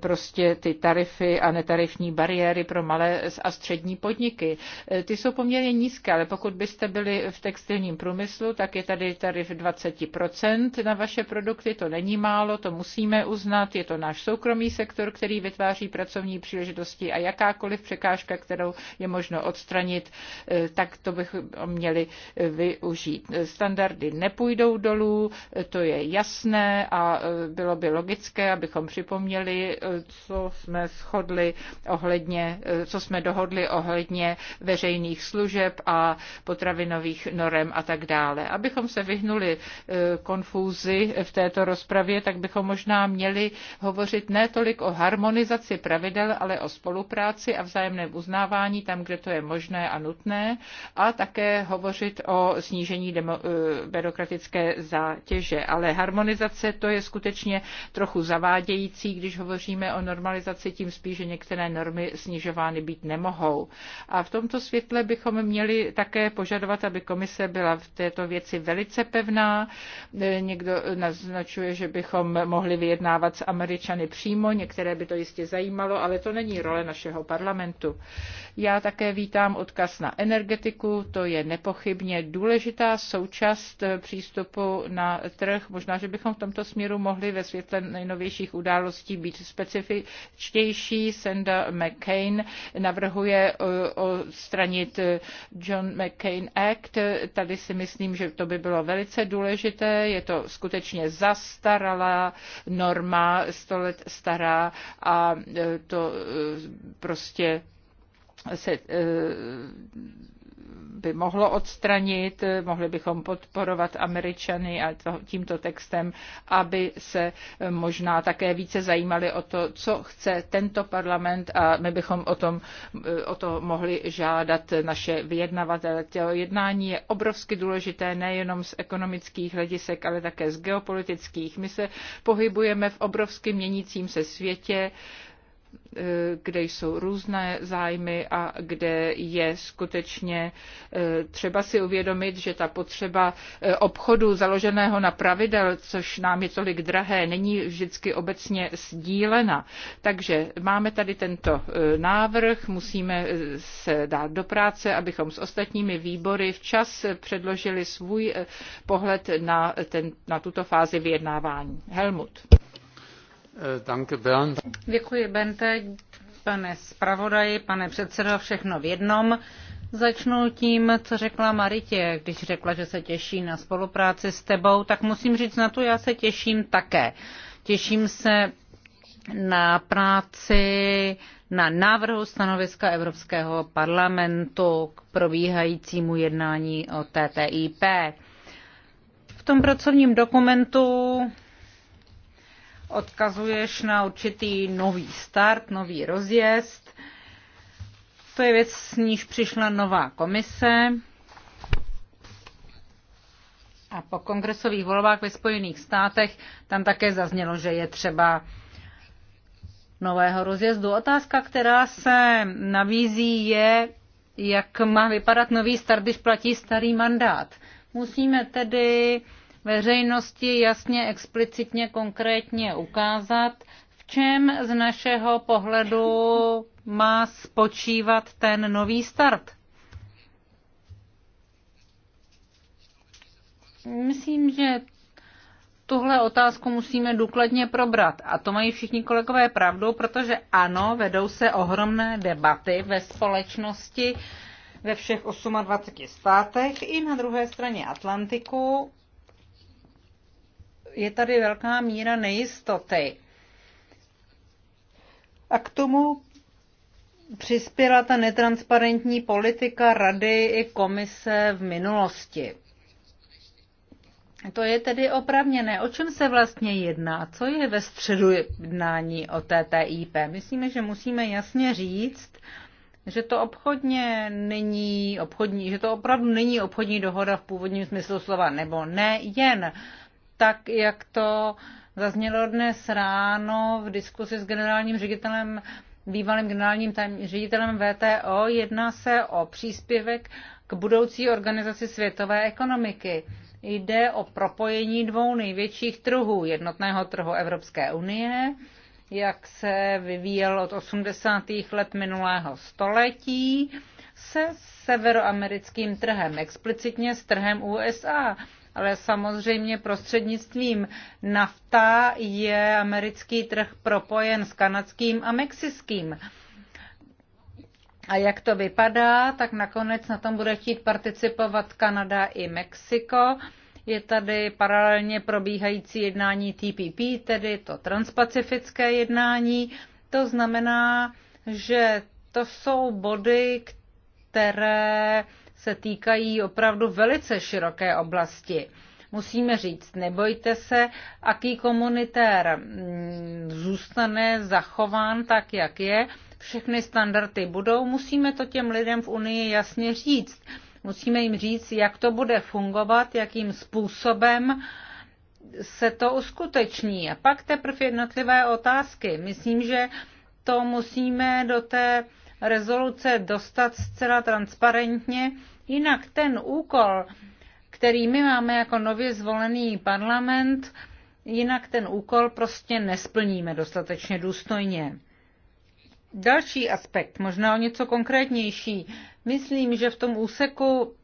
prostě ty tarify a netarifní bariéry pro malé a střední podniky. Ty jsou poměrně nízké, ale pokud byste byli v textilním průmyslu, tak je tady tarif 20% na vaše produkty, to není málo, to musíme uznat je to náš soukromý sektor, který vytváří pracovní příležitosti a jakákoliv překážka, kterou je možno odstranit, eh, tak to bychom měli eh, využít. Eh, standardy nepůjdou dolů, to je jasné a bylo by logické, abychom připomněli, co jsme shodli ohledně, co jsme dohodli ohledně veřejných služeb a potravinových norem a tak dále. Abychom se vyhnuli konfúzi v této rozpravě, tak bychom možná měli hovořit ne tolik o harmonizaci pravidel, ale o spolupráci a vzájemném uznávání tam, kde to je možné a nutné a také hovořit o snížení demo, eh, byrokratické zátěže. Ale harmonizace to je skutečně trochu zavádějící, když hovoříme o normalizaci, tím spíš, že některé normy snižovány být nemohou. A v tomto světle bychom měli také požadovat, aby komise byla v této věci velice pevná. Eh, někdo naznačuje, že bychom mohli vyjednávat s Američany přímo, některé by to jistě zajímalo, ale to není role našeho parlamentu. Já také vítám odkaz na energetiku, to je nepochybně důležitá součást přístupu na trh. Možná, že bychom v tomto směru mohli ve světle nejnovějších událostí být specifičtější. Senda McCain navrhuje eh, odstranit eh, John McCain Act. Tady si myslím, že to by bylo velice důležité. Je to skutečně zastaralá norma, sto let stará a e, to e, prostě se e, by mohlo odstranit, mohli bychom podporovat Američany a tímto textem, aby se možná také více zajímali o to, co chce tento parlament a my bychom o, tom, o to mohli žádat naše vyjednavatele. To jednání je obrovsky důležité nejenom z ekonomických hledisek, ale také z geopolitických. My se pohybujeme v obrovsky měnícím se světě E, kde jsou různé zájmy a kde je skutečně e, třeba si uvědomit, že ta potřeba e, obchodu založeného na pravidel, což nám je tolik drahé, není vždycky obecně sdílena. Takže máme tady tento návrh, musíme se dát do práce, abychom s ostatními výbory včas předložili svůj pohled na, ten, na tuto fázi vyjednávání. Helmut. Děkuji, Bente, pane zpravodaji, pane předsedo, všechno v jednom. Začnu tím, co řekla Maritě, když řekla, že se těší na spolupráci s tebou, tak musím říct na to, já se těším také. Těším se na práci na návrhu stanoviska Evropského parlamentu k probíhajícímu jednání o TTIP. V tom pracovním dokumentu odkazuješ na určitý nový start, nový rozjezd. To je věc, s níž přišla nová komise. A po kongresových volbách ve Spojených státech tam také zaznělo, že je třeba nového rozjezdu. Otázka, která se navízí, je, jak má vypadat nový start, když platí starý mandát. Musíme tedy veřejnosti jasně, explicitně, konkrétně ukázat, v čem z našeho pohledu má spočívat ten nový start. Myslím, že tuhle otázku musíme důkladně probrat. A to mají všichni kolegové pravdu, protože ano, vedou se ohromné debaty ve společnosti ve všech 28 státech i na druhé straně Atlantiku je tady velká míra nejistoty. A k tomu přispěla ta netransparentní politika rady i komise v minulosti. To je tedy opravněné. O čem se vlastně jedná? Co je ve středu jednání o TTIP? Myslíme, že musíme jasně říct, že to obchodně není obchodní, že to opravdu není obchodní dohoda v původním smyslu slova, nebo ne jen tak, jak to zaznělo dnes ráno v diskusi s generálním ředitelem bývalým generálním ředitelem VTO, jedná se o příspěvek k budoucí organizaci světové ekonomiky. Jde o propojení dvou největších trhů, jednotného trhu Evropské unie, jak se vyvíjel od 80. let minulého století, se severoamerickým trhem, explicitně s trhem USA ale samozřejmě prostřednictvím NAFTA je americký trh propojen s kanadským a mexickým. A jak to vypadá, tak nakonec na tom bude chtít participovat Kanada i Mexiko. Je tady paralelně probíhající jednání TPP, tedy to transpacifické jednání. To znamená, že to jsou body, které se týkají opravdu velice široké oblasti. Musíme říct, nebojte se, aký komunitér mm, zůstane zachován tak, jak je, všechny standardy budou, musíme to těm lidem v Unii jasně říct. Musíme jim říct, jak to bude fungovat, jakým způsobem se to uskuteční. A pak teprve jednotlivé otázky. Myslím, že to musíme do té rezoluce dostat zcela transparentně Jinak ten úkol, který my máme jako nově zvolený parlament, jinak ten úkol prostě nesplníme dostatečně důstojně. Další aspekt, možná o něco konkrétnější. Myslím, že v tom úseku,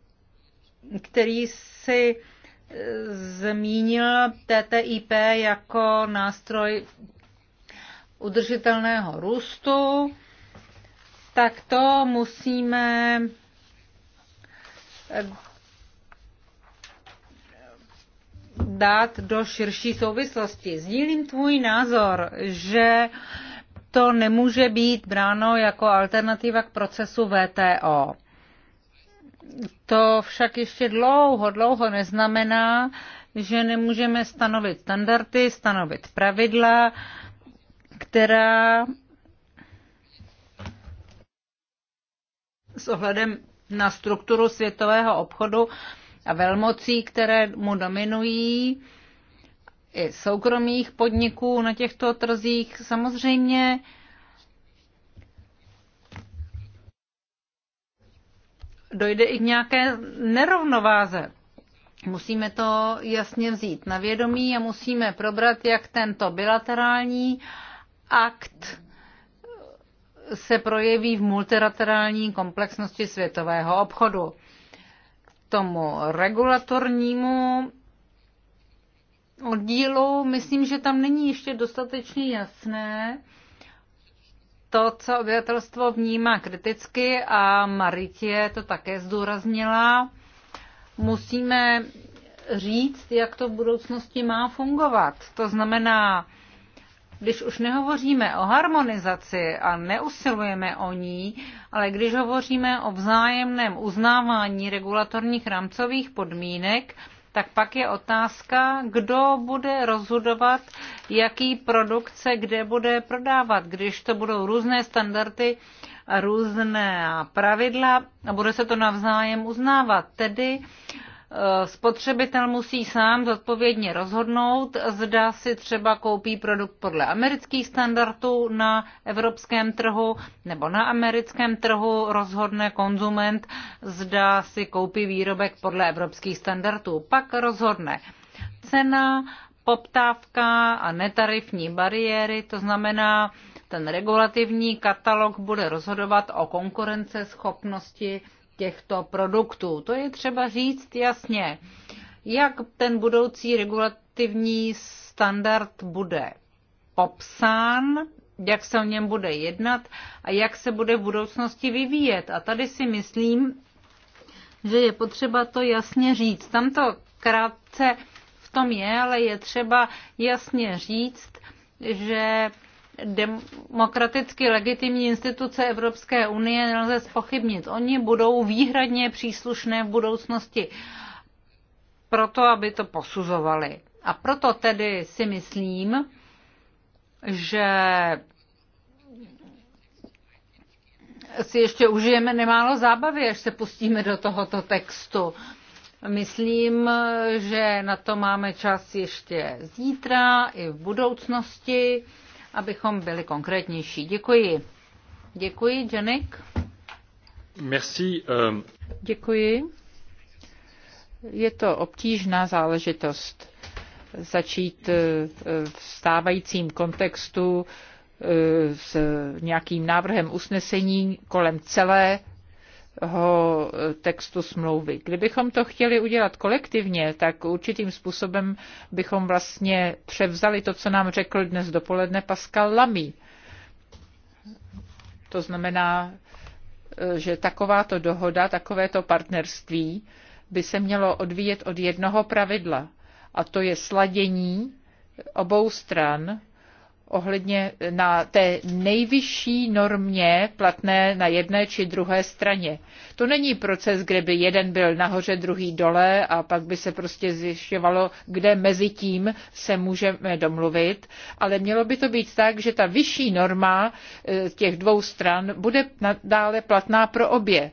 který si e, zmínil TTIP jako nástroj udržitelného růstu, tak to musíme dát do širší souvislosti. Sdílím tvůj názor, že to nemůže být bráno jako alternativa k procesu VTO. To však ještě dlouho, dlouho neznamená, že nemůžeme stanovit standardy, stanovit pravidla, která s ohledem na strukturu světového obchodu a velmocí, které mu dominují, i soukromých podniků na těchto trzích. Samozřejmě dojde i k nějaké nerovnováze. Musíme to jasně vzít na vědomí a musíme probrat, jak tento bilaterální akt se projeví v multilaterální komplexnosti světového obchodu. K tomu regulatornímu oddílu myslím, že tam není ještě dostatečně jasné to, co obyvatelstvo vnímá kriticky a Maritě to také zdůraznila. Musíme říct, jak to v budoucnosti má fungovat. To znamená, když už nehovoříme o harmonizaci a neusilujeme o ní, ale když hovoříme o vzájemném uznávání regulatorních rámcových podmínek, tak pak je otázka, kdo bude rozhodovat, jaký produkt se kde bude prodávat, když to budou různé standardy a různé pravidla a bude se to navzájem uznávat. Tedy Eh, spotřebitel musí sám zodpovědně rozhodnout, zda si třeba koupí produkt podle amerických standardů na evropském trhu nebo na americkém trhu rozhodne konzument, zda si koupí výrobek podle evropských standardů. Pak rozhodne cena, poptávka a netarifní bariéry, to znamená, ten regulativní katalog bude rozhodovat o konkurenceschopnosti schopnosti těchto produktů. To je třeba říct jasně, jak ten budoucí regulativní standard bude popsán, jak se o něm bude jednat a jak se bude v budoucnosti vyvíjet. A tady si myslím, že je potřeba to jasně říct. Tam to krátce v tom je, ale je třeba jasně říct, že demokraticky legitimní instituce Evropské unie nelze spochybnit. Oni budou výhradně příslušné v budoucnosti proto, aby to posuzovali. A proto tedy si myslím, že si ještě užijeme nemálo zábavy, až se pustíme do tohoto textu. Myslím, že na to máme čas ještě zítra i v budoucnosti abychom byli konkrétnější. Děkuji. Děkuji, Janik. Merci. Um... Děkuji. Je to obtížná záležitost začít eh, v stávajícím kontextu eh, s nějakým návrhem usnesení kolem celé Eh, textu smlouvy. Kdybychom to chtěli udělat kolektivně, tak určitým způsobem bychom vlastně převzali to, co nám řekl dnes dopoledne Pascal Lamy. To znamená, eh, že takováto dohoda, takovéto partnerství by se mělo odvíjet od jednoho pravidla, a to je sladění obou stran ohledně eh, na té nejvyšší normě platné na jedné či druhé straně. To není proces, kde by jeden byl nahoře, druhý dole a pak by se prostě zjišťovalo, kde mezi tím se můžeme domluvit, ale mělo by to být tak, že ta vyšší norma eh, těch dvou stran bude nadále platná pro obě.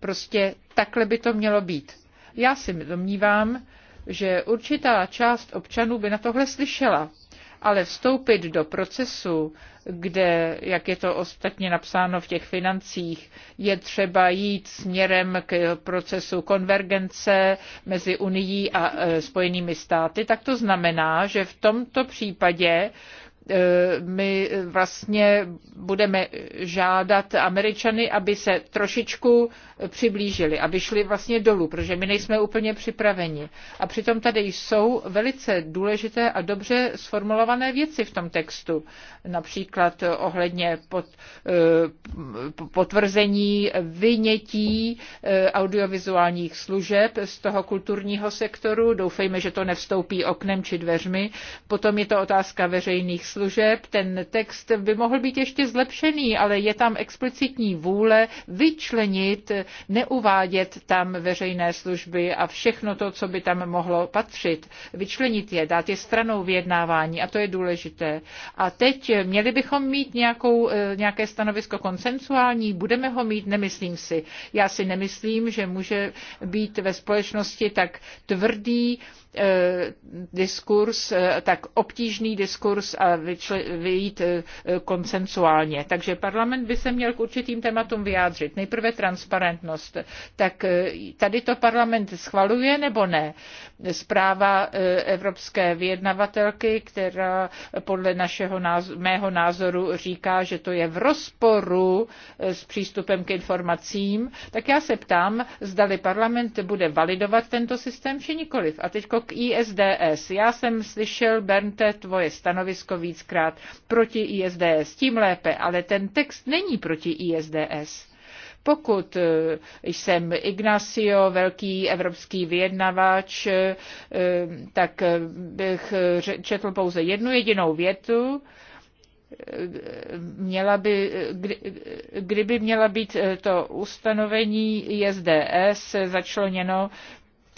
Prostě takhle by to mělo být. Já si domnívám, že určitá část občanů by na tohle slyšela ale vstoupit do procesu, kde, jak je to ostatně napsáno v těch financích, je třeba jít směrem k procesu konvergence mezi Unií a e, Spojenými státy, tak to znamená, že v tomto případě E, my vlastně budeme žádat Američany, aby se trošičku přiblížili, aby šli vlastně dolů, protože my nejsme úplně připraveni. A přitom tady jsou velice důležité a dobře sformulované věci v tom textu. Například ohledně pod, e, potvrzení vynětí e, audiovizuálních služeb z toho kulturního sektoru. Doufejme, že to nevstoupí oknem či dveřmi. Potom je to otázka veřejných služeb služeb, ten text by mohl být ještě zlepšený, ale je tam explicitní vůle vyčlenit, neuvádět tam veřejné služby a všechno to, co by tam mohlo patřit. Vyčlenit je, dát je stranou vyjednávání a to je důležité. A teď měli bychom mít nějakou, eh, nějaké stanovisko konsensuální, budeme ho mít, nemyslím si. Já si nemyslím, že může být ve společnosti tak tvrdý, Eh, diskurs, eh, tak obtížný diskurs a vyjít eh, koncensuálně. Takže parlament by se měl k určitým tématům vyjádřit. Nejprve transparentnost. Tak tady to parlament schvaluje nebo ne? Zpráva evropské vyjednavatelky, která podle našeho názoru, mého názoru říká, že to je v rozporu s přístupem k informacím, tak já se ptám, zdali parlament bude validovat tento systém či nikoliv. A teď stanovisko k ISDS. Já jsem slyšel, Bernte, tvoje stanovisko víckrát proti ISDS, tím lépe, ale ten text není proti ISDS pokud eh, jsem Ignacio, velký evropský vyjednavač, eh, eh, tak bych četl pouze jednu jedinou větu, měla by, kdy, kdyby měla být to ustanovení ISDS začleněno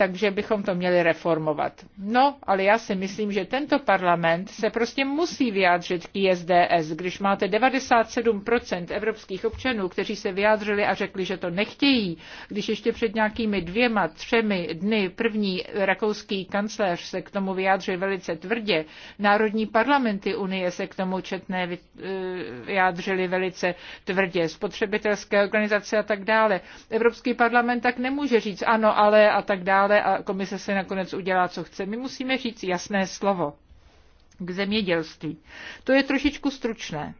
takže bychom to měli reformovat. No, ale já si myslím, že tento parlament se prostě musí vyjádřit k ISDS. Když máte 97% evropských občanů, kteří se vyjádřili a řekli, že to nechtějí, když ještě před nějakými dvěma, třemi dny první rakouský kancléř se k tomu vyjádřil velice tvrdě, národní parlamenty Unie se k tomu četné eh, vyjádřili velice tvrdě, spotřebitelské organizace a tak dále. Evropský parlament tak nemůže říct ano, ale a tak dále dále a komise se nakonec udělá, co chce. My musíme říct jasné slovo k zemědělství. To je trošičku stručné,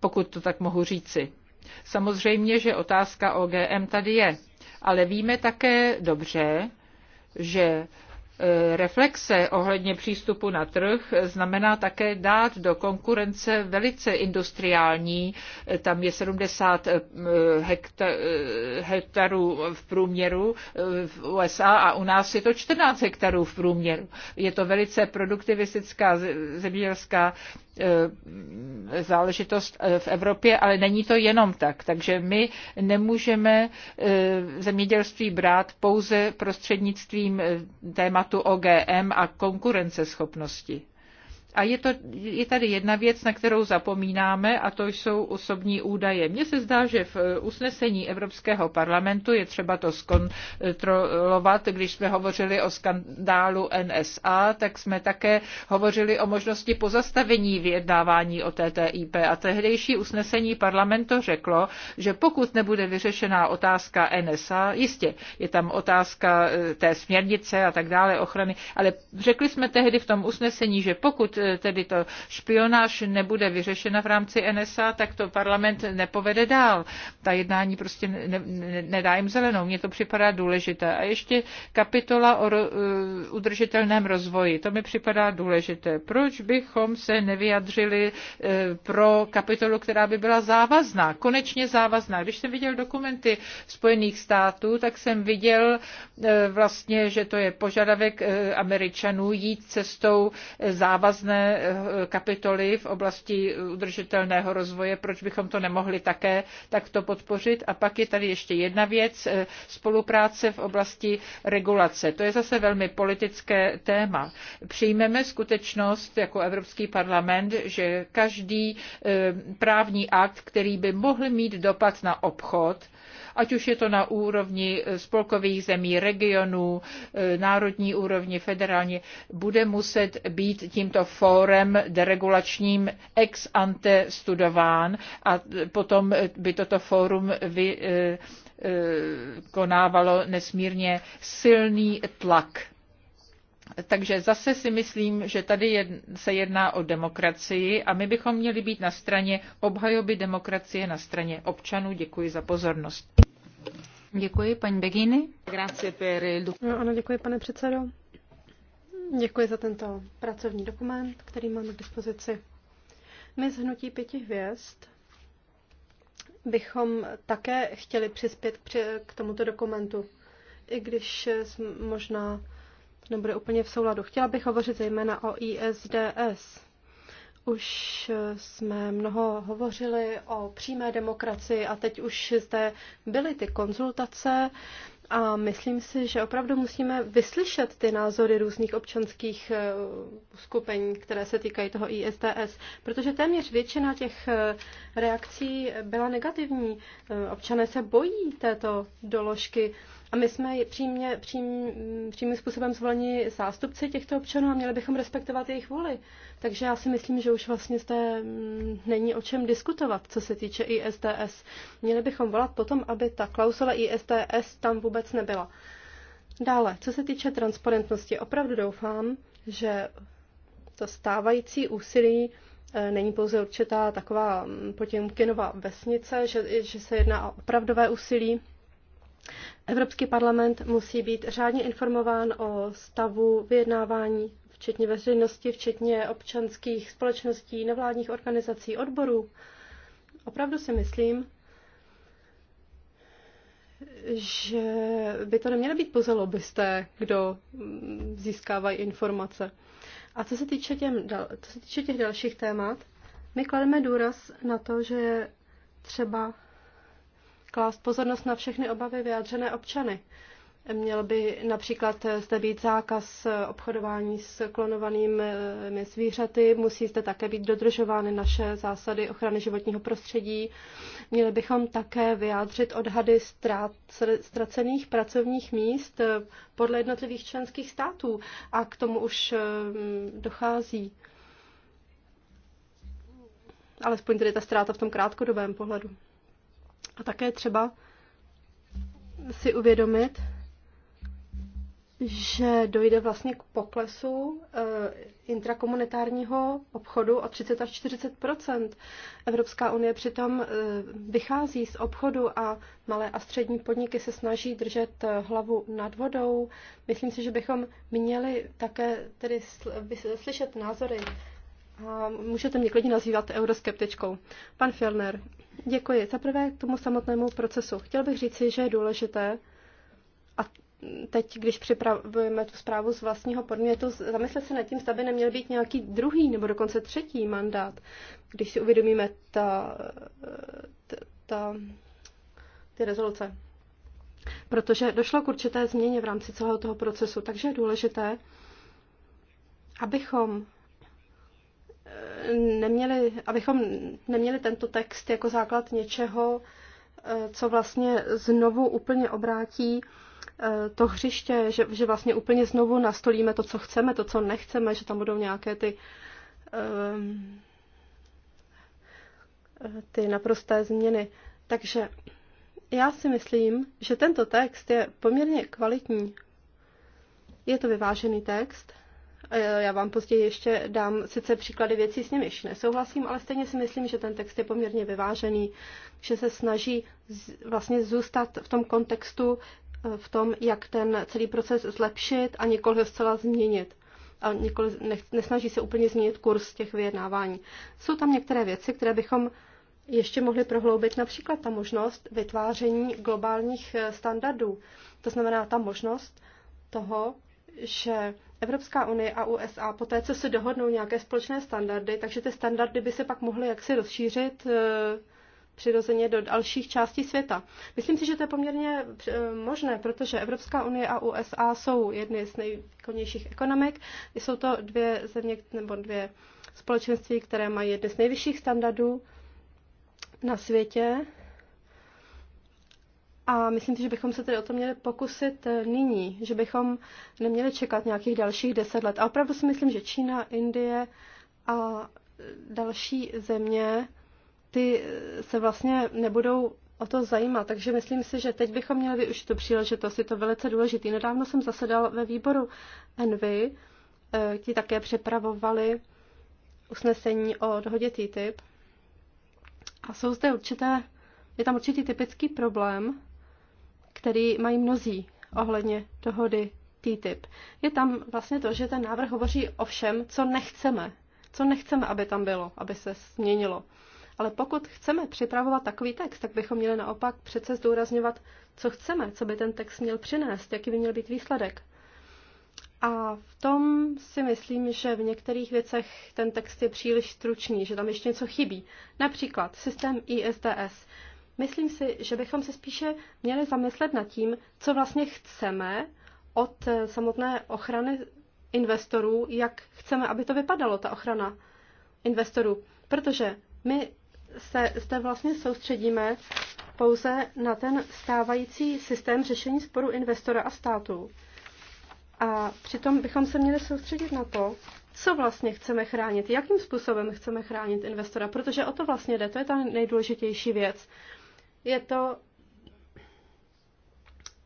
pokud to tak mohu říci. Samozřejmě, že otázka OGM tady je, ale víme také dobře, že Eh, reflexe ohledně přístupu na trh znamená také dát do konkurence velice industriální, eh, tam je 70 eh, hektarů v průměru v USA a u nás je to 14 hektarů v průměru. Je to velice produktivistická zemědělská Eh, záležitost eh, v Evropě, ale není to jenom tak. Takže my nemůžeme eh, zemědělství brát pouze prostřednictvím tématu OGM a konkurenceschopnosti. A je, to, je tady jedna věc, na kterou zapomínáme, a to jsou osobní údaje. Mně se zdá, že v eh, usnesení Evropského parlamentu je třeba to zkontrolovat. Když jsme hovořili o skandálu NSA, tak jsme také hovořili o možnosti pozastavení vyjednávání o TTIP. A tehdejší usnesení parlamentu řeklo, že pokud nebude vyřešená otázka NSA, jistě je tam otázka eh, té směrnice a tak dále, ochrany, ale řekli jsme tehdy v tom usnesení, že pokud tedy to špionáž nebude vyřešena v rámci NSA, tak to parlament nepovede dál. Ta jednání prostě ne, ne, nedá jim zelenou. Mně to připadá důležité. A ještě kapitola o ro, eh, udržitelném rozvoji. To mi připadá důležité. Proč bychom se nevyjadřili eh, pro kapitolu, která by byla závazná, konečně závazná. Když jsem viděl dokumenty Spojených států, tak jsem viděl eh, vlastně, že to je požadavek Američanů jít cestou závazná různé eh, kapitoly v oblasti udržitelného rozvoje, proč bychom to nemohli také takto podpořit. A pak je tady ještě jedna věc, eh, spolupráce v oblasti regulace. To je zase velmi politické téma. Přijmeme skutečnost jako Evropský parlament, že každý eh, právní akt, který by mohl mít dopad na obchod, ať už je to na úrovni eh, spolkových zemí, regionů, eh, národní úrovni, federální, bude muset být tímto fórem deregulačním ex ante studován a eh, potom by toto fórum vy, konávalo nesmírně silný tlak. Takže zase si myslím, že tady se jedná o demokracii a my bychom měli být na straně obhajoby demokracie, na straně občanů. Děkuji za pozornost. Děkuji, paní Begini. No, ano, děkuji, pane předsedo. Děkuji za tento pracovní dokument, který máme k dispozici. My z Hnutí pěti hvězd bychom také chtěli přispět k tomuto dokumentu, i když možná to nebude úplně v souladu. Chtěla bych hovořit zejména o ISDS. Už eh, jsme mnoho hovořili o přímé demokracii a teď už zde byly ty konzultace a myslím si, že opravdu musíme vyslyšet ty názory různých občanských eh, skupin, které se týkají toho ISDS, protože téměř většina těch eh, reakcí byla negativní. Občané se bojí této doložky a my jsme přímě, přím, přímým způsobem zvoleni zástupci těchto občanů a měli bychom respektovat jejich vůli. Takže já si myslím, že už vlastně zde mm, není o čem diskutovat, co se týče ISDS. Měli bychom volat potom, aby ta klausula ISDS tam vůbec nebyla. Dále, co se týče transparentnosti, opravdu doufám, že to stávající úsilí eh, není pouze určitá taková mm, potěmkinová vesnice, že, že se jedná o opravdové úsilí, Evropský parlament musí být řádně informován o stavu vyjednávání, včetně veřejnosti, včetně občanských společností, nevládních organizací, odborů. Opravdu si myslím, že by to neměly být pouze lobbysté, kdo získávají informace. A co se týče, těm, co se týče těch dalších témat, my klademe důraz na to, že třeba klást pozornost na všechny obavy vyjádřené občany. Měl by například zde být zákaz obchodování s klonovanými zvířaty, musí zde také být dodržovány naše zásady ochrany životního prostředí. Měli bychom také vyjádřit odhady ztracených pracovních míst podle jednotlivých členských států a k tomu už mm, dochází. Alespoň tedy ta ztráta v tom krátkodobém pohledu. A také třeba si uvědomit, že dojde vlastně k poklesu eh, intrakomunitárního obchodu o 30 až 40 Evropská unie přitom eh, vychází z obchodu a malé a střední podniky se snaží držet eh, hlavu nad vodou. Myslím si, že bychom měli také tedy slyšet názory. A můžete mě klidně nazývat euroskeptičkou. Pan Filner, Děkuji. Za prvé k tomu samotnému procesu. Chtěl bych říci, že je důležité, a teď, když připravujeme tu zprávu z vlastního podmětu, zamyslet se nad tím, zda by neměl být nějaký druhý nebo dokonce třetí mandát, když si uvědomíme ta, ta, ta, ty rezoluce. Protože došlo k určité změně v rámci celého toho procesu, takže je důležité, abychom neměli, abychom neměli tento text jako základ něčeho, eh, co vlastně znovu úplně obrátí eh, to hřiště, že, že vlastně úplně znovu nastolíme to, co chceme, to, co nechceme, že tam budou nějaké ty, eh, ty naprosté změny. Takže já si myslím, že tento text je poměrně kvalitní. Je to vyvážený text, já vám později ještě dám sice příklady věcí, s nimiž nesouhlasím, ale stejně si myslím, že ten text je poměrně vyvážený, že se snaží vlastně zůstat v tom kontextu, eh, v tom, jak ten celý proces zlepšit a nikoli ho zcela změnit. A nikoli, nesnaží se úplně změnit kurz těch vyjednávání. Jsou tam některé věci, které bychom ještě mohli prohloubit například ta možnost vytváření globálních eh, standardů. To znamená ta možnost toho, že Evropská unie a USA po té, co se dohodnou nějaké společné standardy, takže ty standardy by se pak mohly jaksi rozšířit eh, přirozeně do dalších částí světa. Myslím si, že to je poměrně eh, možné, protože Evropská unie a USA jsou jedny z nejvýkonnějších ekonomik. Jsou to dvě země nebo dvě společenství, které mají jedny z nejvyšších standardů na světě. A myslím si, že bychom se tedy o to měli pokusit eh, nyní, že bychom neměli čekat nějakých dalších deset let. A opravdu si myslím, že Čína, Indie a eh, další země, ty eh, se vlastně nebudou o to zajímat. Takže myslím si, že teď bychom měli využít tu příležitost, je to velice důležitý. Nedávno jsem zasedal ve výboru Envy, ti také přepravovali usnesení o dohodě TTIP. A jsou zde určité, je tam určitý typický problém, který mají mnozí ohledně dohody TTIP. Je tam vlastně to, že ten návrh hovoří o všem, co nechceme. Co nechceme, aby tam bylo, aby se změnilo. Ale pokud chceme připravovat takový text, tak bychom měli naopak přece zdůrazňovat, co chceme, co by ten text měl přinést, jaký by měl být výsledek. A v tom si myslím, že v některých věcech ten text je příliš stručný, že tam ještě něco chybí. Například systém ISDS. Myslím si, že bychom se spíše měli zamyslet nad tím, co vlastně chceme od eh, samotné ochrany investorů, jak chceme, aby to vypadalo, ta ochrana investorů. Protože my se zde vlastně soustředíme pouze na ten stávající systém řešení sporu investora a státu. A přitom bychom se měli soustředit na to, co vlastně chceme chránit, jakým způsobem chceme chránit investora, protože o to vlastně jde, to je ta nejdůležitější věc. Je to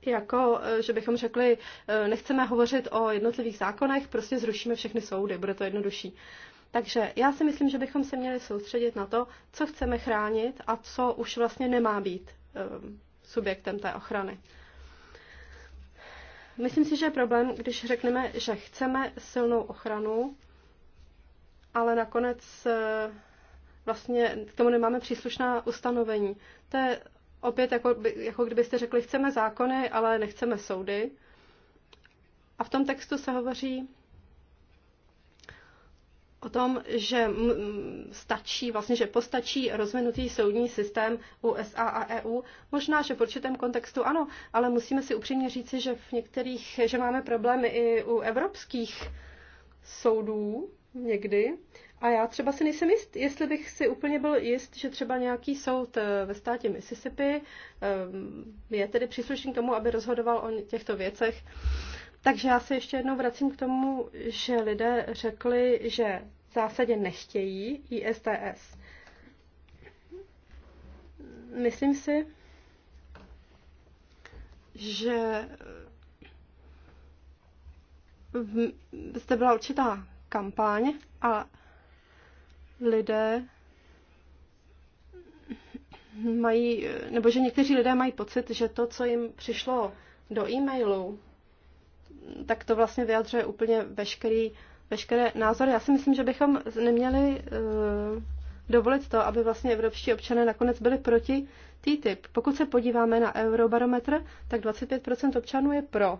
jako, eh, že bychom řekli, eh, nechceme hovořit o jednotlivých zákonech, prostě zrušíme všechny soudy, bude to jednodušší. Takže já si myslím, že bychom se měli soustředit na to, co chceme chránit a co už vlastně nemá být ehm, subjektem té ochrany. Myslím si, že je problém, když řekneme, že chceme silnou ochranu, ale nakonec eh, vlastně k tomu nemáme příslušná ustanovení. To je opět jako, jako kdybyste řekli, chceme zákony, ale nechceme soudy. A v tom textu se hovoří o tom, že stačí, vlastně, že postačí rozvinutý soudní systém USA a EU. Možná, že v určitém kontextu ano, ale musíme si upřímně říci, že v některých, že máme problémy i u evropských soudů někdy. A já třeba si nejsem jist, jestli bych si úplně byl jist, že třeba nějaký soud eh, ve státě Mississippi eh, je tedy příslušný k tomu, aby rozhodoval o těchto věcech. Takže já se ještě jednou vracím k tomu, že lidé řekli, že v zásadě nechtějí ISTS. Myslím si, že eh, zde byla určitá kampaň a lidé mají, nebo že někteří lidé mají pocit, že to, co jim přišlo do e-mailu, tak to vlastně vyjadřuje úplně veškerý, veškeré názory. Já si myslím, že bychom neměli uh, dovolit to, aby vlastně evropští občané nakonec byli proti TTIP. Pokud se podíváme na eurobarometr, tak 25% občanů je pro.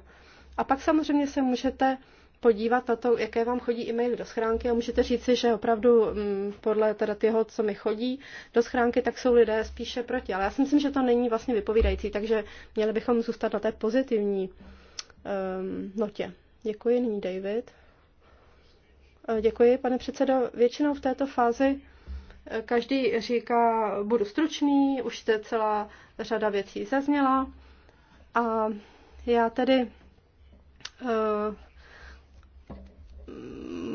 A pak samozřejmě se můžete uh, podívat na to, jaké vám chodí e-maily do schránky a můžete si, že opravdu mm, podle teda toho, co mi chodí do schránky, tak jsou lidé spíše proti. Ale já si myslím, že to není vlastně vypovídající, takže měli bychom zůstat na té pozitivní um, notě. Děkuji, nyní David. Eh, děkuji, pane předsedo. Většinou v této fázi eh, každý říká, budu stručný, už jste celá řada věcí zazněla. A já tedy uh,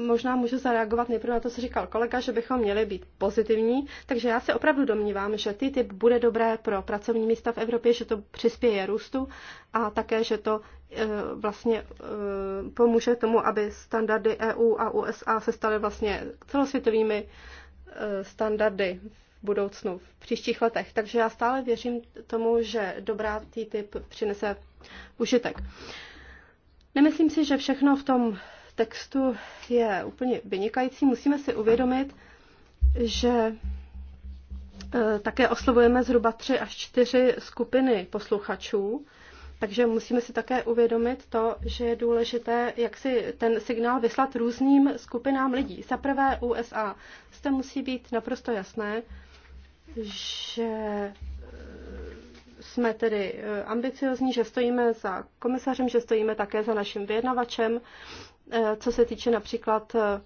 možná můžu zareagovat nejprve na to, co říkal kolega, že bychom měli být pozitivní. Takže já se opravdu domnívám, že ty typ bude dobré pro pracovní místa v Evropě, že to přispěje růstu a také, že to eh, vlastně eh, pomůže tomu, aby standardy EU a USA se staly vlastně celosvětovými eh, standardy v budoucnu, v příštích letech. Takže já stále věřím tomu, že dobrá TTIP přinese užitek. Nemyslím si, že všechno v tom textu je úplně vynikající. Musíme si uvědomit, že e, také oslovujeme zhruba tři až čtyři skupiny posluchačů, takže musíme si také uvědomit to, že je důležité, jak si ten signál vyslat různým skupinám lidí. Za prvé USA. Zde musí být naprosto jasné, že e, jsme tedy e, ambiciozní, že stojíme za komisařem, že stojíme také za naším vyjednavačem, Eh, co se týče například eh,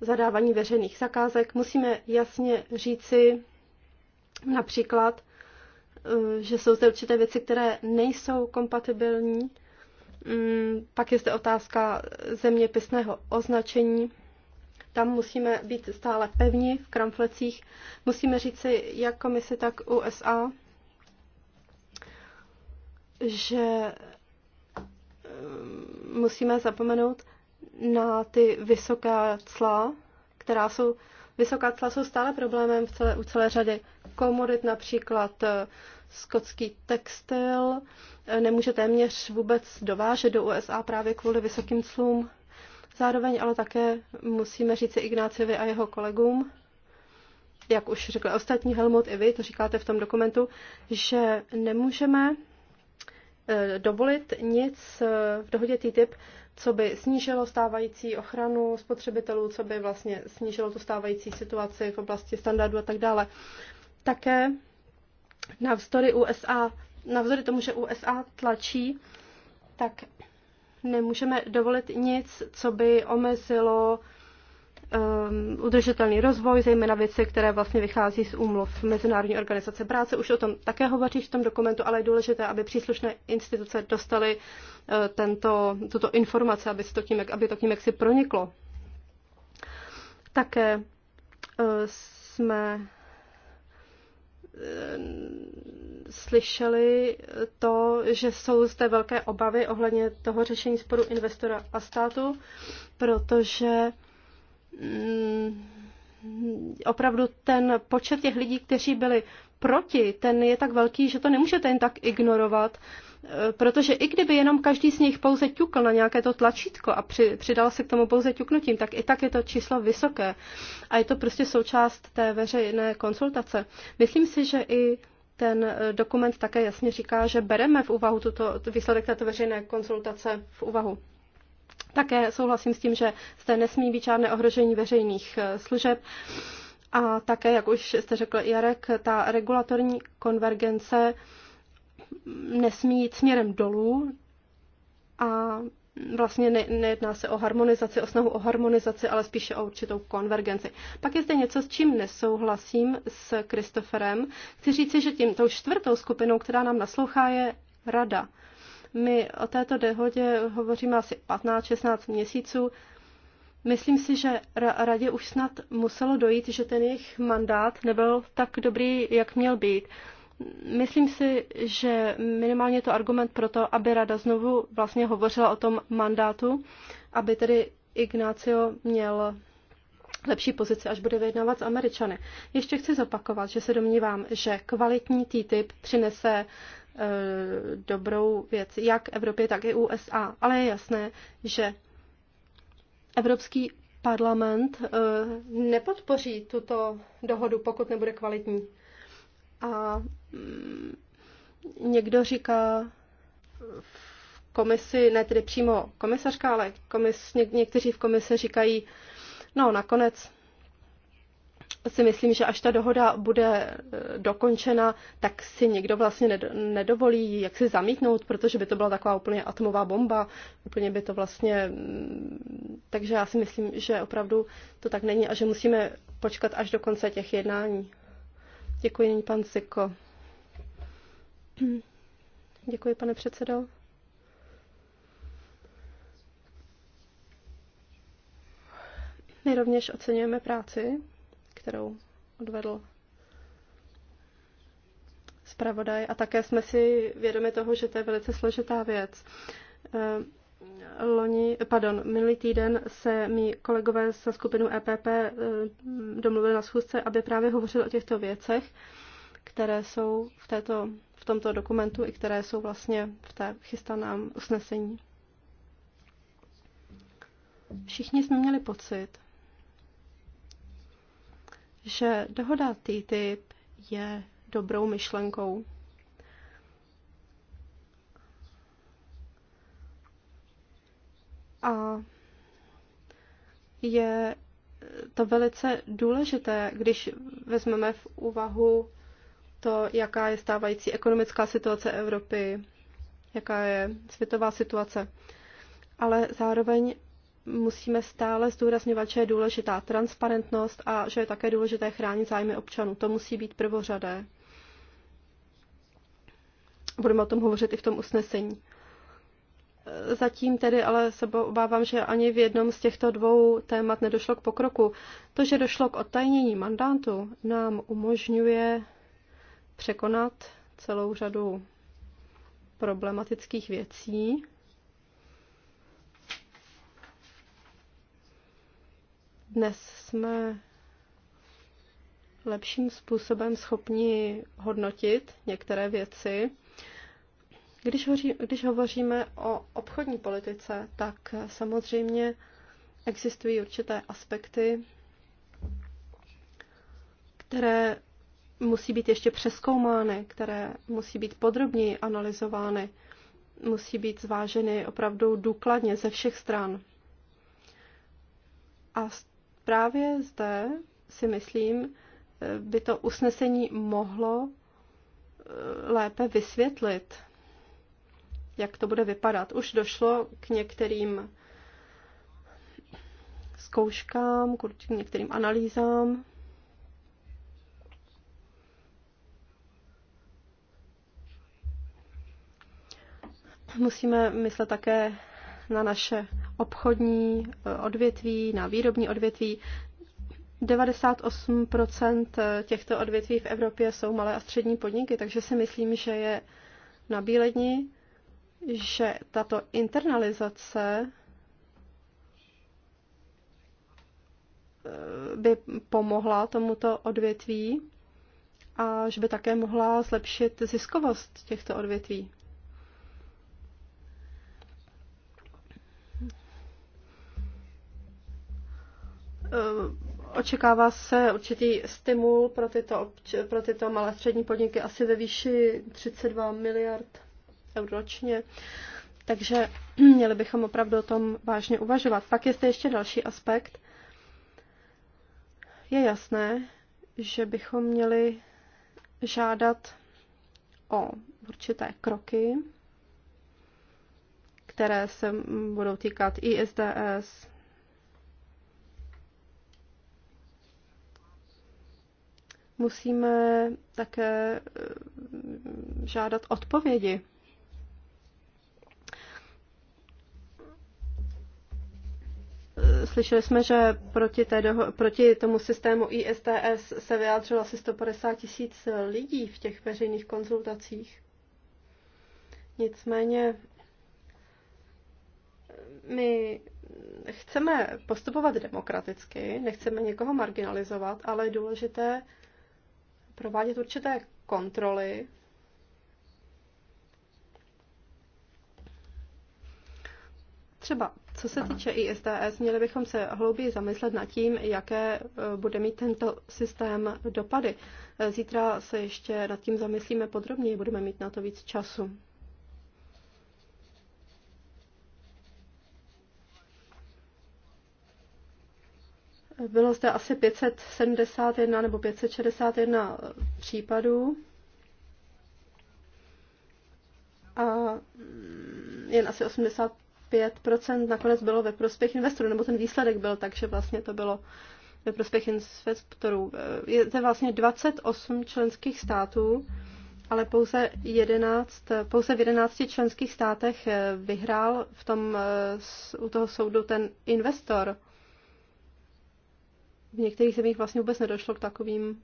zadávání veřejných zakázek, musíme jasně říci například, eh, že jsou zde určité věci, které nejsou kompatibilní. Mm, pak je zde otázka zeměpisného označení. Tam musíme být stále pevní v kramflecích. Musíme říci jak komisi, tak USA, že musíme zapomenout na ty vysoká cla, která jsou, vysoká cla jsou stále problémem v celé, u celé řady komodit, například eh, skotský textil, eh, nemůže téměř vůbec dovážet do USA právě kvůli vysokým clům. Zároveň ale také musíme říci Ignáciovi a jeho kolegům, jak už řekl ostatní Helmut i vy, to říkáte v tom dokumentu, že nemůžeme eh, dovolit nic v dohodě TTIP, co by snížilo stávající ochranu spotřebitelů, co by vlastně snížilo tu stávající situaci v oblasti standardu a tak dále. Také navzdory USA, navzdory tomu, že USA tlačí, tak nemůžeme dovolit nic, co by omezilo um, udržitelný rozvoj, zejména věci, které vlastně vychází z úmluv Mezinárodní organizace práce. Už o tom také hovoří v tom dokumentu, ale je důležité, aby příslušné instituce dostaly uh, tento, tuto informaci, aby, to tím, aby to tím jaksi proniklo. Také uh, jsme uh, slyšeli to, že jsou zde velké obavy ohledně toho řešení sporu investora a státu, protože Mm, opravdu ten počet těch lidí, kteří byli proti, ten je tak velký, že to nemůžete jen tak ignorovat, eh, protože i kdyby jenom každý z nich pouze ťukl na nějaké to tlačítko a při, přidal se k tomu pouze ťuknutím, tak i tak je to číslo vysoké. A je to prostě součást té veřejné konsultace. Myslím si, že i ten eh, dokument také jasně říká, že bereme v úvahu tuto, výsledek této veřejné konsultace v úvahu. Také souhlasím s tím, že zde nesmí být žádné ohrožení veřejných eh, služeb. A také, jak už jste řekl, Jarek, ta regulatorní konvergence nesmí jít směrem dolů a vlastně ne, nejedná se o harmonizaci, o snahu o harmonizaci, ale spíše o určitou konvergenci. Pak je zde něco, s čím nesouhlasím s Kristoferem. Chci říci, že tím tou čtvrtou skupinou, která nám naslouchá, je rada. My o této dehodě hovoříme asi 15-16 měsíců. Myslím si, že radě už snad muselo dojít, že ten jejich mandát nebyl tak dobrý, jak měl být. Myslím si, že minimálně je to argument pro to, aby rada znovu vlastně hovořila o tom mandátu, aby tedy Ignácio měl lepší pozici, až bude vyjednávat s Američany. Ještě chci zopakovat, že se domnívám, že kvalitní TTIP přinese dobrou věc, jak Evropě, tak i USA. Ale je jasné, že Evropský parlament eh, nepodpoří tuto dohodu, pokud nebude kvalitní. A mm, někdo říká v komisi, ne tedy přímo komisařka, ale komis, někteří v komise říkají, no nakonec si myslím, že až ta dohoda bude e, dokončena, tak si nikdo vlastně nedovolí jak si zamítnout, protože by to byla taková úplně atomová bomba, úplně by to vlastně... Mm, takže já si myslím, že opravdu to tak není a že musíme počkat až do konce těch jednání. Děkuji, pan Siko. Děkuji, pane předsedo. My rovněž oceňujeme práci kterou odvedl zpravodaj. A také jsme si vědomi toho, že to je velice složitá věc. Eh, loni, pardon, minulý týden se mi kolegové ze skupinu EPP eh, domluvili na schůzce, aby právě hovořili o těchto věcech, které jsou v, této, v tomto dokumentu i které jsou vlastně v té chystaném usnesení. Všichni jsme měli pocit, že dohoda TTIP je dobrou myšlenkou. A je to velice důležité, když vezmeme v úvahu to, jaká je stávající ekonomická situace Evropy, jaká je světová situace. Ale zároveň musíme stále zdůrazňovat, že je důležitá transparentnost a že je také důležité chránit zájmy občanů. To musí být prvořadé. Budeme o tom hovořit i v tom usnesení. Zatím tedy ale se obávám, že ani v jednom z těchto dvou témat nedošlo k pokroku. To, že došlo k odtajnění mandátu, nám umožňuje překonat celou řadu problematických věcí, Dnes jsme lepším způsobem schopni hodnotit některé věci. Když, hoří, když hovoříme o obchodní politice, tak samozřejmě existují určité aspekty, které musí být ještě přeskoumány, které musí být podrobněji analyzovány, musí být zváženy opravdu důkladně ze všech stran. A z právě zde si myslím, eh, by to usnesení mohlo eh, lépe vysvětlit, jak to bude vypadat. Už došlo k některým zkouškám, k některým analýzám. Musíme myslet také na naše obchodní eh, odvětví, na výrobní odvětví. 98 eh, těchto odvětví v Evropě jsou malé a střední podniky, takže si myslím, že je na bílední, že tato internalizace eh, by pomohla tomuto odvětví a že by také mohla zlepšit ziskovost těchto odvětví. Eh, očekává se určitý stimul pro tyto, obč- pro tyto malé střední podniky asi ve výši 32 miliard eur ročně. Takže měli bychom opravdu o tom vážně uvažovat. Pak je zde ještě další aspekt. Je jasné, že bychom měli žádat o určité kroky, které se budou týkat ISDS, Musíme také eh, žádat odpovědi. Slyšeli jsme, že proti, té doho- proti tomu systému ISTS se vyjádřilo asi 150 tisíc lidí v těch veřejných konzultacích. Nicméně eh, my chceme postupovat demokraticky, nechceme někoho marginalizovat, ale je důležité provádět určité kontroly. Třeba co se týče ISTS, měli bychom se hlouběji zamyslet nad tím, jaké e, bude mít tento systém dopady. E, zítra se ještě nad tím zamyslíme podrobněji, budeme mít na to víc času. Bylo zde asi 571 nebo 561 případů. A mm, jen asi 85% nakonec bylo ve prospěch investorů, nebo ten výsledek byl tak, že vlastně to bylo ve prospěch investorů. Je to vlastně 28 členských států, ale pouze, 11, pouze v 11 členských státech eh, vyhrál v tom, eh, u toho soudu ten investor v některých zemích vlastně vůbec nedošlo k takovým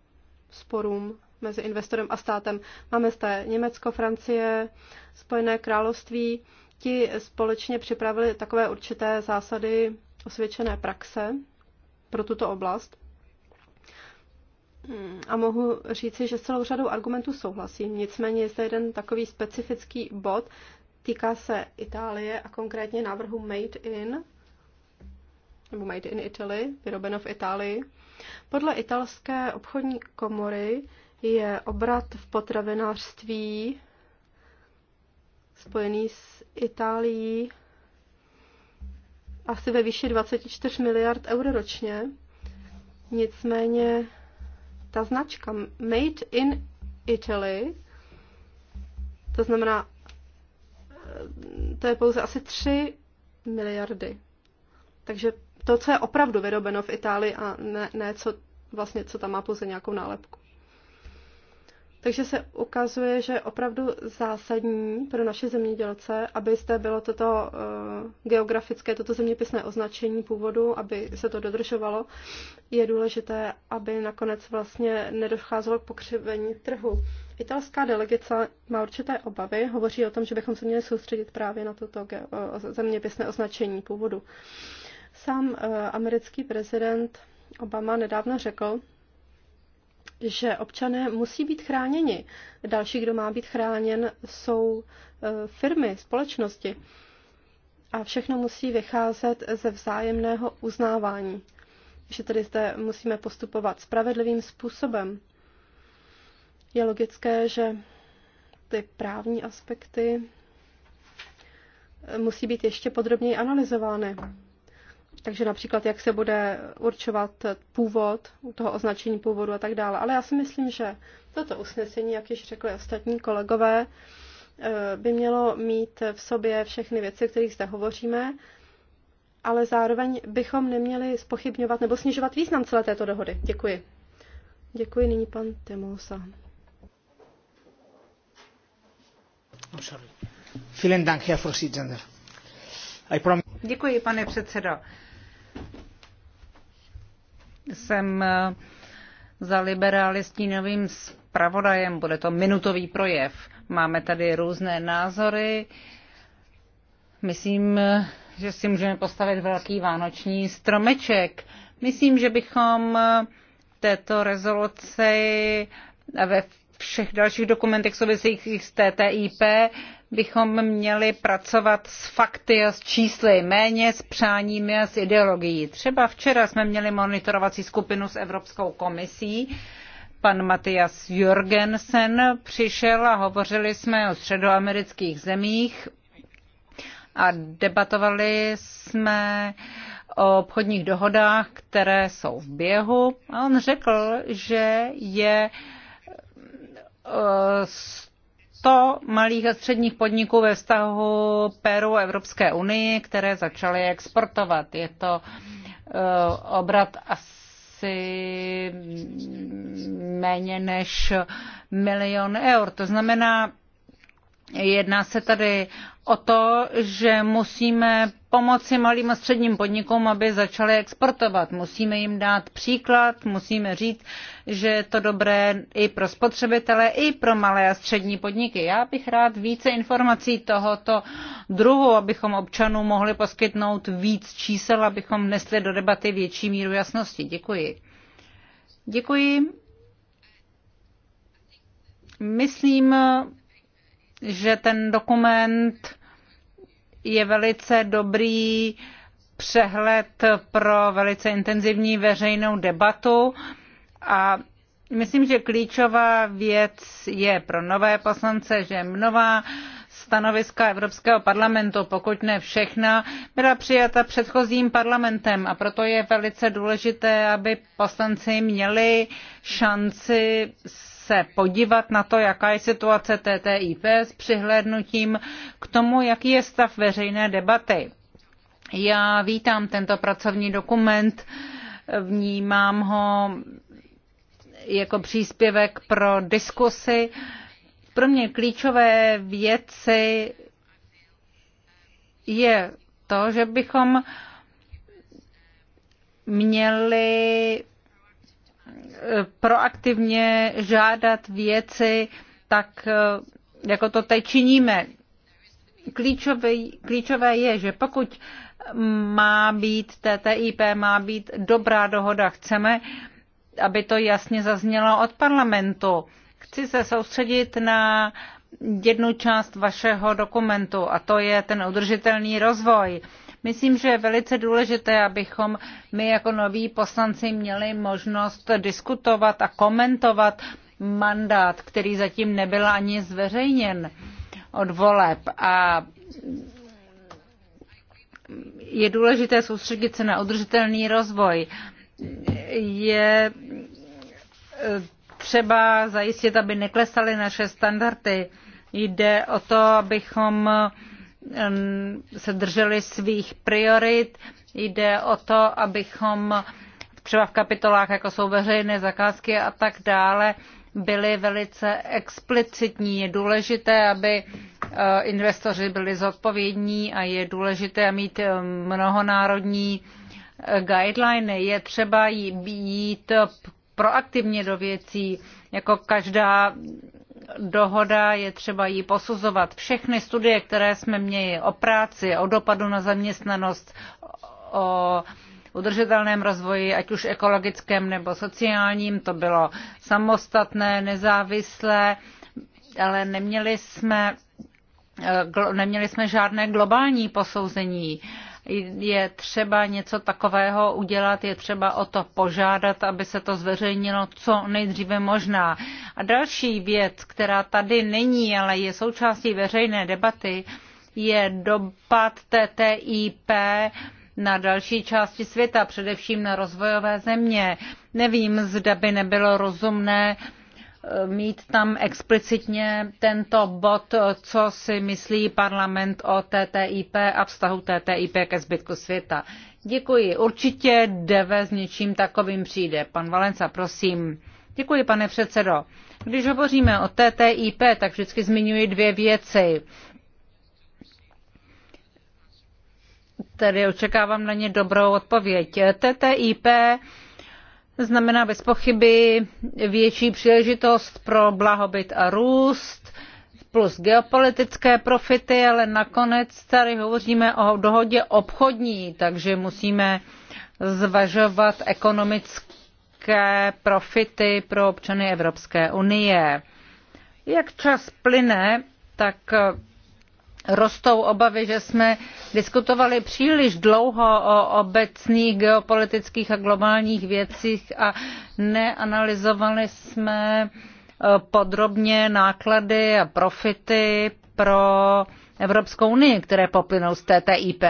sporům mezi investorem a státem. Máme zde Německo, Francie, Spojené království. Ti společně připravili takové určité zásady osvědčené praxe pro tuto oblast. A mohu říci, že s celou řadou argumentů souhlasím. Nicméně je zde jeden takový specifický bod, týká se Itálie a konkrétně návrhu Made in, nebo Made in Italy, vyrobeno v Itálii. Podle italské obchodní komory je obrat v potravinářství spojený s Itálií asi ve výši 24 miliard euro ročně. Nicméně ta značka Made in Italy, to znamená, eh, to je pouze asi 3 miliardy. Takže to, co je opravdu vyrobeno v Itálii a ne, ne co, vlastně, co tam má pouze nějakou nálepku. Takže se ukazuje, že je opravdu zásadní pro naše zemědělce, aby zde bylo toto eh, geografické, toto zeměpisné označení původu, aby se to dodržovalo. Je důležité, aby nakonec vlastně nedocházelo k pokřivení trhu. Italská delegace má určité obavy, hovoří o tom, že bychom se měli soustředit právě na toto zeměpisné označení původu. Uh, Sám eh, americký prezident Obama nedávno řekl, že občané musí být chráněni. Další, kdo má být chráněn, jsou eh, firmy, společnosti. A všechno musí vycházet ze vzájemného uznávání. Že tedy zde musíme postupovat spravedlivým způsobem. Je logické, že ty právní aspekty eh, musí být ještě podrobněji analyzovány takže například, jak se bude určovat původ, toho označení původu a tak dále. Ale já si myslím, že toto usnesení, jak již řekli ostatní kolegové, eh, by mělo mít v sobě všechny věci, o kterých zde hovoříme, ale zároveň bychom neměli spochybňovat nebo snižovat význam celé této dohody. Děkuji. Děkuji nyní pan Temosa. Děkuji, pane předsedo. Jsem eh, za liberály stínovým zpravodajem, bude to minutový projev. Máme tady různé názory. Myslím, eh, že si můžeme postavit velký vánoční stromeček. Myslím, že bychom eh, této rezoluci ve všech dalších dokumentech souvisejících s TTIP bychom měli pracovat s fakty a s čísly, méně s přáními a s ideologií. Třeba včera jsme měli monitorovací skupinu s Evropskou komisí. Pan Matias Jorgensen přišel a hovořili jsme o středoamerických zemích a debatovali jsme o obchodních dohodách, které jsou v běhu. A on řekl, že je eh, sto malých a středních podniků ve vztahu Peru a Evropské unii, které začaly exportovat. Je to uh, obrat asi méně než milion eur. To znamená, Jedná se tady o to, že musíme pomoci malým a středním podnikům, aby začaly exportovat. Musíme jim dát příklad, musíme říct, že je to dobré i pro spotřebitele, i pro malé a střední podniky. Já bych rád více informací tohoto druhu, abychom občanům mohli poskytnout víc čísel, abychom nesli do debaty větší míru jasnosti. Děkuji. Děkuji. Myslím, že ten dokument je velice dobrý přehled pro velice intenzivní veřejnou debatu a myslím, že klíčová věc je pro nové poslance, že mnoha stanoviska Evropského parlamentu, pokud ne všechna, byla přijata předchozím parlamentem a proto je velice důležité, aby poslanci měli šanci se podívat na to, jaká je situace TTIP s přihlédnutím k tomu, jaký je stav veřejné debaty. Já vítám tento pracovní dokument, vnímám ho jako příspěvek pro diskusy. Pro mě klíčové věci je to, že bychom měli proaktivně žádat věci, tak e, jako to teď činíme. Klíčové, klíčové je, že pokud má být TTIP, má být dobrá dohoda, chceme, aby to jasně zaznělo od parlamentu. Chci se soustředit na jednu část vašeho dokumentu a to je ten udržitelný rozvoj. Myslím, že je velice důležité, abychom my jako noví poslanci měli možnost diskutovat a komentovat mandát, který zatím nebyl ani zveřejněn od voleb. A je důležité soustředit se na udržitelný rozvoj. Je e, třeba zajistit, aby neklesaly naše standardy. Jde o to, abychom se drželi svých priorit. Jde o to, abychom třeba v kapitolách, jako jsou veřejné zakázky a tak dále, byly velice explicitní. Je důležité, aby eh, investoři byli zodpovědní a je důležité mít eh, mnohonárodní eh, guideline. Je třeba jít proaktivně do věcí, jako každá dohoda, je třeba ji posuzovat. Všechny studie, které jsme měli o práci, o dopadu na zaměstnanost, o udržitelném rozvoji, ať už ekologickém nebo sociálním, to bylo samostatné, nezávislé, ale neměli jsme, eh, neměli jsme žádné globální posouzení. Uh, je třeba něco takového udělat, je třeba o to požádat, aby se to zveřejnilo co nejdříve možná. A další věc, která tady není, ale je součástí veřejné debaty, je dopad TTIP na další části světa, především na rozvojové země. Nevím, zda by nebylo rozumné uh, mít tam explicitně tento bod, co si myslí parlament o TTIP a vztahu TTIP ke zbytku světa. Děkuji. Určitě Deve s něčím takovým přijde. Pan Valenca, prosím. Děkuji, pane předsedo. Když hovoříme o TTIP, tak vždycky zmiňuji dvě věci. Tedy očekávám na ně dobrou odpověď. TTIP znamená bez pochyby větší příležitost pro blahobyt a růst, plus geopolitické profity, ale nakonec tady hovoříme o dohodě obchodní, takže musíme zvažovat ekonomické profity pro občany Evropské unie. Jak čas plyne, tak rostou obavy, že jsme diskutovali příliš dlouho o obecných geopolitických a globálních věcech a neanalyzovali jsme eh, podrobně náklady a profity pro Evropskou unii, které poplynou z TTIP.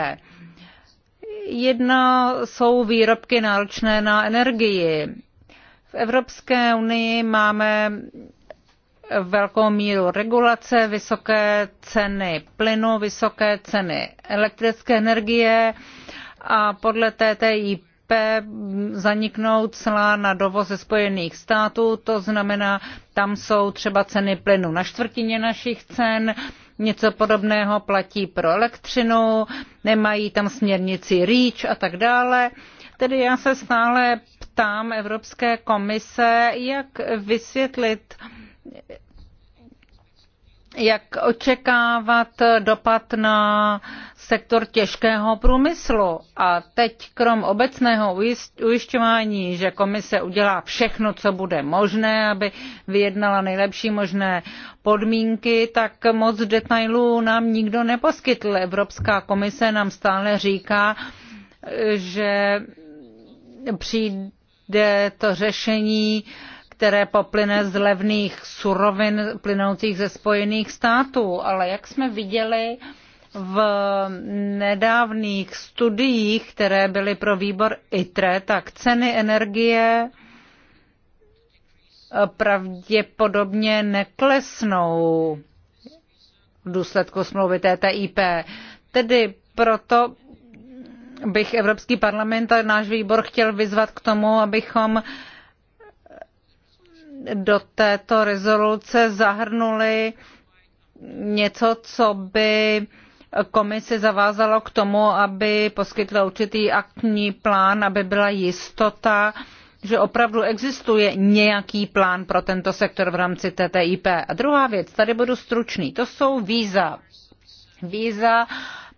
Jedna jsou výrobky náročné na energii. V Evropské unii máme velkou míru regulace, vysoké ceny plynu, vysoké ceny elektrické energie a podle TTIP zaniknou cla na dovoz ze Spojených států, to znamená, tam jsou třeba ceny plynu na čtvrtině našich cen, něco podobného platí pro elektřinu, nemají tam směrnici REACH a tak dále. Tedy já se stále ptám Evropské komise, jak vysvětlit jak očekávat dopad na sektor těžkého průmyslu. A teď krom obecného ujišťování, že komise udělá všechno, co bude možné, aby vyjednala nejlepší možné podmínky, tak moc detailů nám nikdo neposkytl. Evropská komise nám stále říká, že přijde to řešení, které poplyne z levných surovin plynoucích ze Spojených států. Ale jak jsme viděli v nedávných studiích, které byly pro výbor ITRE, tak ceny energie pravděpodobně neklesnou v důsledku smlouvy TTIP. Tedy proto bych Evropský parlament a náš výbor chtěl vyzvat k tomu, abychom uh, do této rezoluce zahrnuli něco, co by komisi zavázalo k tomu, aby poskytla určitý aktní plán, aby byla jistota, že opravdu existuje nějaký plán pro tento sektor v rámci TTIP. A druhá věc, tady budu stručný, to jsou víza. Víza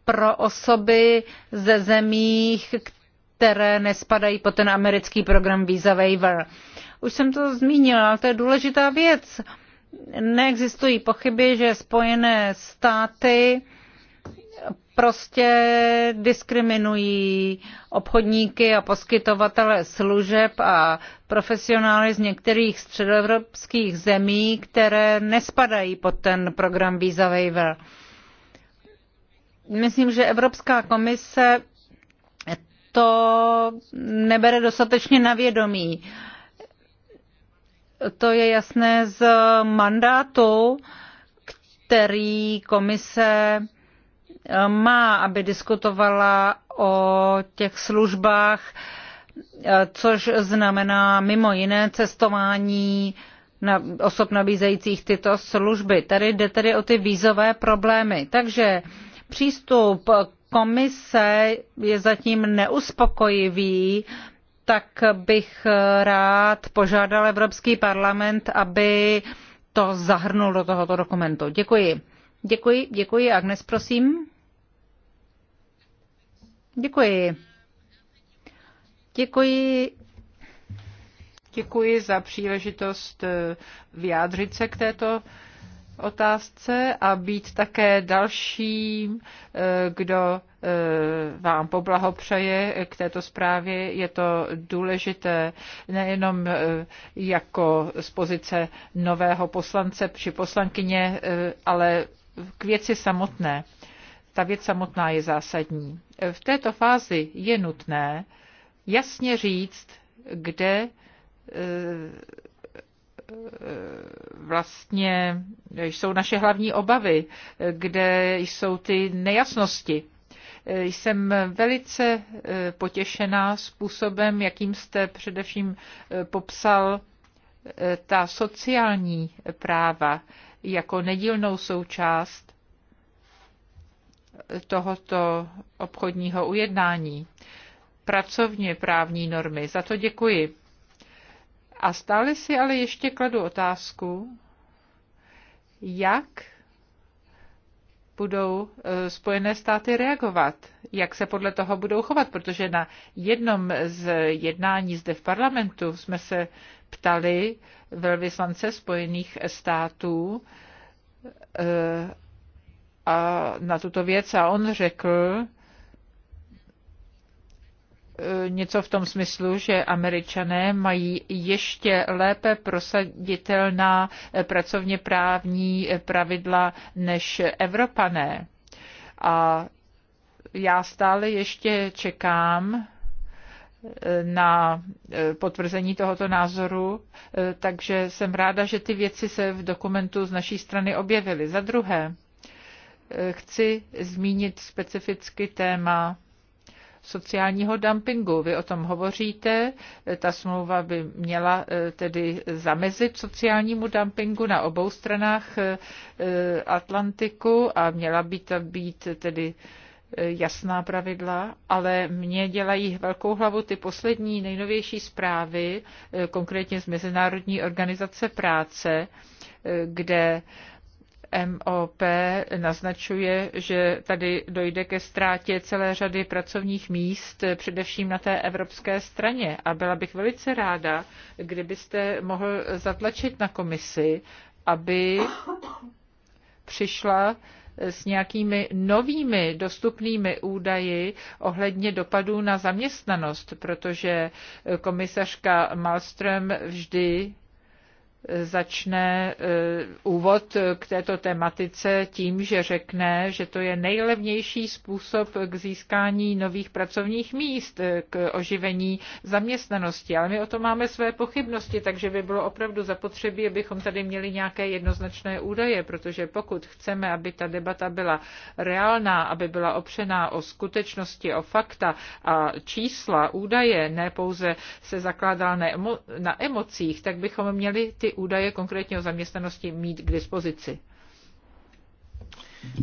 pro osoby ze zemí, které nespadají pod ten americký program Visa Waiver. Uh, už jsem to zmínila, ale to je důležitá věc. Neexistují pochyby, že Spojené státy prostě diskriminují obchodníky a poskytovatele služeb a profesionály z některých středoevropských zemí, které nespadají pod ten program Visa Waiver. Myslím, že Evropská komise to nebere dostatečně na vědomí. To je jasné z mandátu, který komise eh, má, aby diskutovala o těch službách, eh, což znamená mimo jiné cestování na osob nabízejících tyto služby. Tady jde tedy o ty vízové problémy. Takže přístup komise je zatím neuspokojivý tak bych rád požádal Evropský parlament, aby to zahrnul do tohoto dokumentu. Děkuji. Děkuji, děkuji. Agnes, prosím. Děkuji. Děkuji. Děkuji za příležitost eh, vyjádřit se k této otázce a být také dalším, eh, kdo eh, vám poblahopřeje k této zprávě. Je to důležité nejenom eh, jako z pozice nového poslance či poslankyně, ale k věci samotné. Ta věc samotná je zásadní. V této fázi je nutné jasně říct, kde Eh, vlastně jsou naše hlavní obavy, kde jsou ty nejasnosti. Eh, jsem velice eh, potěšená způsobem, jakým jste především popsal ta sociální práva jako nedílnou součást tohoto obchodního ujednání pracovně právní normy. Za to děkuji. A stále si ale ještě kladu otázku, jak budou e, Spojené státy reagovat, jak se podle toho budou chovat, protože na jednom z jednání zde v parlamentu jsme se ptali velvyslance Spojených států e, a na tuto věc a on řekl, E, něco v tom smyslu, že američané mají ještě lépe prosaditelná e, pracovně právní e, pravidla než Evropané. A já stále ještě čekám na potvrzení tohoto názoru, takže jsem ráda, že ty věci se v dokumentu z naší strany objevily. Za druhé, chci zmínit specificky téma sociálního dumpingu. Vy o tom hovoříte, ta smlouva by měla eh, tedy zamezit sociálnímu dumpingu na obou stranách eh, eh, Atlantiku a měla by to být tedy jasná pravidla, ale mě dělají velkou hlavu ty poslední nejnovější zprávy, konkrétně z Mezinárodní organizace práce, kde MOP naznačuje, že tady dojde ke ztrátě celé řady pracovních míst, především na té evropské straně. A byla bych velice ráda, kdybyste mohl zatlačit na komisi, aby přišla s nějakými novými dostupnými údaji ohledně dopadů na zaměstnanost, protože komisařka Malström vždy začne eh, úvod k této tematice tím, že řekne, že to je nejlevnější způsob k získání nových pracovních míst, eh, k oživení zaměstnanosti. Ale my o to máme své pochybnosti, takže by bylo opravdu zapotřebí, abychom tady měli nějaké jednoznačné údaje, protože pokud chceme, aby ta debata byla reálná, aby byla opřená o skutečnosti, o fakta a čísla, údaje, ne pouze se zakládá na, na emocích, tak bychom měli ty ty údaje konkrétně o zaměstnanosti mít k dispozici.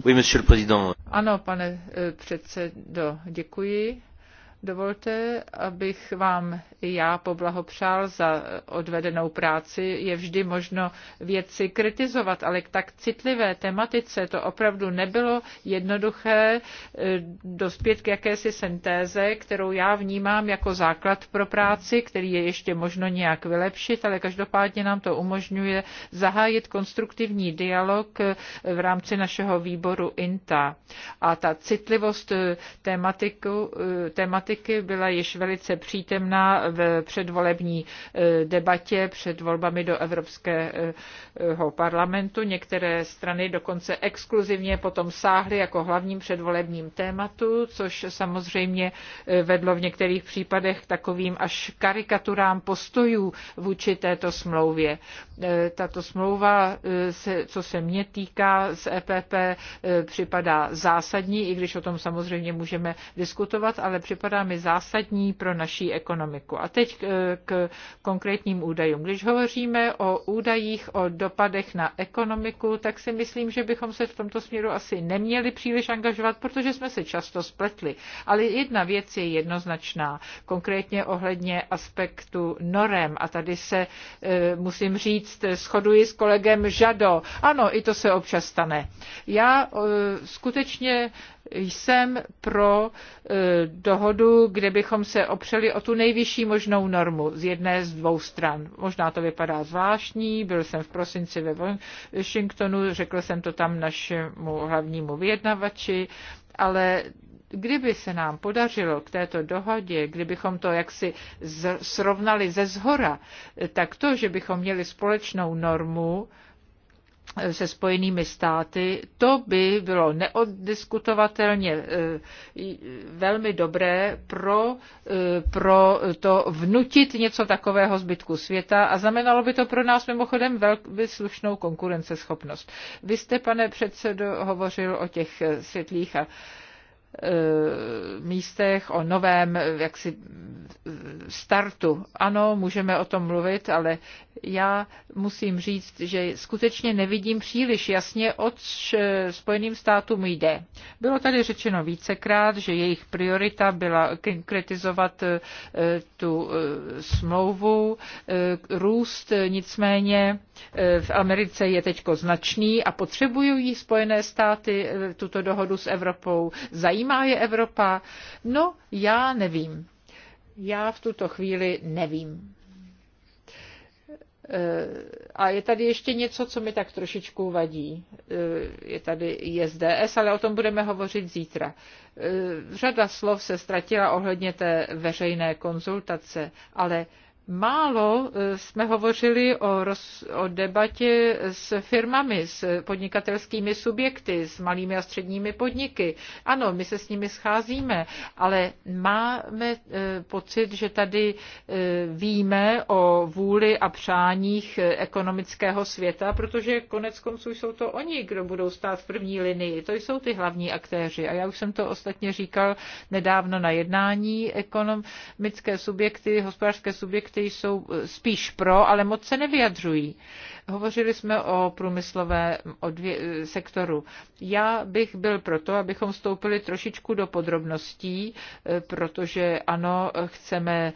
Oui, monsieur le président. Ano, pane eh, předsedo, děkuji. Dovolte, abych vám já poblahopřál za odvedenou práci. Je vždy možno věci kritizovat, ale k tak citlivé tematice to opravdu nebylo jednoduché eh, dospět k jakési syntéze, kterou já vnímám jako základ pro práci, který je ještě možno nějak vylepšit, ale každopádně nám to umožňuje zahájit konstruktivní dialog eh, v rámci našeho výboru INTA. A ta citlivost eh, tématiku, tématiku politiky byla již velice přítemná v předvolební eh, debatě před volbami do Evropského parlamentu. Některé strany dokonce exkluzivně potom sáhly jako hlavním předvolebním tématu, což samozřejmě eh, vedlo v některých případech k takovým až karikaturám postojů vůči této smlouvě. Eh, tato smlouva, co se mě týká z EPP, připadá zásadní, i když o tom samozřejmě můžeme diskutovat, ale připadá velmi zásadní pro naší ekonomiku. A teď k konkrétním údajům. Když hovoříme o údajích o dopadech na ekonomiku, tak si myslím, že bychom se v tomto směru asi neměli příliš angažovat, protože jsme se často spletli. Ale jedna věc je jednoznačná, konkrétně ohledně aspektu norem. A tady se, e, musím říct, shoduji s kolegem Žado. Ano, i to se občas stane. Já e, skutečně jsem pro e, dohodu, kde bychom se opřeli o tu nejvyšší možnou normu z jedné z dvou stran. Možná to vypadá zvláštní, byl jsem v prosinci ve Washingtonu, řekl jsem to tam našemu hlavnímu vyjednavači, ale kdyby se nám podařilo k této dohodě, kdybychom to jaksi srovnali ze zhora, e, tak to, že bychom měli společnou normu, se spojenými státy, to by bylo neoddiskutovatelně eh, velmi dobré pro, eh, pro to vnutit něco takového zbytku světa a znamenalo by to pro nás mimochodem velmi slušnou konkurenceschopnost. Vy jste, pane předsedo, hovořil o těch světlých a Eh, místech, o novém eh, jaksi startu. Ano, můžeme o tom mluvit, ale já musím říct, že skutečně nevidím příliš jasně, o eh, Spojeným státům jde. Bylo tady řečeno vícekrát, že jejich priorita byla konkretizovat tu smlouvu, růst nicméně v Americe je teď značný a potřebují Spojené státy tuto dohodu s Evropou. Zajímá vnímá je Evropa? No, já nevím. Já v tuto chvíli nevím. Eh, a je tady ještě něco, co mi tak trošičku vadí. Eh, je tady ISDS, ale o tom budeme hovořit zítra. Eh, řada slov se ztratila ohledně té veřejné konzultace, ale Málo eh, jsme hovořili o, roz, o debatě s firmami, s podnikatelskými subjekty, s malými a středními podniky. Ano, my se s nimi scházíme, ale máme eh, pocit, že tady eh, víme o vůli a přáních ekonomického světa, protože konec konců jsou to oni, kdo budou stát v první linii. To jsou ty hlavní aktéři. A já už jsem to ostatně říkal nedávno na jednání ekonomické subjekty, hospodářské subjekty kteří jsou eh, spíš pro, ale moc se nevyjadřují. Hovořili jsme o průmyslové odvě- eh, sektoru. Já bych byl proto, abychom vstoupili trošičku do podrobností, eh, protože ano, chceme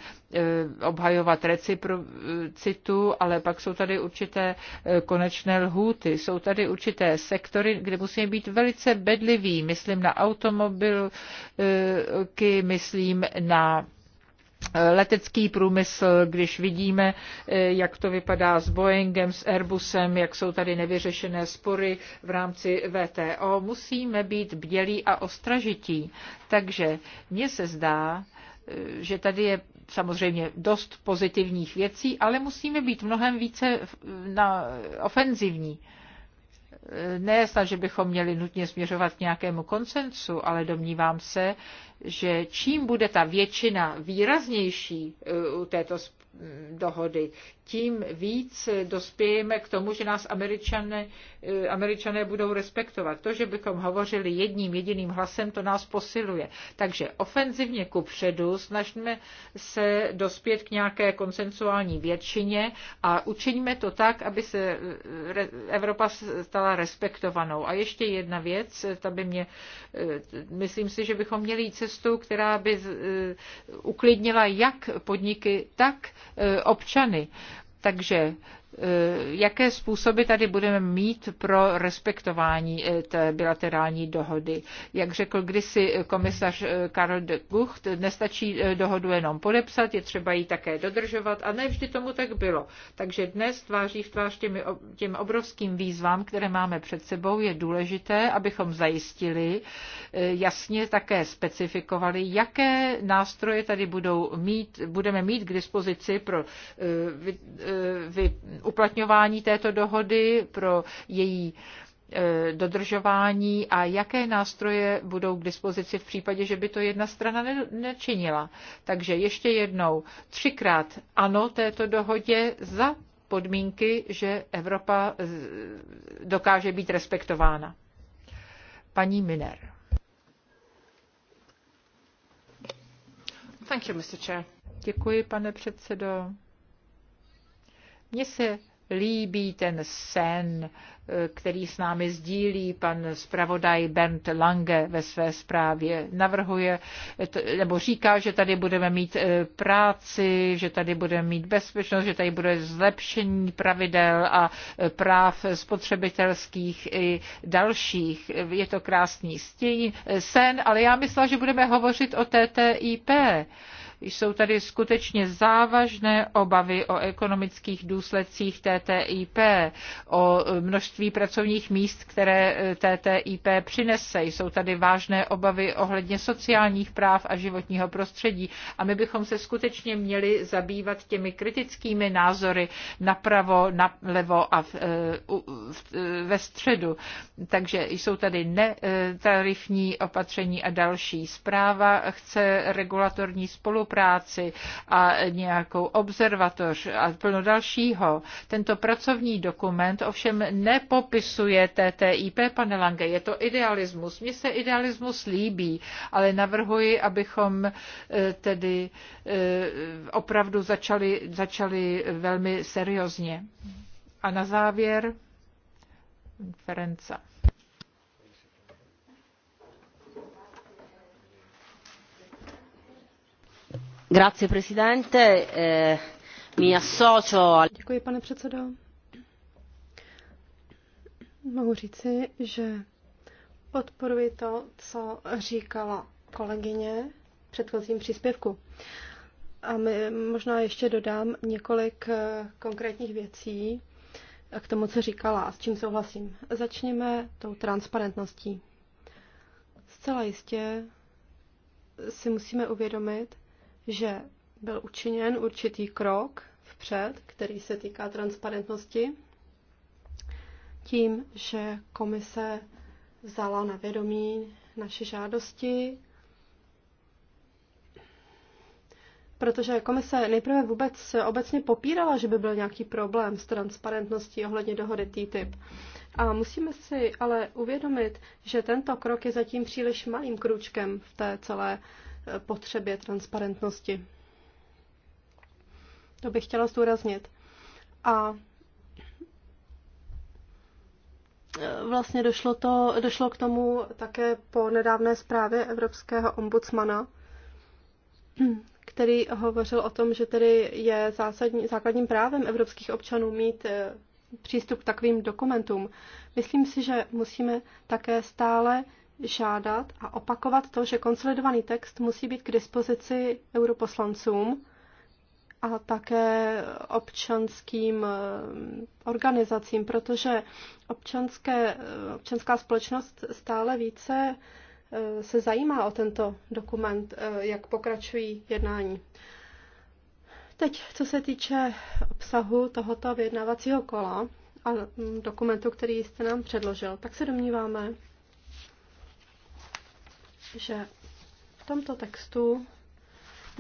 obhajovat reciprocitu, ale pak jsou tady určité konečné lhůty. Jsou tady určité sektory, kde musíme být velice bedliví. Myslím na automobilky, myslím na letecký průmysl, když vidíme, eh, jak to vypadá s Boeingem, s Airbusem, jak jsou tady nevyřešené spory v rámci VTO, musíme být bdělí a ostražití. Takže mně se zdá, eh, že tady je samozřejmě dost pozitivních věcí, ale musíme být mnohem více na ofenzivní ne snad, že bychom měli nutně směřovat k nějakému koncensu, ale domnívám se, že čím bude ta většina výraznější e, u této dohody, tím víc dospějeme k tomu, že nás američané E, američané budou respektovat. To, že bychom hovořili jedním jediným hlasem, to nás posiluje. Takže ofenzivně ku předu snažíme se dospět k nějaké konsensuální většině a učiníme to tak, aby se e, Evropa stala respektovanou. A ještě jedna věc, ta by mě, e, myslím si, že bychom měli jít cestu, která by uklidnila jak podniky, tak občany. Takže Eh, jaké způsoby tady budeme mít pro respektování eh, té bilaterální dohody. Jak řekl kdysi komisař eh, Karl de Gucht, nestačí dohodu jenom podepsat, je třeba ji také dodržovat a ne vždy tomu tak bylo. Takže dnes tváří v tvář těmi, těm obrovským výzvám, které máme před sebou, je důležité, abychom zajistili, jasně také specifikovali, jaké nástroje tady budou mít, budeme mít k dispozici pro vy, vy, uplatňování této dohody, pro její e, dodržování a jaké nástroje budou k dispozici v případě, že by to jedna strana nečinila. Takže ještě jednou, třikrát ano této dohodě za podmínky, že Evropa e, dokáže být respektována. Paní Miner. Thank you, Mr. Chair. Děkuji, pane předsedo. Mně se líbí ten sen, eh, který s námi sdílí pan zpravodaj Bernd Lange ve své zprávě. Navrhuje, eh, nebo říká, že tady budeme mít eh, práci, že tady budeme mít bezpečnost, že tady bude zlepšení pravidel a práv spotřebitelských i dalších. Je to krásný stín, sen, ale já myslela, že budeme hovořit o TTIP. Jsou tady skutečně závažné obavy o ekonomických důsledcích TTIP, o množství pracovních míst, které TTIP přinese. Jsou tady vážné obavy ohledně sociálních práv a životního prostředí. A my bychom se skutečně měli zabývat těmi kritickými názory napravo, nalevo a v, e, v, e, ve středu. Takže jsou tady netarifní opatření a další. Zpráva chce regulatorní spolupráci spolupráci a nějakou observatoř a plno dalšího. Tento pracovní dokument ovšem nepopisuje TTIP, pane Lange, je to idealismus. Mně se idealismus líbí, ale navrhuji, abychom eh, tedy eh, opravdu začali, začali velmi seriózně. A na závěr Ferenca. Eh, Děkuji, pane předsedající. Mohu říci, že podporuji to, co říkala kolegyně v předchozím příspěvku. A možná ještě dodám několik eh, konkrétních věcí k tomu, co říkala a s čím souhlasím. Začněme tou transparentností. Zcela jistě si musíme uvědomit, že byl učiněn určitý krok vpřed, který se týká transparentnosti, tím, že komise vzala na vědomí naše žádosti, protože komise nejprve vůbec obecně popírala, že by byl nějaký problém s transparentností ohledně dohody TTIP. A musíme si ale uvědomit, že tento krok je zatím příliš malým kručkem v té celé uh, potřebě transparentnosti. To bych chtěla zdůraznit. A e, vlastně došlo, to, došlo k tomu také po nedávné zprávě evropského ombudsmana, který hovořil o tom, že tedy je zásadní, základním právem evropských občanů mít e, přístup k takovým dokumentům. Myslím si, že musíme také stále žádat a opakovat to, že konsolidovaný text musí být k dispozici europoslancům a také občanským eh, organizacím, protože občanské, eh, občanská společnost stále více eh, se zajímá o tento dokument, jak pokračují jednání. Teď, co se týče obsahu tohoto vyjednávacího kola a mm, dokumentu, který jste nám předložil, tak se domníváme, že v tomto textu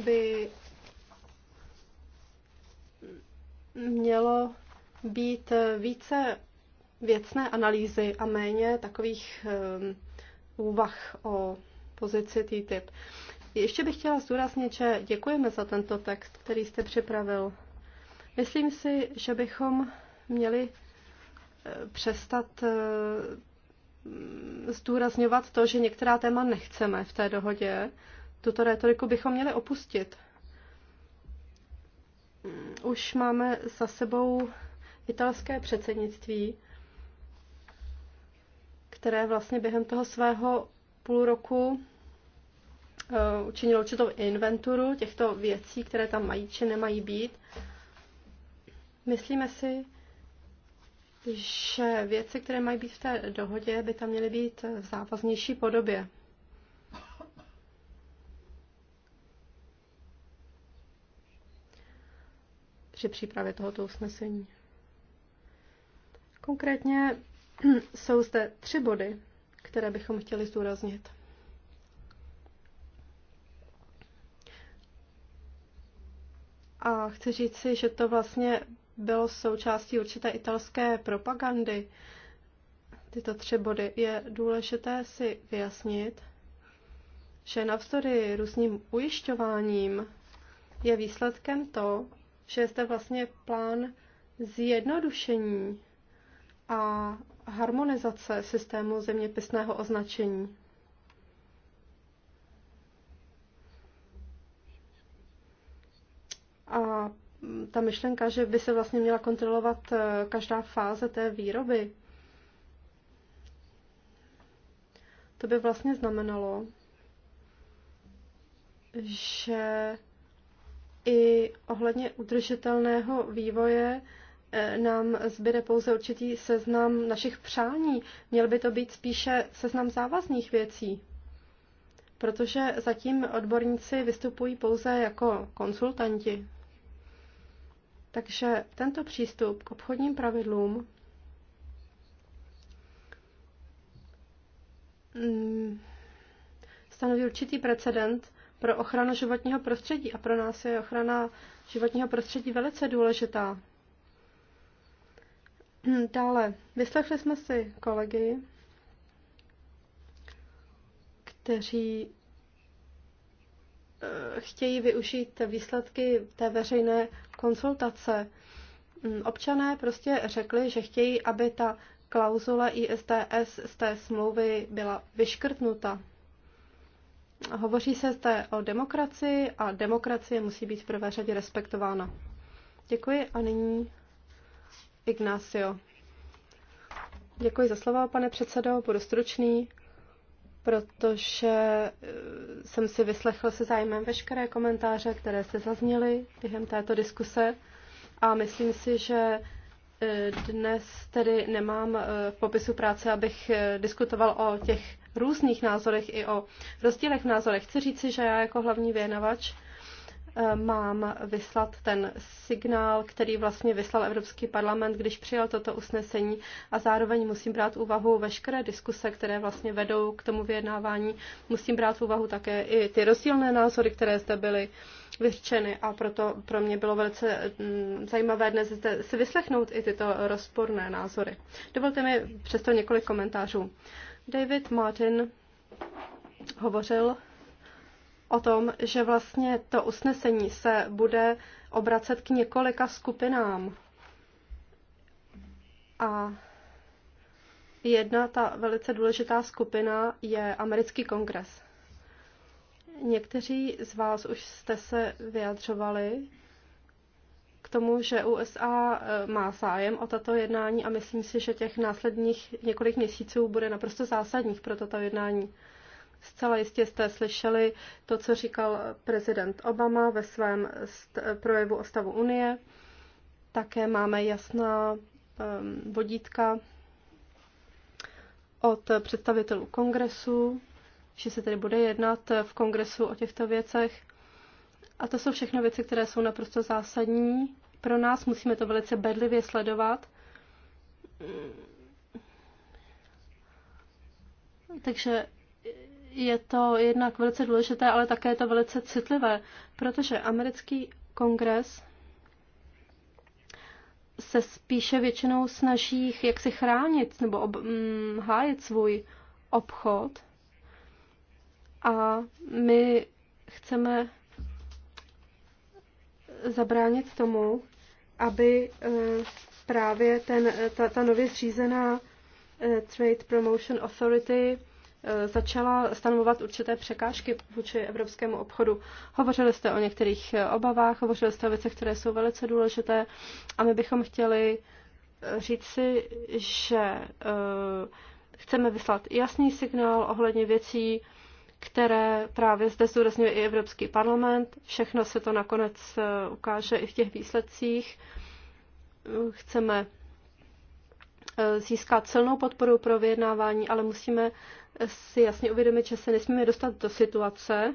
by mělo být více věcné analýzy a méně takových ehm, úvah o pozici TTIP. Ještě bych chtěla zdůraznit, že děkujeme za tento text, který jste připravil. Myslím si, že bychom měli eh, přestat eh, zdůrazňovat to, že některá téma nechceme v té dohodě. Tuto retoriku bychom měli opustit. Už máme za sebou italské předsednictví, které vlastně během toho svého půl roku eh, učinilo určitou inventuru těchto věcí, které tam mají či nemají být. Myslíme si, že věci, které mají být v té dohodě, by tam měly být v závaznější podobě. při přípravě tohoto usnesení. Konkrétně jsou zde tři body, které bychom chtěli zdůraznit. A chci říct si, že to vlastně bylo součástí určité italské propagandy. Tyto tři body je důležité si vyjasnit, že navzdory různým ujišťováním je výsledkem to, že jste vlastně plán zjednodušení a harmonizace systému zeměpisného označení. A ta myšlenka, že by se vlastně měla kontrolovat eh, každá fáze té výroby, to by vlastně znamenalo, že i ohledně udržitelného vývoje eh, nám zbyde pouze určitý seznam našich přání. Měl by to být spíše seznam závazných věcí, protože zatím odborníci vystupují pouze jako konsultanti, takže tento přístup k obchodním pravidlům mm, stanoví určitý precedent pro ochranu životního prostředí a pro nás je ochrana životního prostředí velice důležitá. Hmm, dále, vyslechli jsme si kolegy, kteří eh, chtějí využít výsledky té veřejné konsultace. Mm, občané prostě řekli, že chtějí, aby ta klauzule ISTS z té smlouvy byla vyškrtnuta. Hovoří se zde o demokracii a demokracie musí být v prvé řadě respektována. Děkuji a nyní Ignacio. Děkuji za slovo, pane předsedo, budu stručný protože eh, jsem si vyslechl se zájmem veškeré komentáře, které se zazněly během této diskuse a myslím si, že eh, dnes tedy nemám eh, v popisu práce, abych diskutoval o těch různých názorech i o rozdílech názorech. Chci říci, že já jako hlavní věnovač Eh, mám vyslat ten signál, který vlastně vyslal Evropský parlament, když přijal toto usnesení a zároveň musím brát úvahu veškeré diskuse, které vlastně vedou k tomu vyjednávání. Musím brát v úvahu také i ty rozdílné názory, které zde byly vyřčeny a proto pro mě bylo velice mm, zajímavé dnes zde si vyslechnout i tyto rozporné názory. Dovolte mi přesto několik komentářů. David Martin hovořil o tom, že vlastně to usnesení se bude obracet k několika skupinám. A jedna ta velice důležitá skupina je americký kongres. Někteří z vás už jste se vyjadřovali k tomu, že USA e, má zájem o tato jednání a myslím si, že těch následních několik měsíců bude naprosto zásadních pro tato jednání. Zcela jistě jste slyšeli to, co říkal prezident Obama ve svém projevu o stavu Unie. Také máme jasná vodítka od představitelů kongresu, že se tedy bude jednat v kongresu o těchto věcech. A to jsou všechno věci, které jsou naprosto zásadní pro nás. Musíme to velice bedlivě sledovat. Takže je to jednak velice důležité, ale také je to velice citlivé, protože americký kongres se spíše většinou snaží jak si chránit nebo ob, hm, hájit svůj obchod. A my chceme zabránit tomu, aby eh, právě ten, ta, ta nově zřízená eh, Trade Promotion Authority Eh, začala stanovovat určité překážky vůči evropskému obchodu. Hovořili jste o některých eh, obavách, hovořili jste o věcech, které jsou velice důležité a my bychom chtěli eh, říct si, že chceme vyslat jasný signál ohledně věcí, které právě zde zdůrazňuje i Evropský parlament. Všechno se to nakonec ukáže i v těch výsledcích. Chceme získat silnou podporu pro vyjednávání, ale musíme si jasně uvědomit, že se nesmíme dostat do situace,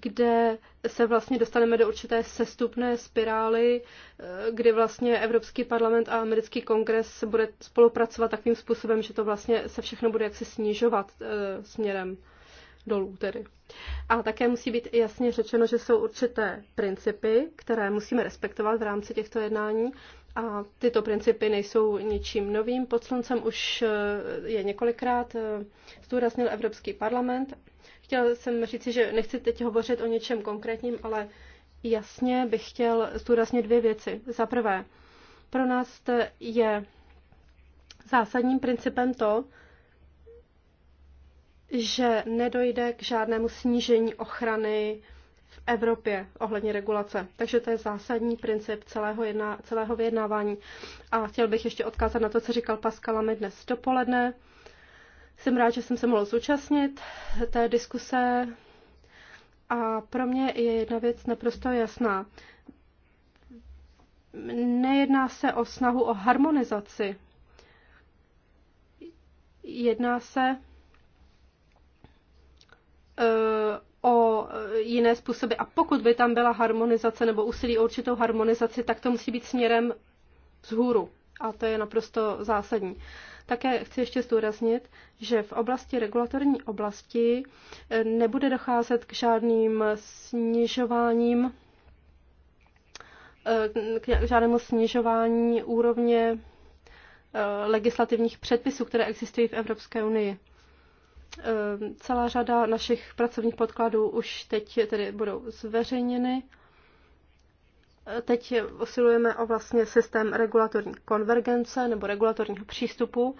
kde se vlastně dostaneme do určité sestupné spirály, eh, kdy vlastně Evropský parlament a americký kongres bude spolupracovat takovým způsobem, že to vlastně se všechno bude jaksi snižovat eh, směrem dolů tedy. A také musí být jasně řečeno, že jsou určité principy, které musíme respektovat v rámci těchto jednání a tyto principy nejsou ničím novým. Pod sluncem už eh, je několikrát eh, zdůraznil Evropský parlament. Chtěl jsem říci, že nechci teď hovořit o něčem konkrétním, ale jasně bych chtěl zdůraznit dvě věci. Za prvé, pro nás je zásadním principem to, že nedojde k žádnému snížení ochrany Evropě ohledně regulace. Takže to je zásadní princip celého, jedna, celého vyjednávání. A chtěl bych ještě odkázat na to, co říkal Pascal mi dnes dopoledne. Jsem rád, že jsem se mohl zúčastnit té diskuse. A pro mě je jedna věc naprosto jasná. Nejedná se o snahu o harmonizaci. Jedná se eh, o e, jiné způsoby. A pokud by tam byla harmonizace nebo úsilí o určitou harmonizaci, tak to musí být směrem vzhůru. A to je naprosto zásadní. Také chci ještě zdůraznit, že v oblasti regulatorní oblasti e, nebude docházet k žádným snižováním e, k žádnému snižování úrovně legislativních předpisů, které existují v Evropské unii. Ehm, celá řada našich pracovních podkladů už teď tedy budou zveřejněny. Eh, teď usilujeme o vlastně systém regulatorní konvergence nebo regulatorního přístupu.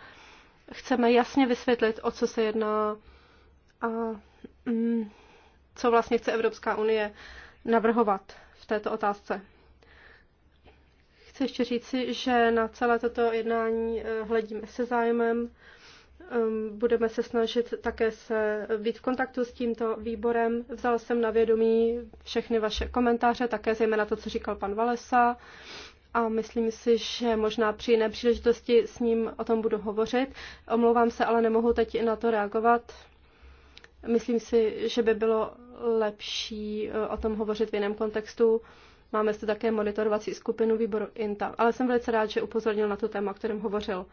Chceme jasně vysvětlit, o co se jedná a mm, co vlastně chce Evropská unie navrhovat v této otázce. Chci ještě říci, že na celé toto jednání eh, hledíme se zájmem. Ehm, budeme se snažit také se být v kontaktu s tímto výborem. Vzal jsem na vědomí všechny vaše komentáře, také zejména to, co říkal pan Valesa. A myslím si, že možná při jiné příležitosti s ním o tom budu hovořit. Omlouvám se, ale nemohu teď na to reagovat. Myslím si, že by bylo lepší eh, o tom hovořit v jiném kontextu. Máme zde také monitorovací skupinu výboru INTA, ale jsem velice rád, že upozornil na to téma, o kterém hovořil.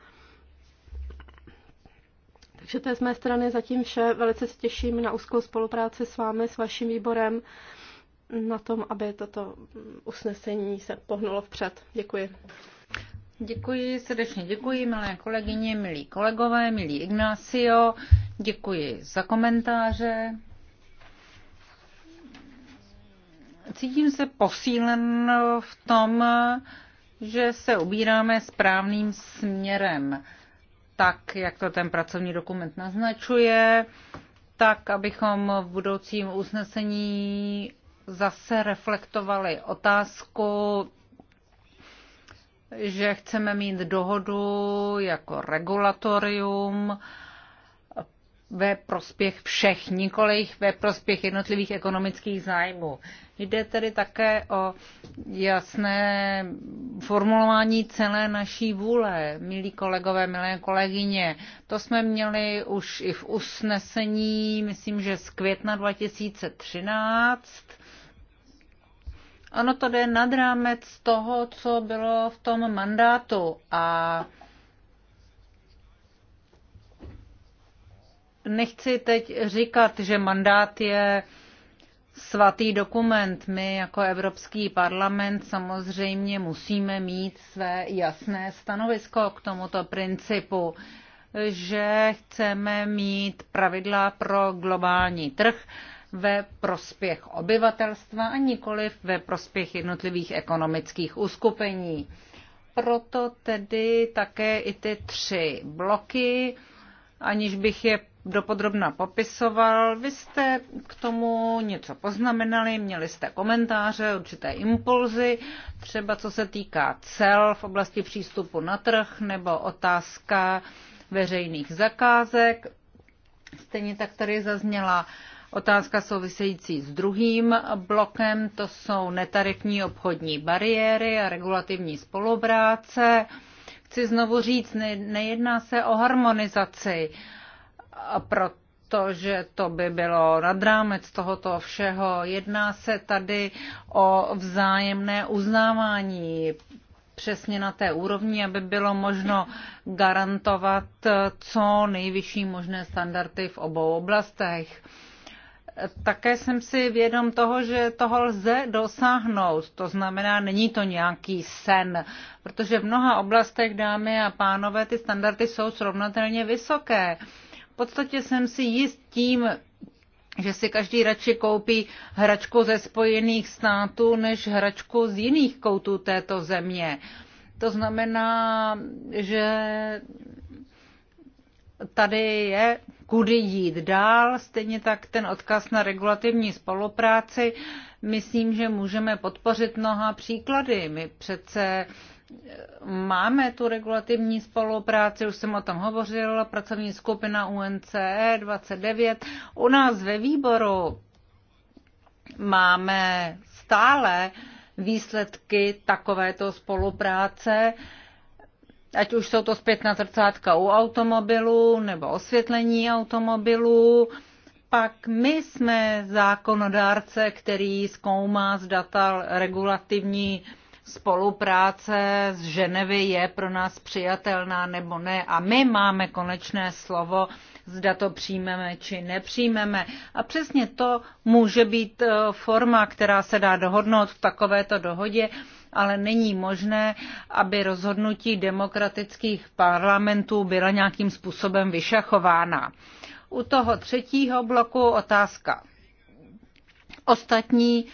Takže to je z mé strany zatím vše. Velice se těším na úzkou spolupráci s vámi, s vaším výborem, na tom, aby toto usnesení se pohnulo vpřed. Děkuji. Děkuji, srdečně děkuji, milé kolegyně, milí kolegové, milí Ignacio. Děkuji za komentáře. Cítím se posílen v tom, že se ubíráme správným směrem tak, jak to ten pracovní dokument naznačuje, tak, abychom v budoucím usnesení zase reflektovali otázku, že chceme mít dohodu jako regulatorium, ve prospěch všech, nikoli ve prospěch jednotlivých ekonomických zájmů. Jde tedy také o jasné formulování celé naší vůle, milí kolegové, milé kolegyně. To jsme měli už i v usnesení, myslím, že z května 2013. Ano, to jde nad rámec toho, co bylo v tom mandátu a nechci teď říkat, že mandát je svatý dokument. My jako Evropský parlament samozřejmě musíme mít své jasné stanovisko k tomuto principu, že chceme mít pravidla pro globální trh ve prospěch obyvatelstva a nikoliv ve prospěch jednotlivých ekonomických uskupení. Proto tedy také i ty tři bloky, aniž bych je dopodrobna popisoval. Vy jste k tomu něco poznamenali, měli jste komentáře, určité impulzy, třeba co se týká cel v oblasti přístupu na trh nebo otázka veřejných zakázek. Stejně tak tady zazněla otázka související s druhým blokem, to jsou netarifní obchodní bariéry a regulativní spolupráce. Chci znovu říct, nejedná se o harmonizaci. Uh, a protože to by bylo nad rámec tohoto všeho. Jedná se tady o vzájemné uznávání přesně na té úrovni, aby bylo možno garantovat co nejvyšší možné standardy v obou oblastech. Také jsem si vědom toho, že toho lze dosáhnout. To znamená, není to nějaký sen, protože v mnoha oblastech, dámy a pánové, ty standardy jsou srovnatelně vysoké podstatě jsem si jist tím, že si každý radši koupí hračku ze Spojených států než hračku z jiných koutů této země. To znamená, že tady je kudy jít dál, stejně tak ten odkaz na regulativní spolupráci. Myslím, že můžeme podpořit mnoha příklady. My přece eh, máme tu regulativní spolupráci, už jsem o tom hovořil, pracovní skupina UNCE e 29. U nás ve výboru máme stále výsledky takovéto spolupráce ať už jsou to zpětná zrcátka u automobilů nebo osvětlení automobilů. Pak my jsme zákonodárce, který zkoumá z data regulativní spolupráce z Ženevy je pro nás přijatelná nebo ne. A my máme konečné slovo, zda to přijmeme či nepřijmeme. A přesně to může být eh, forma, která se dá dohodnout v takovéto dohodě, ale není možné, aby rozhodnutí demokratických parlamentů byla nějakým způsobem vyšachována. U toho třetího bloku otázka. Ostatní,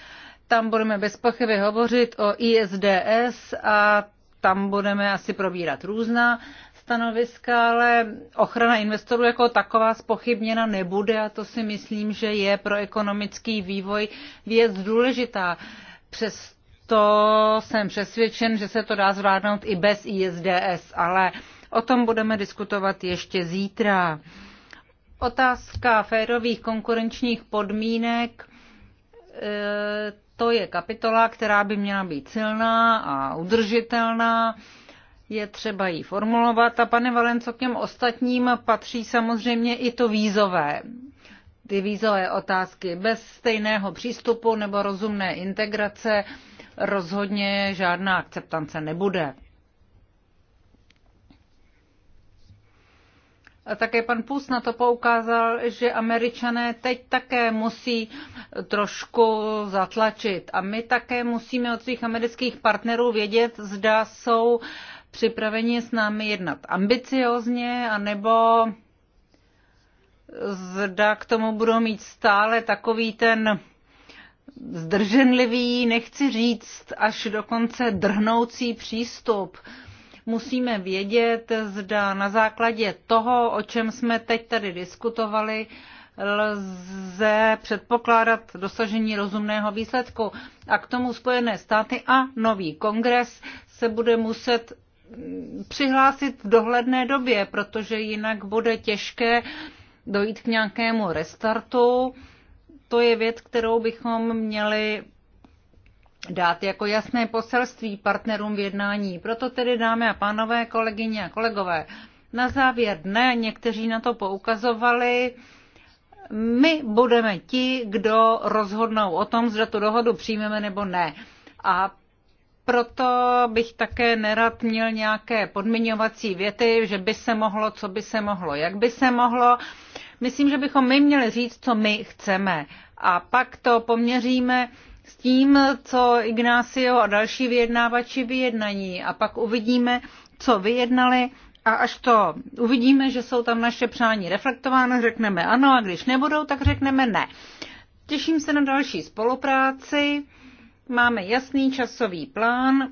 tam budeme bez pochyby hovořit o ISDS a tam budeme asi probírat různá stanoviska, ale ochrana investorů jako taková spochybněna nebude a to si myslím, že je pro ekonomický vývoj věc důležitá. Přes to jsem přesvědčen, že se to dá zvládnout i bez ISDS, ale o tom budeme diskutovat ještě zítra. Otázka férových konkurenčních podmínek, eh, to je kapitola, která by měla být silná a udržitelná. Je třeba ji formulovat a pane Valenco, k těm ostatním patří samozřejmě i to vízové ty vízové otázky. Bez stejného přístupu nebo rozumné integrace rozhodně žádná akceptance nebude. A také pan Pus na to poukázal, že američané teď také musí trošku zatlačit. A my také musíme od svých amerických partnerů vědět, zda jsou připraveni s námi jednat ambiciozně, anebo zda k tomu budou mít stále takový ten zdrženlivý, nechci říct až dokonce drhnoucí přístup. Musíme vědět, zda na základě toho, o čem jsme teď tady diskutovali, lze předpokládat dosažení rozumného výsledku. A k tomu Spojené státy a nový kongres se bude muset přihlásit v dohledné době, protože jinak bude těžké dojít k nějakému restartu to je věc, kterou bychom měli dát jako jasné poselství partnerům v jednání. Proto tedy, dámy a pánové, kolegyně a kolegové, na závěr dne, někteří na to poukazovali, my budeme ti, kdo rozhodnou o tom, zda tu dohodu přijmeme nebo ne. A proto bych také nerad měl nějaké podmiňovací věty, že by se mohlo, co by se mohlo, jak by se mohlo. Myslím, že bychom my měli říct, co my chceme. A pak to poměříme s tím, co Ignacio a další vyjednávači vyjednají. A pak uvidíme, co vyjednali. A až to uvidíme, že jsou tam naše přání reflektována, řekneme ano, a když nebudou, tak řekneme ne. Těším se na další spolupráci. Máme jasný časový plán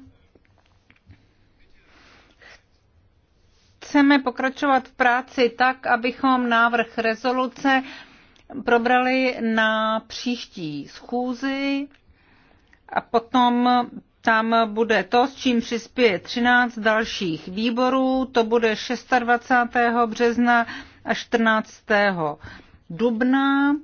chceme pokračovat v práci tak, abychom návrh rezoluce probrali na příští schůzi a potom tam bude to, s čím přispěje 13 dalších výborů, to bude 26. března a 14. dubna.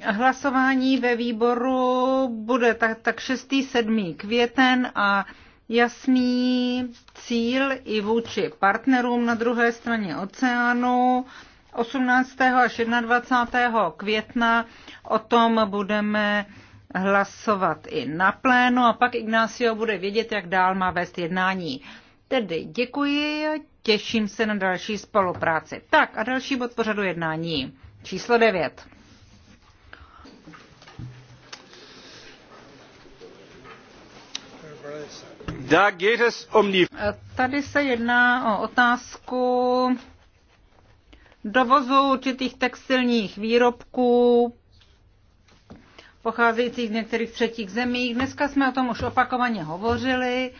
Hlasování ve výboru bude tak, tak 6. 7. květen a jasný cíl i vůči partnerům na druhé straně oceánu. 18. až 21. května o tom budeme hlasovat i na plénu a pak Ignacio bude vědět, jak dál má vést jednání. Tedy děkuji a těším se na další spolupráci. Tak a další bod pořadu jednání. Číslo 9. Um eh, tady se jedná o otázku dovozu určitých textilních výrobků pocházejících z některých třetích zemí. Dneska jsme o tom už opakovaně hovořili.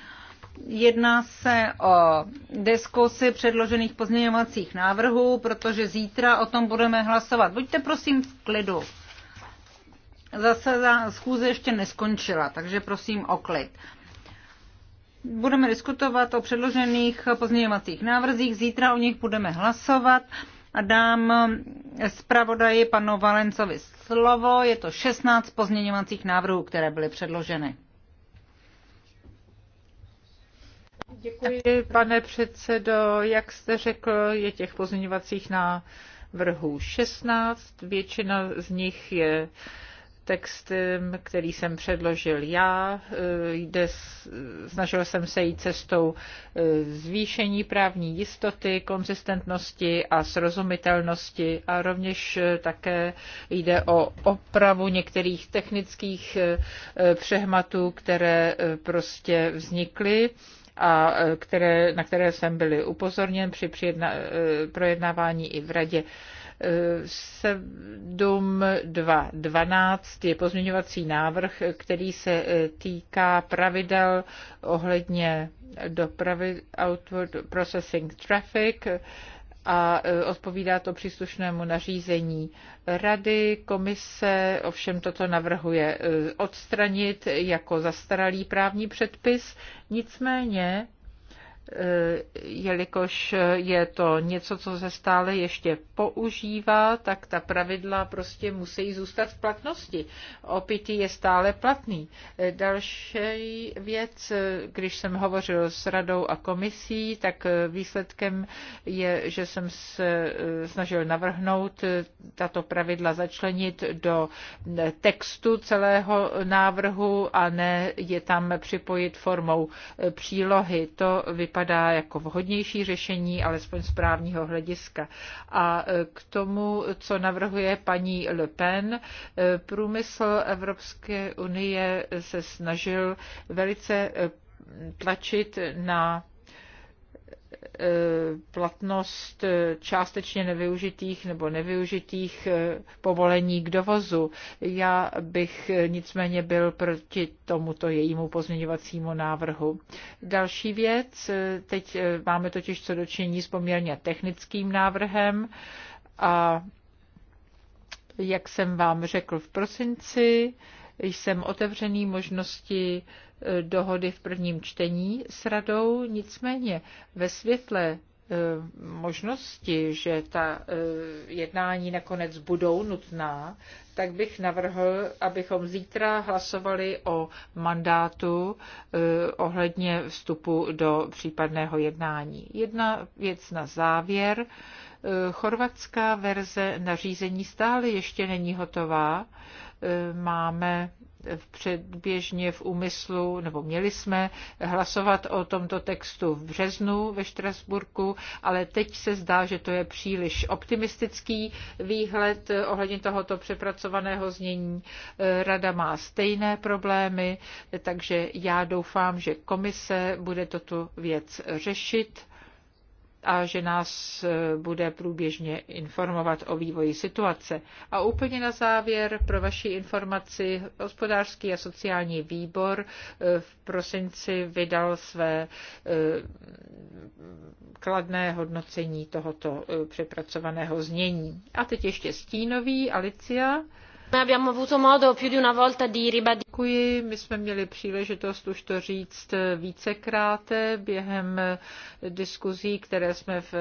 Jedná se o diskusy předložených pozměňovacích návrhů, protože zítra o tom budeme hlasovat. Buďte prosím v klidu. Zase za schůze ještě neskončila, takže prosím o klid budeme diskutovat o předložených pozměňovacích návrzích. Zítra o nich budeme hlasovat a dám zpravodaji panu Valencovi slovo. Je to 16 pozměňovacích návrhů, které byly předloženy. Děkuji, pane předsedo. Jak jste řekl, je těch pozměňovacích návrhů 16. Většina z nich je uh, textem, který jsem předložil já. Eh, jde, snažil jsem se jít cestou eh, zvýšení právní jistoty, konzistentnosti a srozumitelnosti a rovněž eh, také jde o opravu některých technických přehmatů, které prostě vznikly a které, na které jsem byl upozorněn při projednávání i v radě. 7212 je pozměňovací návrh, který se eh, týká pravidel ohledně dopravy Outward Processing Traffic a eh, odpovídá to příslušnému nařízení rady. Komise ovšem toto navrhuje eh, odstranit jako zastaralý právní předpis. Nicméně jelikož je to něco, co se stále ještě používá, tak ta pravidla prostě musí zůstat v platnosti. Opity je stále platný. Další věc, když jsem hovořil s radou a komisí, tak výsledkem je, že jsem se snažil navrhnout tato pravidla začlenit do textu celého návrhu a ne je tam připojit formou přílohy. To vypadá připadá jako vhodnější řešení, alespoň z právního hlediska. A e, k tomu, co navrhuje paní Le Pen, e, průmysl Evropské unie se snažil velice e, tlačit na Eh, platnost eh, částečně nevyužitých nebo nevyužitých eh, povolení k dovozu. Já bych nicméně byl proti tomuto jejímu pozměňovacímu návrhu. Další věc, teď máme totiž co dočení s poměrně technickým návrhem a jak jsem vám řekl v prosinci, jsem otevřený možnosti dohody v prvním čtení s radou, nicméně ve světle eh, možnosti, že ta eh, jednání nakonec budou nutná, tak bych navrhl, abychom zítra hlasovali o mandátu eh, ohledně vstupu do případného jednání. Jedna věc na závěr. Chorvatská verze nařízení stále ještě není hotová Eh, máme předběžně v úmyslu, nebo měli jsme hlasovat o tomto textu v březnu ve Štrasburku, ale teď se zdá, že to je příliš optimistický výhled eh, ohledně tohoto přepracovaného znění. Eh, Rada má stejné problémy, takže já doufám, že komise bude toto věc řešit a že nás e, bude průběžně informovat o vývoji situace. A úplně na závěr pro vaši informaci hospodářský a sociální výbor e, v prosinci vydal své e, kladné hodnocení tohoto přepracovaného znění. A teď ještě stínový Alicia. Děkuji, my jsme měli příležitost už to říct vícekrát během diskuzí, které jsme v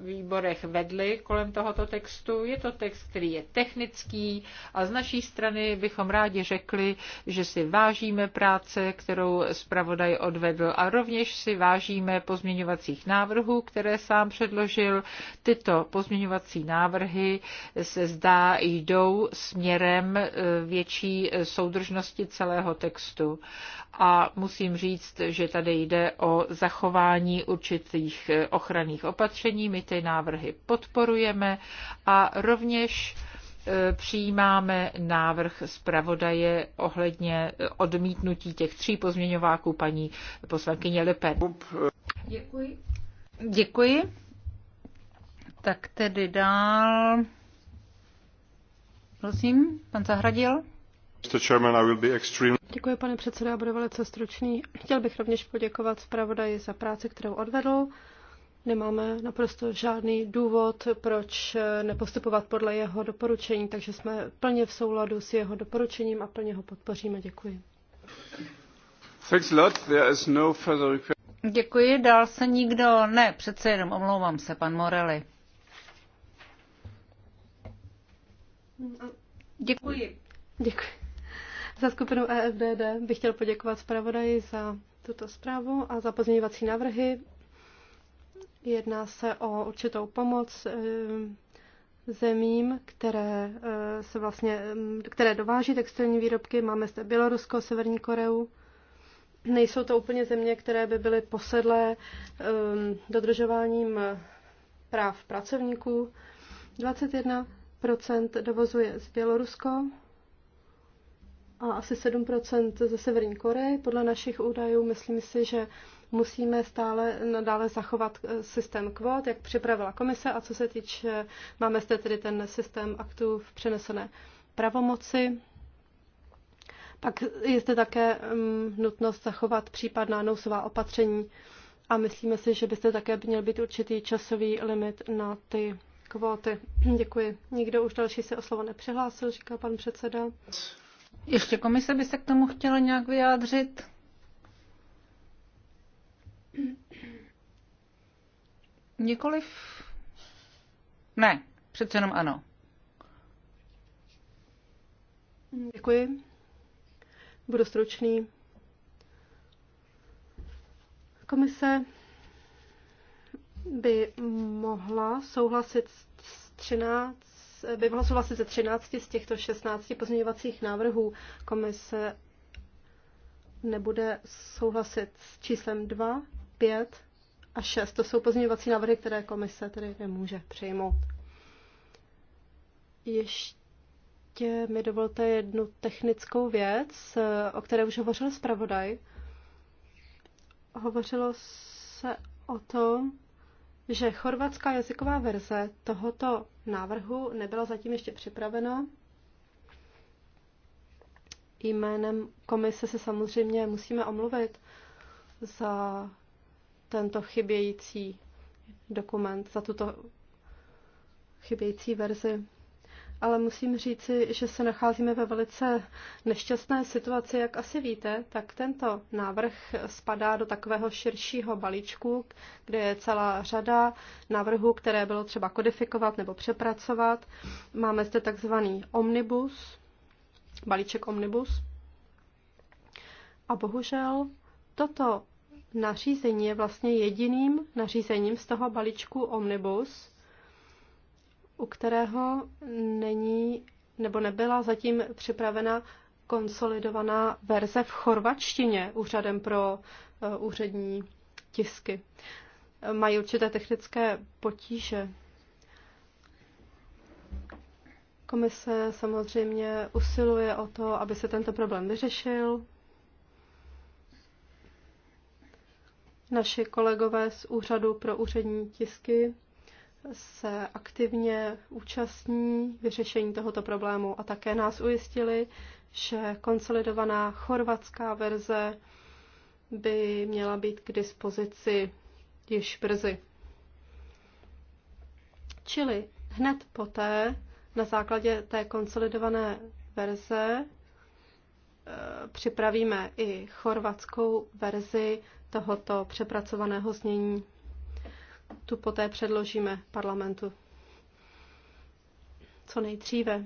výborech vedli kolem tohoto textu. Je to text, který je technický a z naší strany bychom rádi řekli, že si vážíme práce, kterou zpravodaj odvedl a rovněž si vážíme pozměňovacích návrhů, které sám předložil. Tyto pozměňovací návrhy se zdá jdou směrem e, větší soudržnosti celého textu. A musím říct, že tady jde o zachování určitých e, ochranných opatření. My ty návrhy podporujeme a rovněž e, přijímáme návrh zpravodaje ohledně e, odmítnutí těch tří pozměňováků paní poslankyně Lepe. Děkuji. Děkuji. Tak tedy dál. Prosím, pan Zahradil. Děkuji, pane předsedo, já budu velice stručný. Chtěl bych rovněž poděkovat zpravodaji za práci, kterou odvedl. Nemáme naprosto žádný důvod, proč nepostupovat podle jeho doporučení, takže jsme plně v souladu s jeho doporučením a plně ho podpoříme. Děkuji. No Děkuji, dál se nikdo... Ne, přece jenom omlouvám se, pan Morelli. Děkuji. Děkuji. Za skupinu EFDD bych chtěl poděkovat zpravodaji za tuto zprávu a za pozměňovací návrhy. Jedná se o určitou pomoc eh, zemím, které, eh, se vlastně, mm, které dováží textilní výrobky. Máme zde Bělorusko, Severní Koreu. Nejsou to úplně země, které by byly posedlé ehm, dodržováním eh, práv pracovníků. 21 dovozuje z Bělorusko a asi 7 ze Severní Koreje. Podle našich údajů myslím si, že musíme stále nadále zachovat eh, systém kvót, jak připravila komise a co se týče, máme zde tedy ten systém aktů v přenesené pravomoci. Pak je zde také mm, nutnost zachovat případná nouzová opatření a myslíme si, že byste také měl být určitý časový limit na ty kvóty. Děkuji. Nikdo už další se o slovo nepřihlásil, říká pan předseda. Ještě komise by se k tomu chtěla nějak vyjádřit? Nikoliv. Ne, přece jenom ano. Děkuji. Budu stručný. Komise by mohla souhlasit s 13, by mohla souhlasit ze 13 z těchto 16 pozměňovacích návrhů. Komise nebude souhlasit s číslem 2, 5 a 6. To jsou pozměňovací návrhy, které komise tedy nemůže přijmout. Ještě mi dovolte jednu technickou věc, o které už hovořil zpravodaj. Hovořilo se o tom, že chorvatská jazyková verze tohoto návrhu nebyla zatím ještě připravena. Jménem komise se samozřejmě musíme omluvit za tento chybějící dokument, za tuto chybějící verzi. Ale musím říci, že se nacházíme ve velice nešťastné situaci, jak asi víte, tak tento návrh spadá do takového širšího balíčku, kde je celá řada návrhů, které bylo třeba kodifikovat nebo přepracovat. Máme zde takzvaný omnibus, balíček omnibus. A bohužel toto nařízení je vlastně jediným nařízením z toho balíčku Omnibus, u kterého není nebo nebyla zatím připravena konsolidovaná verze v chorvačtině úřadem pro eh, úřední tisky. Mají určité technické potíže. Komise samozřejmě usiluje o to, aby se tento problém vyřešil. Naši kolegové z Úřadu pro úřední tisky se aktivně účastní vyřešení tohoto problému a také nás ujistili, že konsolidovaná chorvatská verze by měla být k dispozici již brzy. Čili hned poté, na základě té konsolidované verze, eh, připravíme i chorvatskou verzi tohoto přepracovaného znění. Tu poté předložíme parlamentu co nejdříve.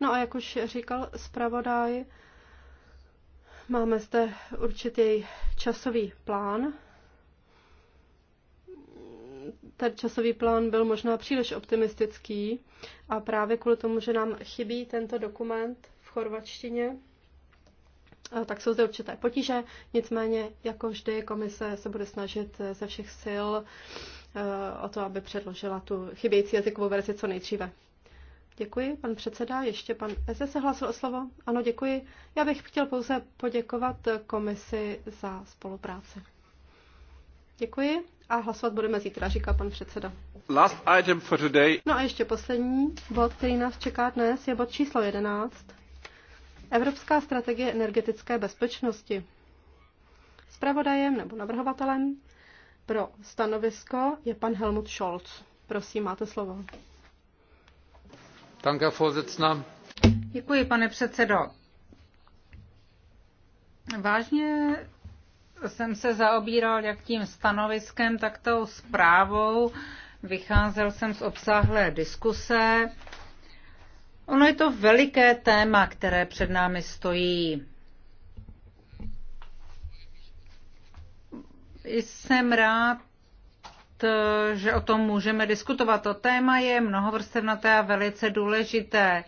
No a jak už říkal zpravodaj, máme zde určitý časový plán. Ten časový plán byl možná příliš optimistický a právě kvůli tomu, že nám chybí tento dokument v chorvačtině, Eh, tak jsou zde určité potíže, nicméně jako vždy komise se bude snažit eh, ze všech sil eh, o to, aby předložila tu chybějící jazykovou verzi co nejdříve. Děkuji, pan předseda. Ještě pan Eze se hlásil o slovo. Ano, děkuji. Já bych chtěl pouze poděkovat komisi za spolupráci. Děkuji a hlasovat budeme zítra, říká pan předseda. Last item for today. No a ještě poslední bod, který nás čeká dnes, je bod číslo 11. Evropská strategie energetické bezpečnosti. Spravodajem nebo navrhovatelem pro stanovisko je pan Helmut Scholz. Prosím, máte slovo. Danke, Děkuji, pane předsedo. Vážně jsem se zaobíral jak tím stanoviskem, tak tou zprávou. Vycházel jsem z obsáhlé diskuse. Ono je to veliké téma, které před námi stojí. Jsem rád, že o tom můžeme diskutovat. To téma je mnohovrstevnaté a velice důležité.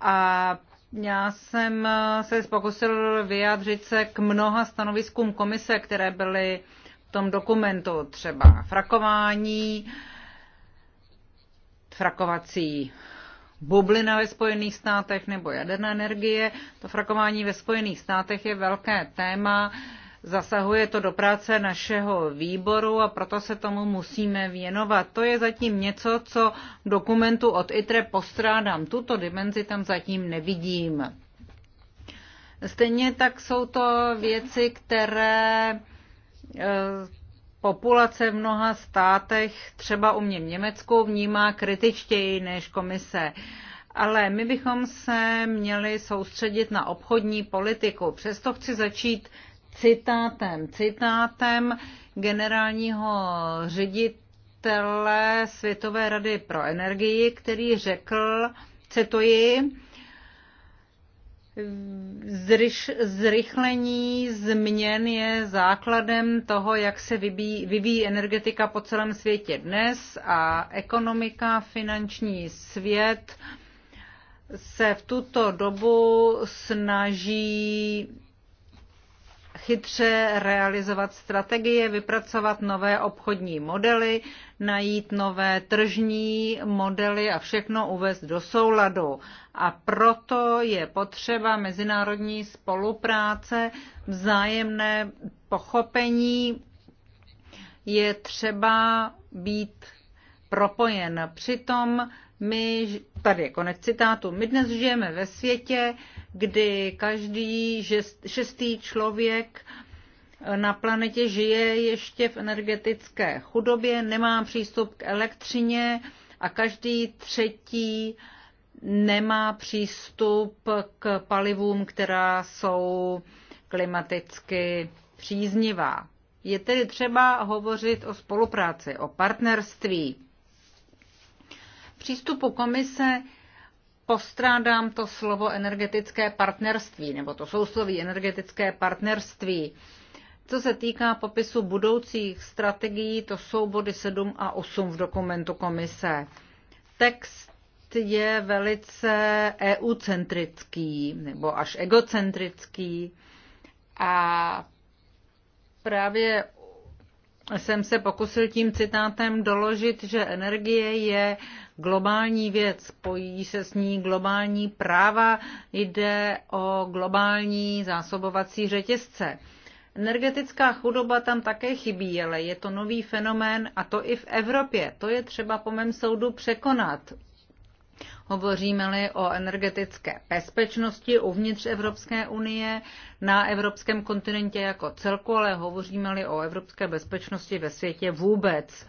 A já jsem se pokusil vyjádřit se k mnoha stanoviskům komise, které byly v tom dokumentu, třeba frakování, frakovací bublina ve Spojených státech nebo jaderná energie. To frakování ve Spojených státech je velké téma, zasahuje to do práce našeho výboru a proto se tomu musíme věnovat. To je zatím něco, co v dokumentu od ITRE postrádám. Tuto dimenzi tam zatím nevidím. Stejně tak jsou to věci, které eh, populace v mnoha státech, třeba u mě v Německu, vnímá kritičtěji než komise. Ale my bychom se měli soustředit na obchodní politiku. Přesto chci začít citátem. Citátem generálního ředitele Světové rady pro energii, který řekl, cituji, Zryš, zrychlení změn je základem toho, jak se vybí, vyvíjí energetika po celém světě dnes a ekonomika, finanční svět se v tuto dobu snaží chytře realizovat strategie, vypracovat nové obchodní modely, najít nové tržní modely a všechno uvést do souladu. A proto je potřeba mezinárodní spolupráce, vzájemné pochopení, je třeba být propojen. Přitom my, tady je konec citátu, my dnes žijeme ve světě, kdy každý šestý člověk na planetě žije ještě v energetické chudobě, nemá přístup k elektřině a každý třetí nemá přístup k palivům, která jsou klimaticky příznivá. Je tedy třeba hovořit o spolupráci, o partnerství přístupu komise postrádám to slovo energetické partnerství, nebo to sousloví energetické partnerství. Co se týká popisu budoucích strategií, to jsou body 7 a 8 v dokumentu komise. Text je velice EU-centrický nebo až egocentrický a právě jsem se pokusil tím citátem doložit, že energie je globální věc, pojí se s ní globální práva, jde o globální zásobovací řetězce. Energetická chudoba tam také chybí, ale je to nový fenomén a to i v Evropě. To je třeba po mém soudu překonat. Hovoříme-li o energetické bezpečnosti uvnitř Evropské unie, na evropském kontinentě jako celku, ale hovoříme-li o evropské bezpečnosti ve světě vůbec.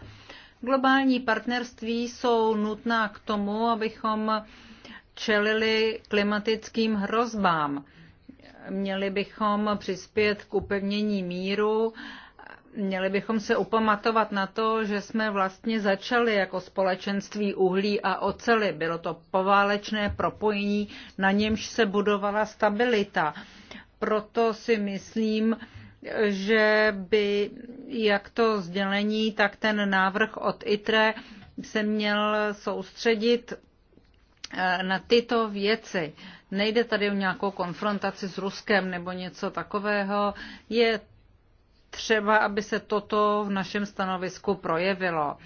Globální partnerství jsou nutná k tomu, abychom čelili klimatickým hrozbám. Měli bychom přispět k upevnění míru, Měli bychom se upamatovat na to, že jsme vlastně začali jako společenství uhlí a ocely. Bylo to poválečné propojení, na němž se budovala stabilita. Proto si myslím, že by jak to sdělení, tak ten návrh od ITRE se měl soustředit eh, na tyto věci. Nejde tady o nějakou konfrontaci s Ruskem nebo něco takového. Je třeba, aby se toto v našem stanovisku projevilo.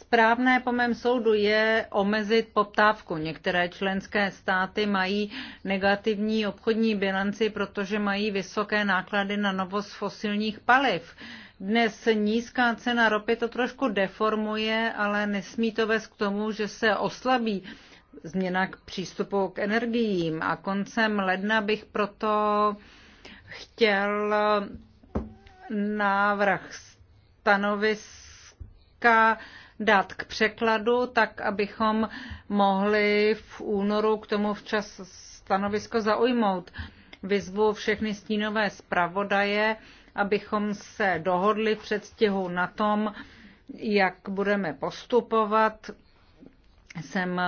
Správné po mém soudu je omezit poptávku. Některé členské státy mají negativní obchodní bilanci, protože mají vysoké náklady na novost fosilních paliv. Dnes nízká cena ropy to trošku deformuje, ale nesmí to vést k tomu, že se oslabí změna k přístupu k energiím. A koncem ledna bych proto chtěl návrh stanoviska dát k překladu, tak abychom mohli v únoru k tomu včas stanovisko zaujmout. Vyzvu všechny stínové zpravodaje, abychom se dohodli v předstihu na tom, jak budeme postupovat. Jsem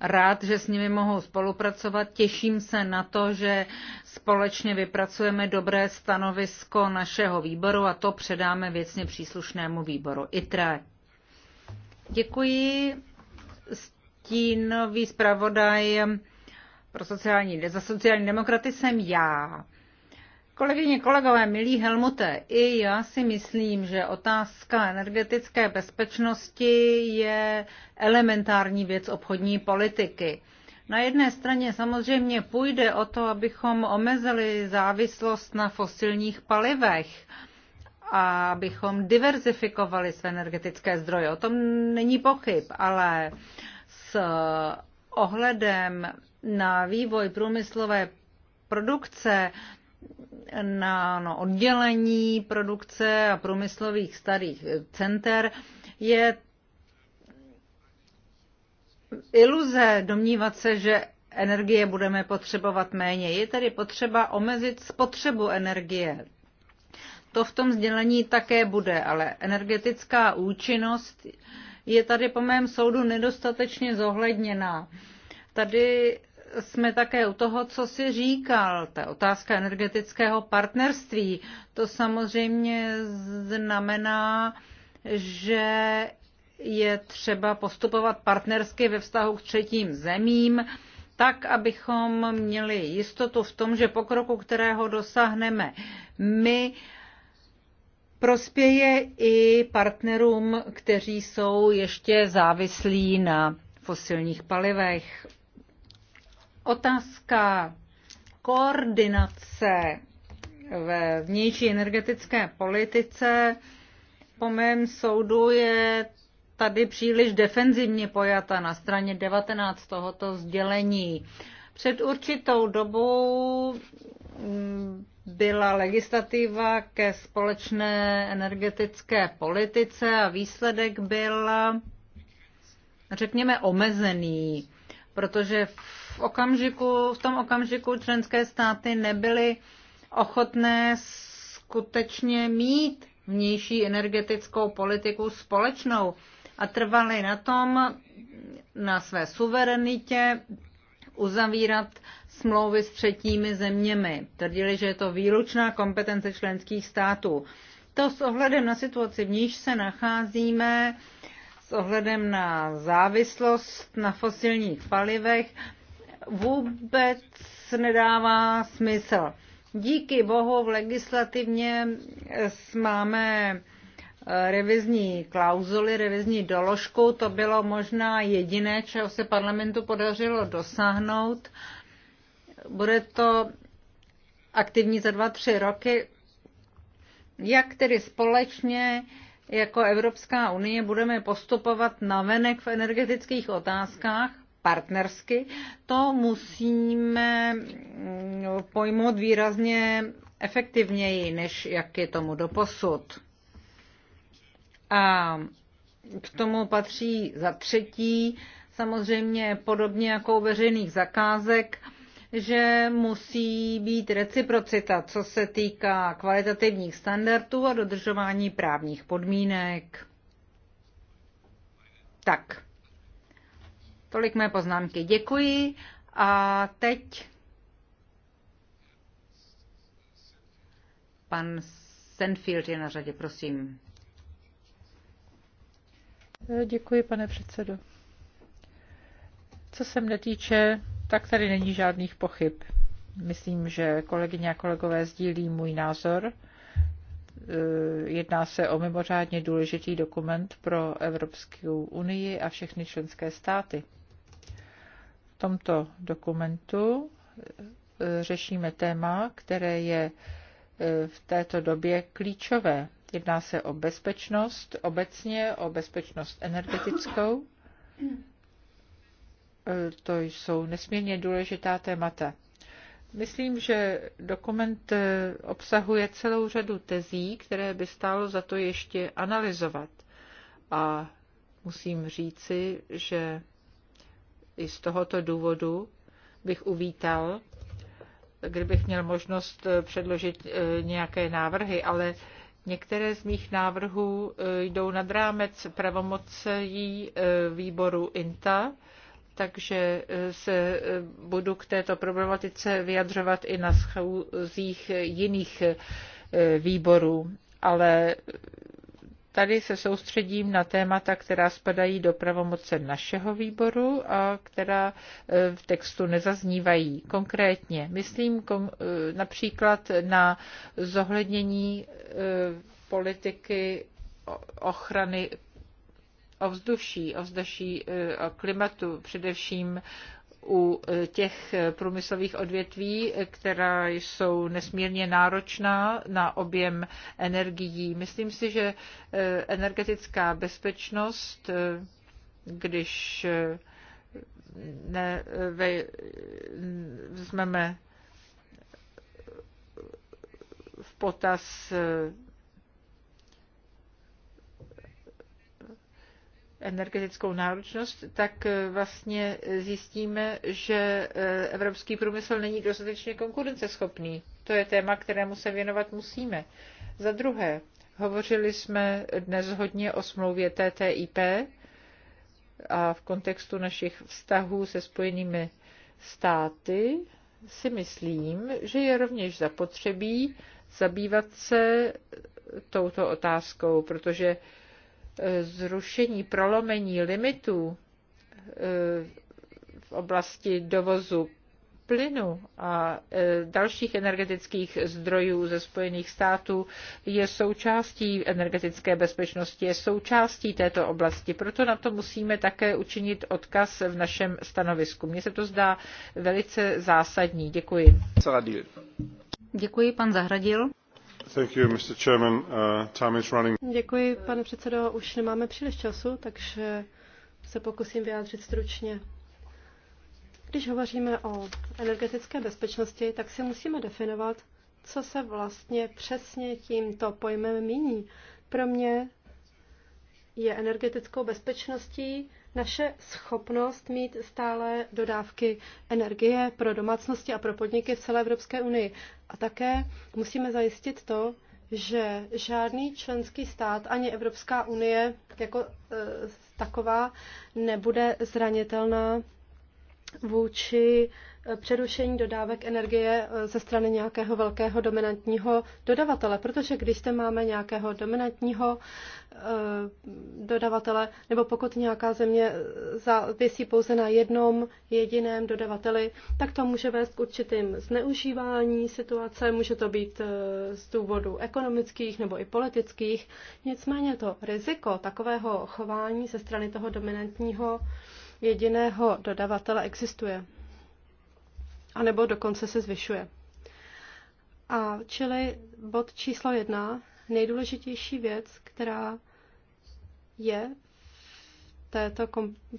rád, že s nimi mohu spolupracovat. Těším se na to, že společně vypracujeme dobré stanovisko našeho výboru a to předáme věcně příslušnému výboru ITRE. Děkuji. Stínový zpravodaj pro sociální, za sociální demokraty jsem já. Kolegyně, kolegové, milí Helmute, i já si myslím, že otázka energetické bezpečnosti je elementární věc obchodní politiky. Na jedné straně samozřejmě půjde o to, abychom omezili závislost na fosilních palivech a abychom diverzifikovali své energetické zdroje. O tom není pochyb, ale s ohledem na vývoj průmyslové produkce na no, oddělení produkce a průmyslových starých center je iluze domnívat se, že energie budeme potřebovat méně. Je tedy potřeba omezit spotřebu energie. To v tom sdělení také bude, ale energetická účinnost je tady po mém soudu nedostatečně zohledněná. Tady jsme také u toho, co si říkal, ta otázka energetického partnerství. To samozřejmě znamená, že je třeba postupovat partnersky ve vztahu k třetím zemím, tak, abychom měli jistotu v tom, že pokroku, kterého dosáhneme my, prospěje i partnerům, kteří jsou ještě závislí na fosilních palivech. Otázka koordinace ve vnější energetické politice po mém soudu je tady příliš defenzivně pojata na straně 19 tohoto sdělení. Před určitou dobou mm, byla legislativa ke společné energetické politice a výsledek byl, řekněme, omezený, protože v v, okamžiku, v tom okamžiku členské státy nebyly ochotné skutečně mít vnější energetickou politiku společnou a trvali na tom, na své suverenitě, uzavírat smlouvy s třetími zeměmi. Tvrdili, že je to výlučná kompetence členských států. To s ohledem na situaci, v níž se nacházíme, s ohledem na závislost na fosilních palivech, vůbec nedává smysl. Díky bohu v legislativně máme eh, revizní klauzuly, revizní doložku. To bylo možná jediné, čeho se parlamentu podařilo dosáhnout. Bude to aktivní za dva, tři roky. Jak tedy společně jako Evropská unie budeme postupovat navenek v energetických otázkách? partnersky, to musíme mm, pojmout výrazně efektivněji, než jak je tomu doposud. A k tomu patří za třetí, samozřejmě podobně jako u veřejných zakázek, že musí být reciprocita, co se týká kvalitativních standardů a dodržování právních podmínek. Tak. Tolik mé poznámky. Děkuji. A teď pan Senfield je na řadě, prosím. Děkuji, pane předsedo. Co se mne týče, tak tady není žádných pochyb. Myslím, že kolegyně a kolegové sdílí můj názor. E, jedná se o mimořádně důležitý dokument pro Evropskou unii a všechny členské státy tomto dokumentu e, řešíme téma, které je e, v této době klíčové. Jedná se o bezpečnost obecně, o bezpečnost energetickou. E, to jsou nesmírně důležitá témata. Myslím, že dokument obsahuje celou řadu tezí, které by stálo za to ještě analyzovat. A musím říci, že i z tohoto důvodu bych uvítal, kdybych měl možnost eh, předložit eh, nějaké návrhy, ale některé z mých návrhů eh, jdou nad rámec pravomocí výboru INTA, takže se budu k této problematice vyjadřovat i na schůzích jiných výborů. Ale Tady se soustředím na témata, která spadají do pravomoce našeho výboru a která e, v textu nezaznívají. Konkrétně myslím e, například na zohlednění e, politiky ochrany ovzduší, ovzduší klimatu, především u eh, těch eh, průmyslových odvětví, která jsou nesmírně náročná na objem energií. Myslím si, že eh, energetická bezpečnost, když vezmeme v potaz energetickou náročnost, tak eh, vlastně zjistíme, že eh, evropský průmysl není dostatečně konkurenceschopný. To je téma, kterému se věnovat musíme. Za druhé, hovořili jsme dnes hodně o smlouvě TTIP a v kontextu našich vztahů se spojenými státy si myslím, že je rovněž zapotřebí zabývat se touto otázkou, protože E, zrušení, prolomení limitů e, v oblasti dovozu plynu a e, dalších energetických zdrojů ze Spojených států je součástí energetické bezpečnosti, je součástí této oblasti. Proto na to musíme také učinit odkaz v našem stanovisku. Mně se to zdá velice zásadní. Děkuji. Děkuji, pan Zahradil. Uh, Děkuji, pane předsedo. Už nemáme příliš času, takže se pokusím vyjádřit stručně. Když hovoříme o energetické bezpečnosti, tak si musíme definovat, co se vlastně přesně tímto pojmem míní. Pro mě je energetickou bezpečností naše schopnost mít stále dodávky energie pro domácnosti a pro podniky v celé Evropské unii. A také musíme zajistit to, že žádný členský stát ani Evropská unie jako e, taková nebude zranitelná vůči přerušení dodávek energie eh, ze strany nějakého velkého dominantního dodavatele, protože když tam máme nějakého dominantního eh, dodavatele, nebo pokud nějaká země eh, závisí pouze na jednom jediném dodavateli, tak to může vést k určitým zneužívání situace, může to být z důvodu ekonomických nebo i politických. Nicméně to riziko takového chování ze strany toho dominantního jediného dodavatele existuje anebo dokonce se zvyšuje. A čili bod číslo jedna, nejdůležitější věc, která je v této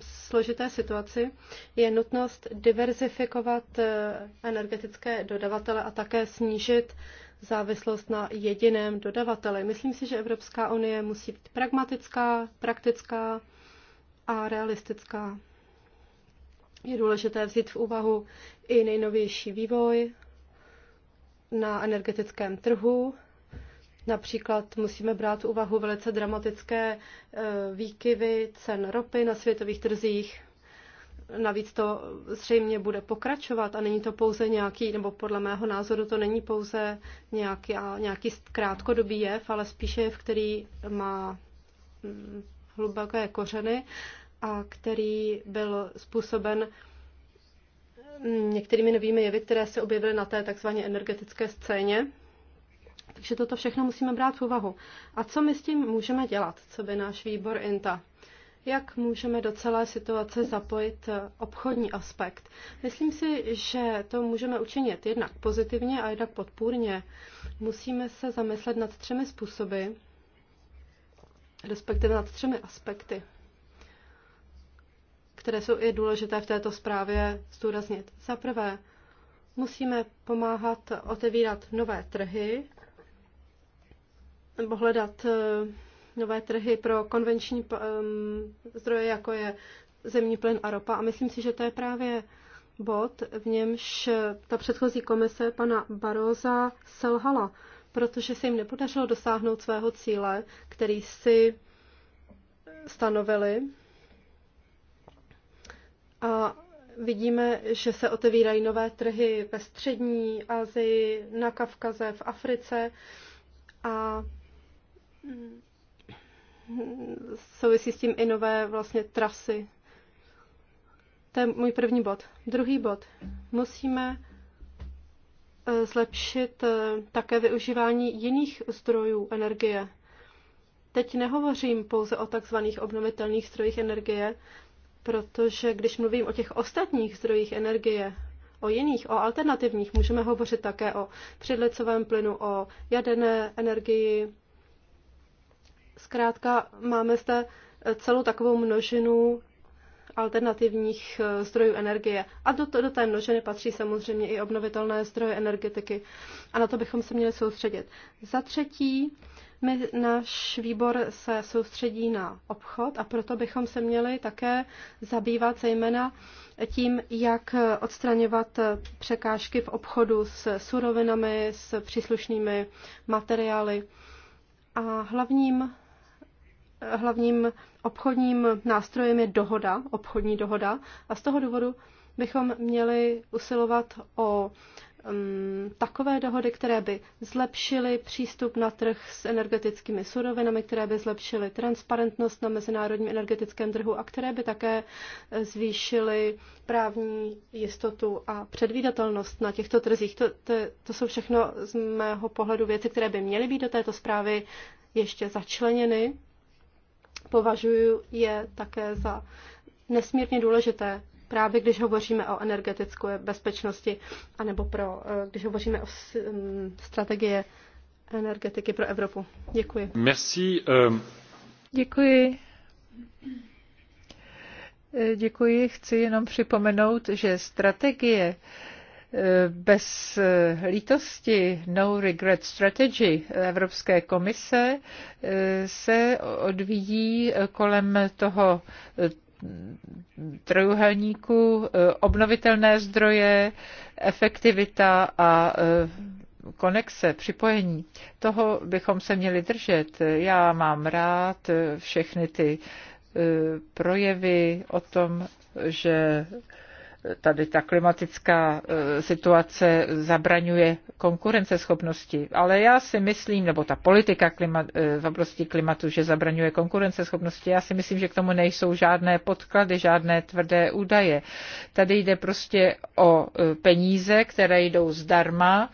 složité situaci, je nutnost diverzifikovat eh, energetické dodavatele a také snížit závislost na jediném dodavateli. Myslím si, že Evropská unie musí být pragmatická, praktická a realistická. Je důležité vzít v úvahu i nejnovější vývoj na energetickém trhu. Například musíme brát v úvahu velice dramatické e, výkyvy cen ropy na světových trzích. Navíc to zřejmě bude pokračovat a není to pouze nějaký, nebo podle mého názoru to není pouze nějaký, nějaký krátkodobý jev, ale spíše jev, který má hm, hluboké kořeny a který byl způsoben mm, některými novými jevy, které se objevily na té takzvané energetické scéně. Takže toto všechno musíme brát v úvahu. A co my s tím můžeme dělat, co by náš výbor INTA? Jak můžeme do celé situace zapojit eh, obchodní aspekt? Myslím si, že to můžeme učinit jednak pozitivně a jednak podpůrně. Musíme se zamyslet nad třemi způsoby, respektive nad třemi aspekty které jsou i důležité v této zprávě zdůraznit. Za prvé, musíme pomáhat otevírat nové trhy nebo hledat eh, nové trhy pro konvenční eh, mm, zdroje, jako je zemní plyn a ropa. A myslím si, že to je právě bod, v němž ta předchozí komise pana Baroza selhala, protože se jim nepodařilo dosáhnout svého cíle, který si stanovili a vidíme, že se otevírají nové trhy ve střední Asii, na Kavkaze, v Africe a souvisí s tím i nové vlastně trasy. To je můj první bod. Druhý bod. Musíme eh, zlepšit eh, také využívání jiných zdrojů energie. Teď nehovořím pouze o takzvaných obnovitelných zdrojích energie, protože když mluvím o těch ostatních zdrojích energie, o jiných, o alternativních, můžeme hovořit také o předlecovém plynu, o jaderné energii. Zkrátka máme zde celou takovou množinu alternativních eh, zdrojů energie. A do, do té množiny patří samozřejmě i obnovitelné zdroje energetiky. A na to bychom se měli soustředit. Za třetí, my, náš výbor se soustředí na obchod a proto bychom se měli také zabývat zejména tím, jak eh, odstraňovat eh, překážky v obchodu s surovinami, s příslušnými materiály. A hlavním hlavním obchodním nástrojem je dohoda, obchodní dohoda a z toho důvodu bychom měli usilovat o um, takové dohody, které by zlepšily přístup na trh s energetickými surovinami, které by zlepšily transparentnost na mezinárodním energetickém trhu a které by také zvýšily právní jistotu a předvídatelnost na těchto trzích. To, to, to jsou všechno z mého pohledu věci, které by měly být do této zprávy ještě začleněny považuji je také za nesmírně důležité, právě když hovoříme o energetické bezpečnosti, anebo pro, eh, když hovoříme o mm, strategie energetiky pro Evropu. Děkuji. Merci. Eh. Děkuji. Eh, děkuji. Chci jenom připomenout, že strategie bez eh, lítosti No Regret Strategy Evropské komise eh, se odvíjí kolem toho eh, trojuhelníku obnovitelné zdroje, efektivita a konexe, připojení. Toho bychom se měli držet. Já mám rád všechny ty projevy o tom, že tady ta klimatická eh, situace zabraňuje konkurenceschopnosti. Ale já si myslím, nebo ta politika klima, eh, v oblasti klimatu, že zabraňuje konkurenceschopnosti, já si myslím, že k tomu nejsou žádné podklady, žádné tvrdé údaje. Tady jde prostě o eh, peníze, které jdou zdarma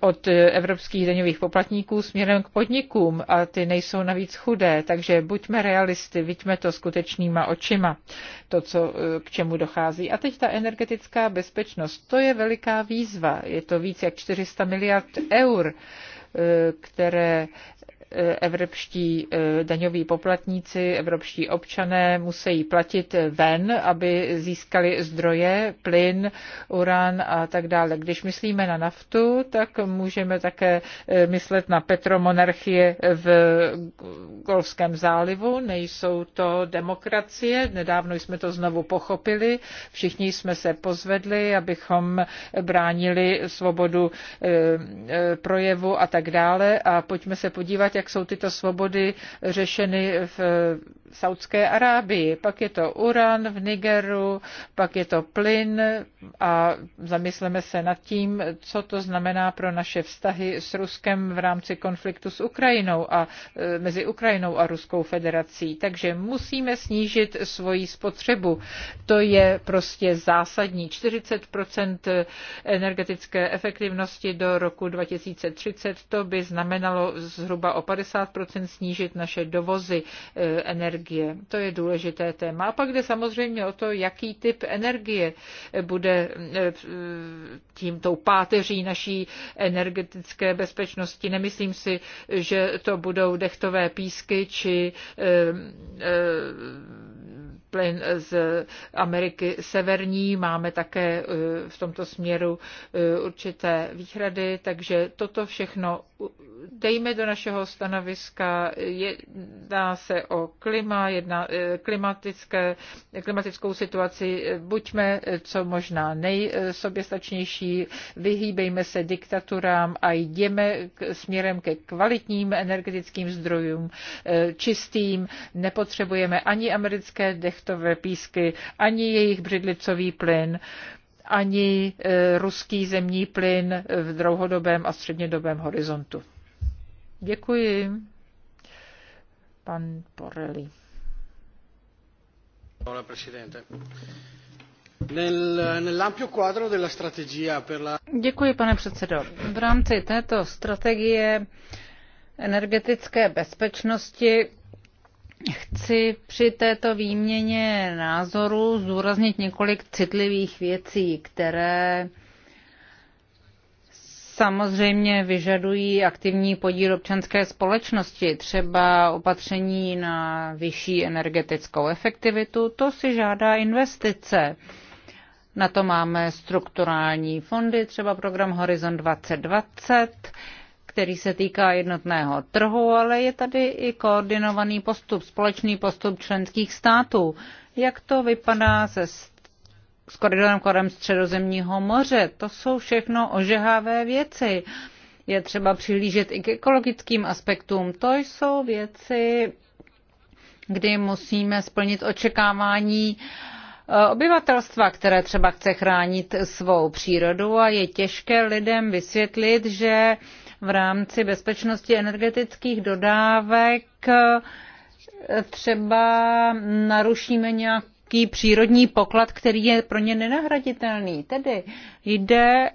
od evropských daňových poplatníků směrem k podnikům a ty nejsou navíc chudé, takže buďme realisty, vidíme to skutečnýma očima, to, co, k čemu dochází. A teď ta energetická bezpečnost. To je veliká výzva. Je to víc jak 400 miliard eur, eh, které evropští eh, daňoví poplatníci, evropští občané musí platit ven, aby získali zdroje, plyn, uran a tak dále. Když myslíme na naftu, tak můžeme také eh, myslet na petromonarchie v Golfském zálivu. Nejsou to demokracie, nedávno jsme to znovu pochopili. Všichni jsme se pozvedli, abychom bránili svobodu eh, projevu a tak dále. A pojďme se podívat, jak jsou tyto svobody řešeny v Saudské Arábii. Pak je to uran v Nigeru, pak je to plyn a zamysleme se nad tím, co to znamená pro naše vztahy s Ruskem v rámci konfliktu s Ukrajinou a e, mezi Ukrajinou a Ruskou federací. Takže musíme snížit svoji spotřebu. To je prostě zásadní. 40 energetické efektivnosti do roku 2030 to by znamenalo zhruba o 50 snížit naše dovozy eh, energie. To je důležité téma. A pak jde samozřejmě o to, jaký typ energie bude eh, eh, tím tou páteří naší energetické bezpečnosti. Nemyslím si, že to budou dechtové písky či plyn z Ameriky severní. Máme také eh, v tomto směru eh, určité výhrady, takže toto všechno dejme do našeho stanoviska. Jedná se o klima, jedna, eh, klimatické, klimatickou situaci. Buďme co možná nejsoběstačnější, vyhýbejme se diktaturám a jdeme k, směrem ke kvalitním energetickým zdrojům, čistým. Nepotřebujeme ani americké dech azbestové písky, ani jejich břidlicový plyn, ani e, ruský zemní plyn v dlouhodobém a střednědobém horizontu. Děkuji. Pan Porelli. Hola, presidente. Děkuji, pane předsedo. V rámci této strategie energetické bezpečnosti Chci při této výměně názoru zúraznit několik citlivých věcí, které samozřejmě vyžadují aktivní podíl občanské společnosti, třeba opatření na vyšší energetickou efektivitu, to si žádá investice. Na to máme strukturální fondy, třeba program Horizon 2020, který se týká jednotného trhu, ale je tady i koordinovaný postup, společný postup členských států. Jak to vypadá se s koridorem kolem středozemního moře? To jsou všechno ožehavé věci. Je třeba přihlížet i k ekologickým aspektům. To jsou věci, kdy musíme splnit očekávání eh, obyvatelstva, které třeba chce chránit svou přírodu a je těžké lidem vysvětlit, že v rámci bezpečnosti energetických dodávek třeba narušíme nějaký přírodní poklad, který je pro ně nenahraditelný. Tedy jde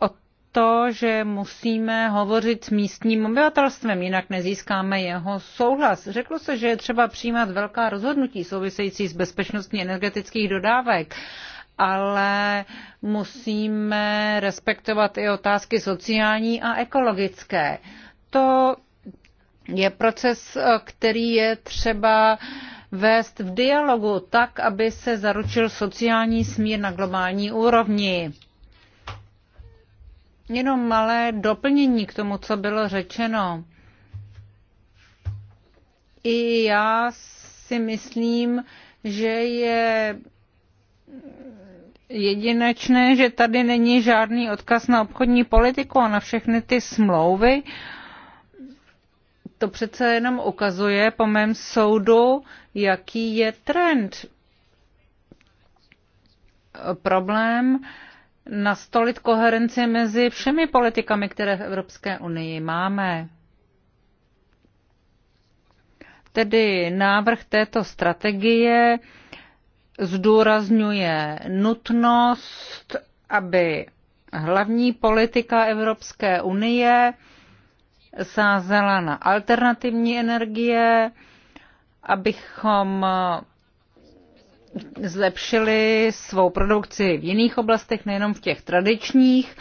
o to, že musíme hovořit s místním obyvatelstvem, jinak nezískáme jeho souhlas. Řeklo se, že je třeba přijímat velká rozhodnutí související s bezpečností energetických dodávek ale musíme respektovat i otázky sociální a ekologické. To je proces, který je třeba vést v dialogu tak, aby se zaručil sociální smír na globální úrovni. Jenom malé doplnění k tomu, co bylo řečeno. I já si myslím, že je jedinečné, že tady není žádný odkaz na obchodní politiku a na všechny ty smlouvy. To přece jenom ukazuje po mém soudu, jaký je trend. Problém nastolit koherenci mezi všemi politikami, které v Evropské unii máme. Tedy návrh této strategie zdůrazňuje nutnost, aby hlavní politika Evropské unie sázela na alternativní energie, abychom zlepšili svou produkci v jiných oblastech, nejenom v těch tradičních,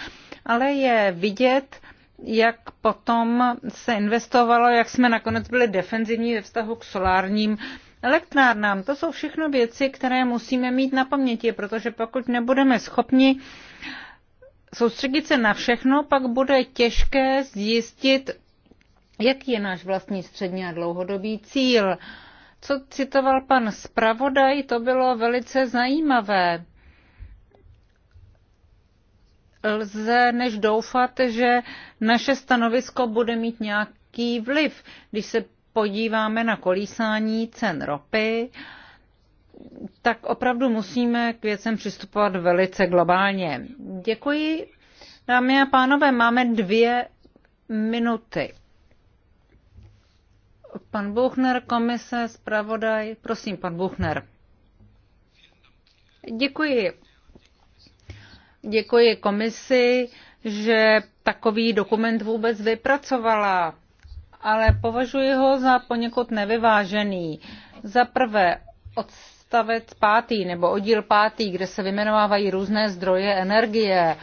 ale je vidět, jak potom se investovalo, jak jsme nakonec byli defenzivní ve vztahu k solárním elektrárnám. To jsou všechno věci, které musíme mít na paměti, protože pokud nebudeme schopni soustředit se na všechno, pak bude těžké zjistit, jaký je náš vlastní střední a dlouhodobý cíl. Co citoval pan zpravodaj, to bylo velice zajímavé. Lze než doufat, že naše stanovisko bude mít nějaký vliv. Když se podíváme na kolísání cen ropy, tak opravdu musíme k věcem přistupovat velice globálně. Děkuji. Dámy a pánové, máme dvě minuty. Pan Buchner, komise, zpravodaj. Prosím, pan Buchner. Děkuji. Děkuji komisi, že takový dokument vůbec vypracovala ale považuji ho za poněkud nevyvážený. Za prvé, odstavec pátý nebo oddíl pátý, kde se vymenovávají různé zdroje energie.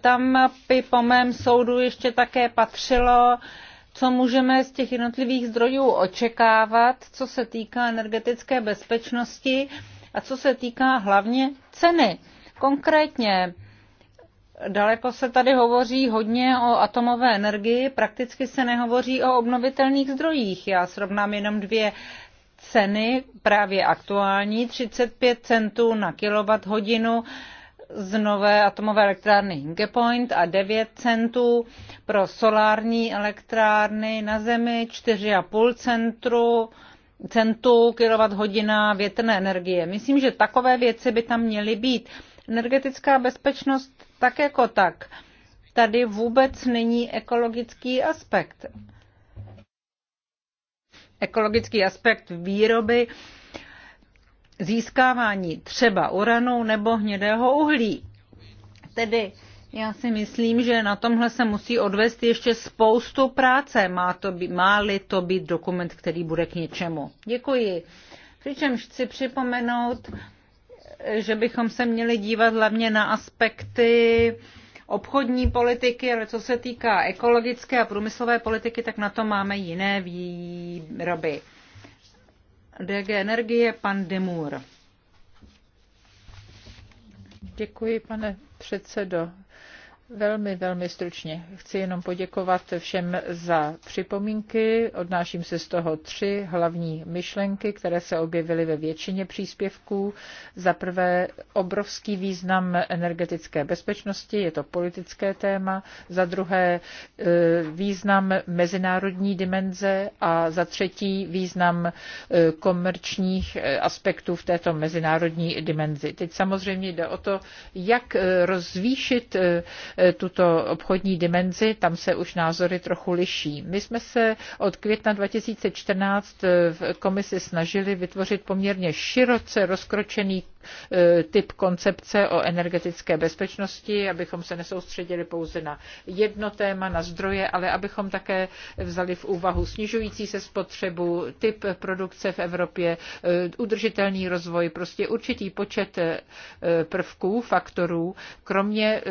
Tam by po mém soudu ještě také patřilo, co můžeme z těch jednotlivých zdrojů očekávat, co se týká energetické bezpečnosti a co se týká hlavně ceny. Konkrétně Daleko se tady hovoří hodně o atomové energii, prakticky se nehovoří o obnovitelných zdrojích. Já srovnám jenom dvě ceny, právě aktuální, 35 centů na hodinu z nové atomové elektrárny Hingepoint a 9 centů pro solární elektrárny na Zemi, 4,5 centru centů hodina větrné energie. Myslím, že takové věci by tam měly být. Energetická bezpečnost tak jako tak. Tady vůbec není ekologický aspekt. Ekologický aspekt výroby, získávání třeba uranu nebo hnědého uhlí. Tedy já si myslím, že na tomhle se musí odvést ještě spoustu práce, má to být, má-li to být dokument, který bude k něčemu. Děkuji. Přičemž chci připomenout, že bychom se měli dívat hlavně na aspekty obchodní politiky, ale co se týká ekologické a průmyslové politiky, tak na to máme jiné výroby. DG Energie, pan Demur. Děkuji, pane předsedo. Velmi, velmi stručně. Chci jenom poděkovat všem za připomínky. Odnáším se z toho tři hlavní myšlenky, které se objevily ve většině příspěvků. Za prvé obrovský význam energetické bezpečnosti, je to politické téma. Za druhé e, význam mezinárodní dimenze a za třetí význam e, komerčních e, aspektů v této mezinárodní dimenzi. Teď samozřejmě jde o to, jak rozvýšit tuto obchodní dimenzi, tam se už názory trochu liší. My jsme se od května 2014 v komisi snažili vytvořit poměrně široce rozkročený E, typ koncepce o energetické bezpečnosti, abychom se nesoustředili pouze na jedno téma, na zdroje, ale abychom také vzali v úvahu snižující se spotřebu, typ produkce v Evropě, e, udržitelný rozvoj, prostě určitý počet e, prvků, faktorů, kromě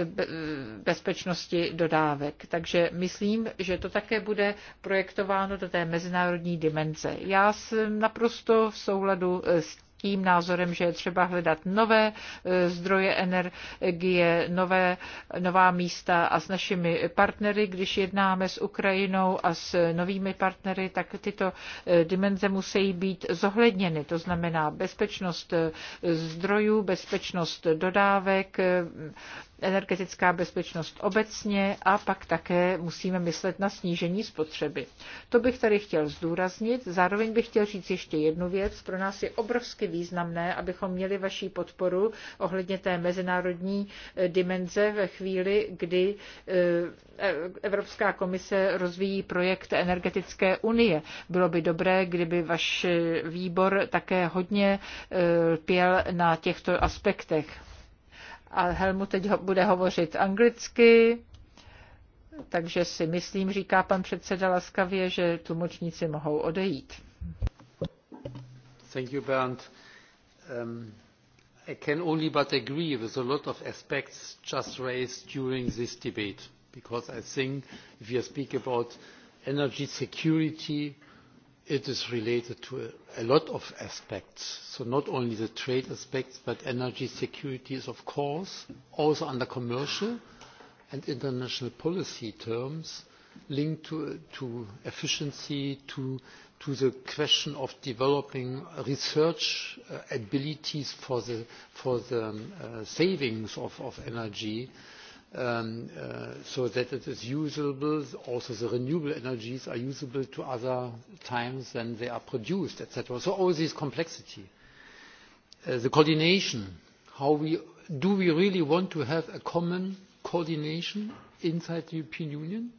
bezpečnosti dodávek. Takže myslím, že to také bude projektováno do té mezinárodní dimenze. Já jsem naprosto v souladu s tím názorem, že je třeba hledat nové e, zdroje energie, nové, nová místa a s našimi partnery, když jednáme s Ukrajinou a s novými partnery, tak tyto e, dimenze musí být zohledněny. To znamená bezpečnost e, zdrojů, bezpečnost dodávek, energetická bezpečnost obecně a pak také musíme myslet na snížení spotřeby. To bych tady chtěl zdůraznit. Zároveň bych chtěl říct ještě jednu věc. Pro nás je obrovsky významné, abychom měli vaší podporu ohledně té mezinárodní eh, dimenze ve chvíli, kdy eh, Evropská komise rozvíjí projekt energetické unie. Bylo by dobré, kdyby váš eh, výbor také hodně pěl na těchto aspektech a Helmu teď ho, bude hovořit anglicky, takže si myslím, říká pan předseda laskavě, že tlumočníci mohou odejít. Thank you, Bernd. Um, I can only but agree with a lot of aspects just raised during this debate, because I think if you speak about energy security, it is related to a, lot of aspects. So not only the trade aspects, but energy security is of course also under commercial and international policy terms linked to, efficiency, to, to the question of developing research uh, abilities for the, for the um, uh, savings of, energy. Uh, Um, uh, so that it is usable. Also, the renewable energies are usable at other times than they are produced, etc. So all this complexity. Uh, the coordination, do we really want to have a common coordination inside the European Union?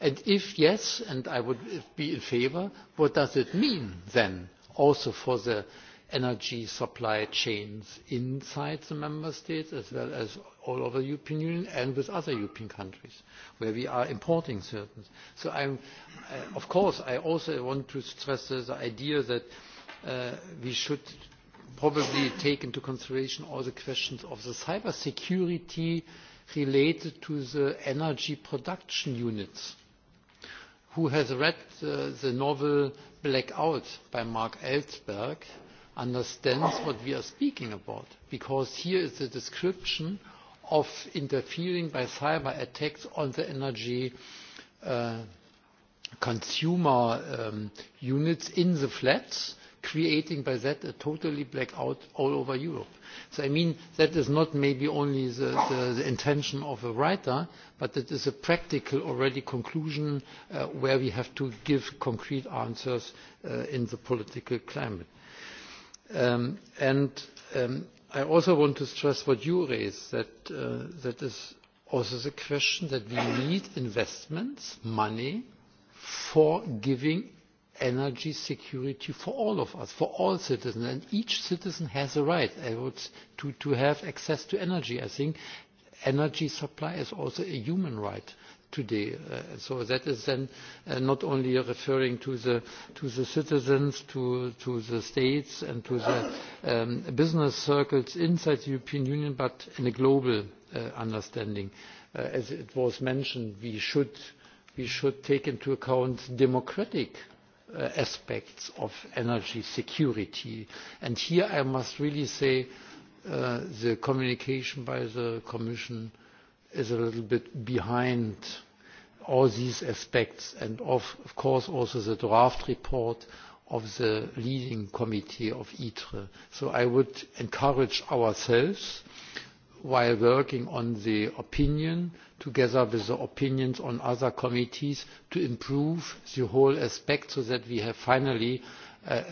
And if yes, and I would be in favour what does it mean then also for the energy supply chains inside the member states as well as all over the European Union and with other European countries where we are importing certain. So uh, of course, I also want to stress the idea that uh, we should probably take into consideration all the questions of the cybersecurity related to the energy production units. Who has read uh, the novel Blackout by Mark Ellsberg? understands what we are speaking about because here is a description of interfering by cyber attacks on the energy uh, consumer um, units in the flats creating by that a totally blackout all over Europe. So I mean that is not maybe only the, the, the intention of a writer, but it is a practical already conclusion uh, where we have to give concrete answers uh, in the political climate. Um, and um, I also want to stress what you raised, that, uh, that is also the question that we need investments, money, for giving energy security for all of us, for all citizens. And each citizen has a right I would, to, to have access to energy. I think energy supply is also a human right today. Uh, so that is then uh, not only referring to the, to the citizens, to, to the states and to the um, business circles inside the European Union, but in a global uh, understanding. Uh, as it was mentioned, we should, we should take into account democratic uh, aspects of energy security. And here I must really say uh, the communication by the Commission uh, is a little bit behind all these aspects and of, of course also the draft report of the leading committee of ITRE. So I would encourage ourselves while working on the opinion together with the opinions on other committees to improve the whole aspect so that we have finally a,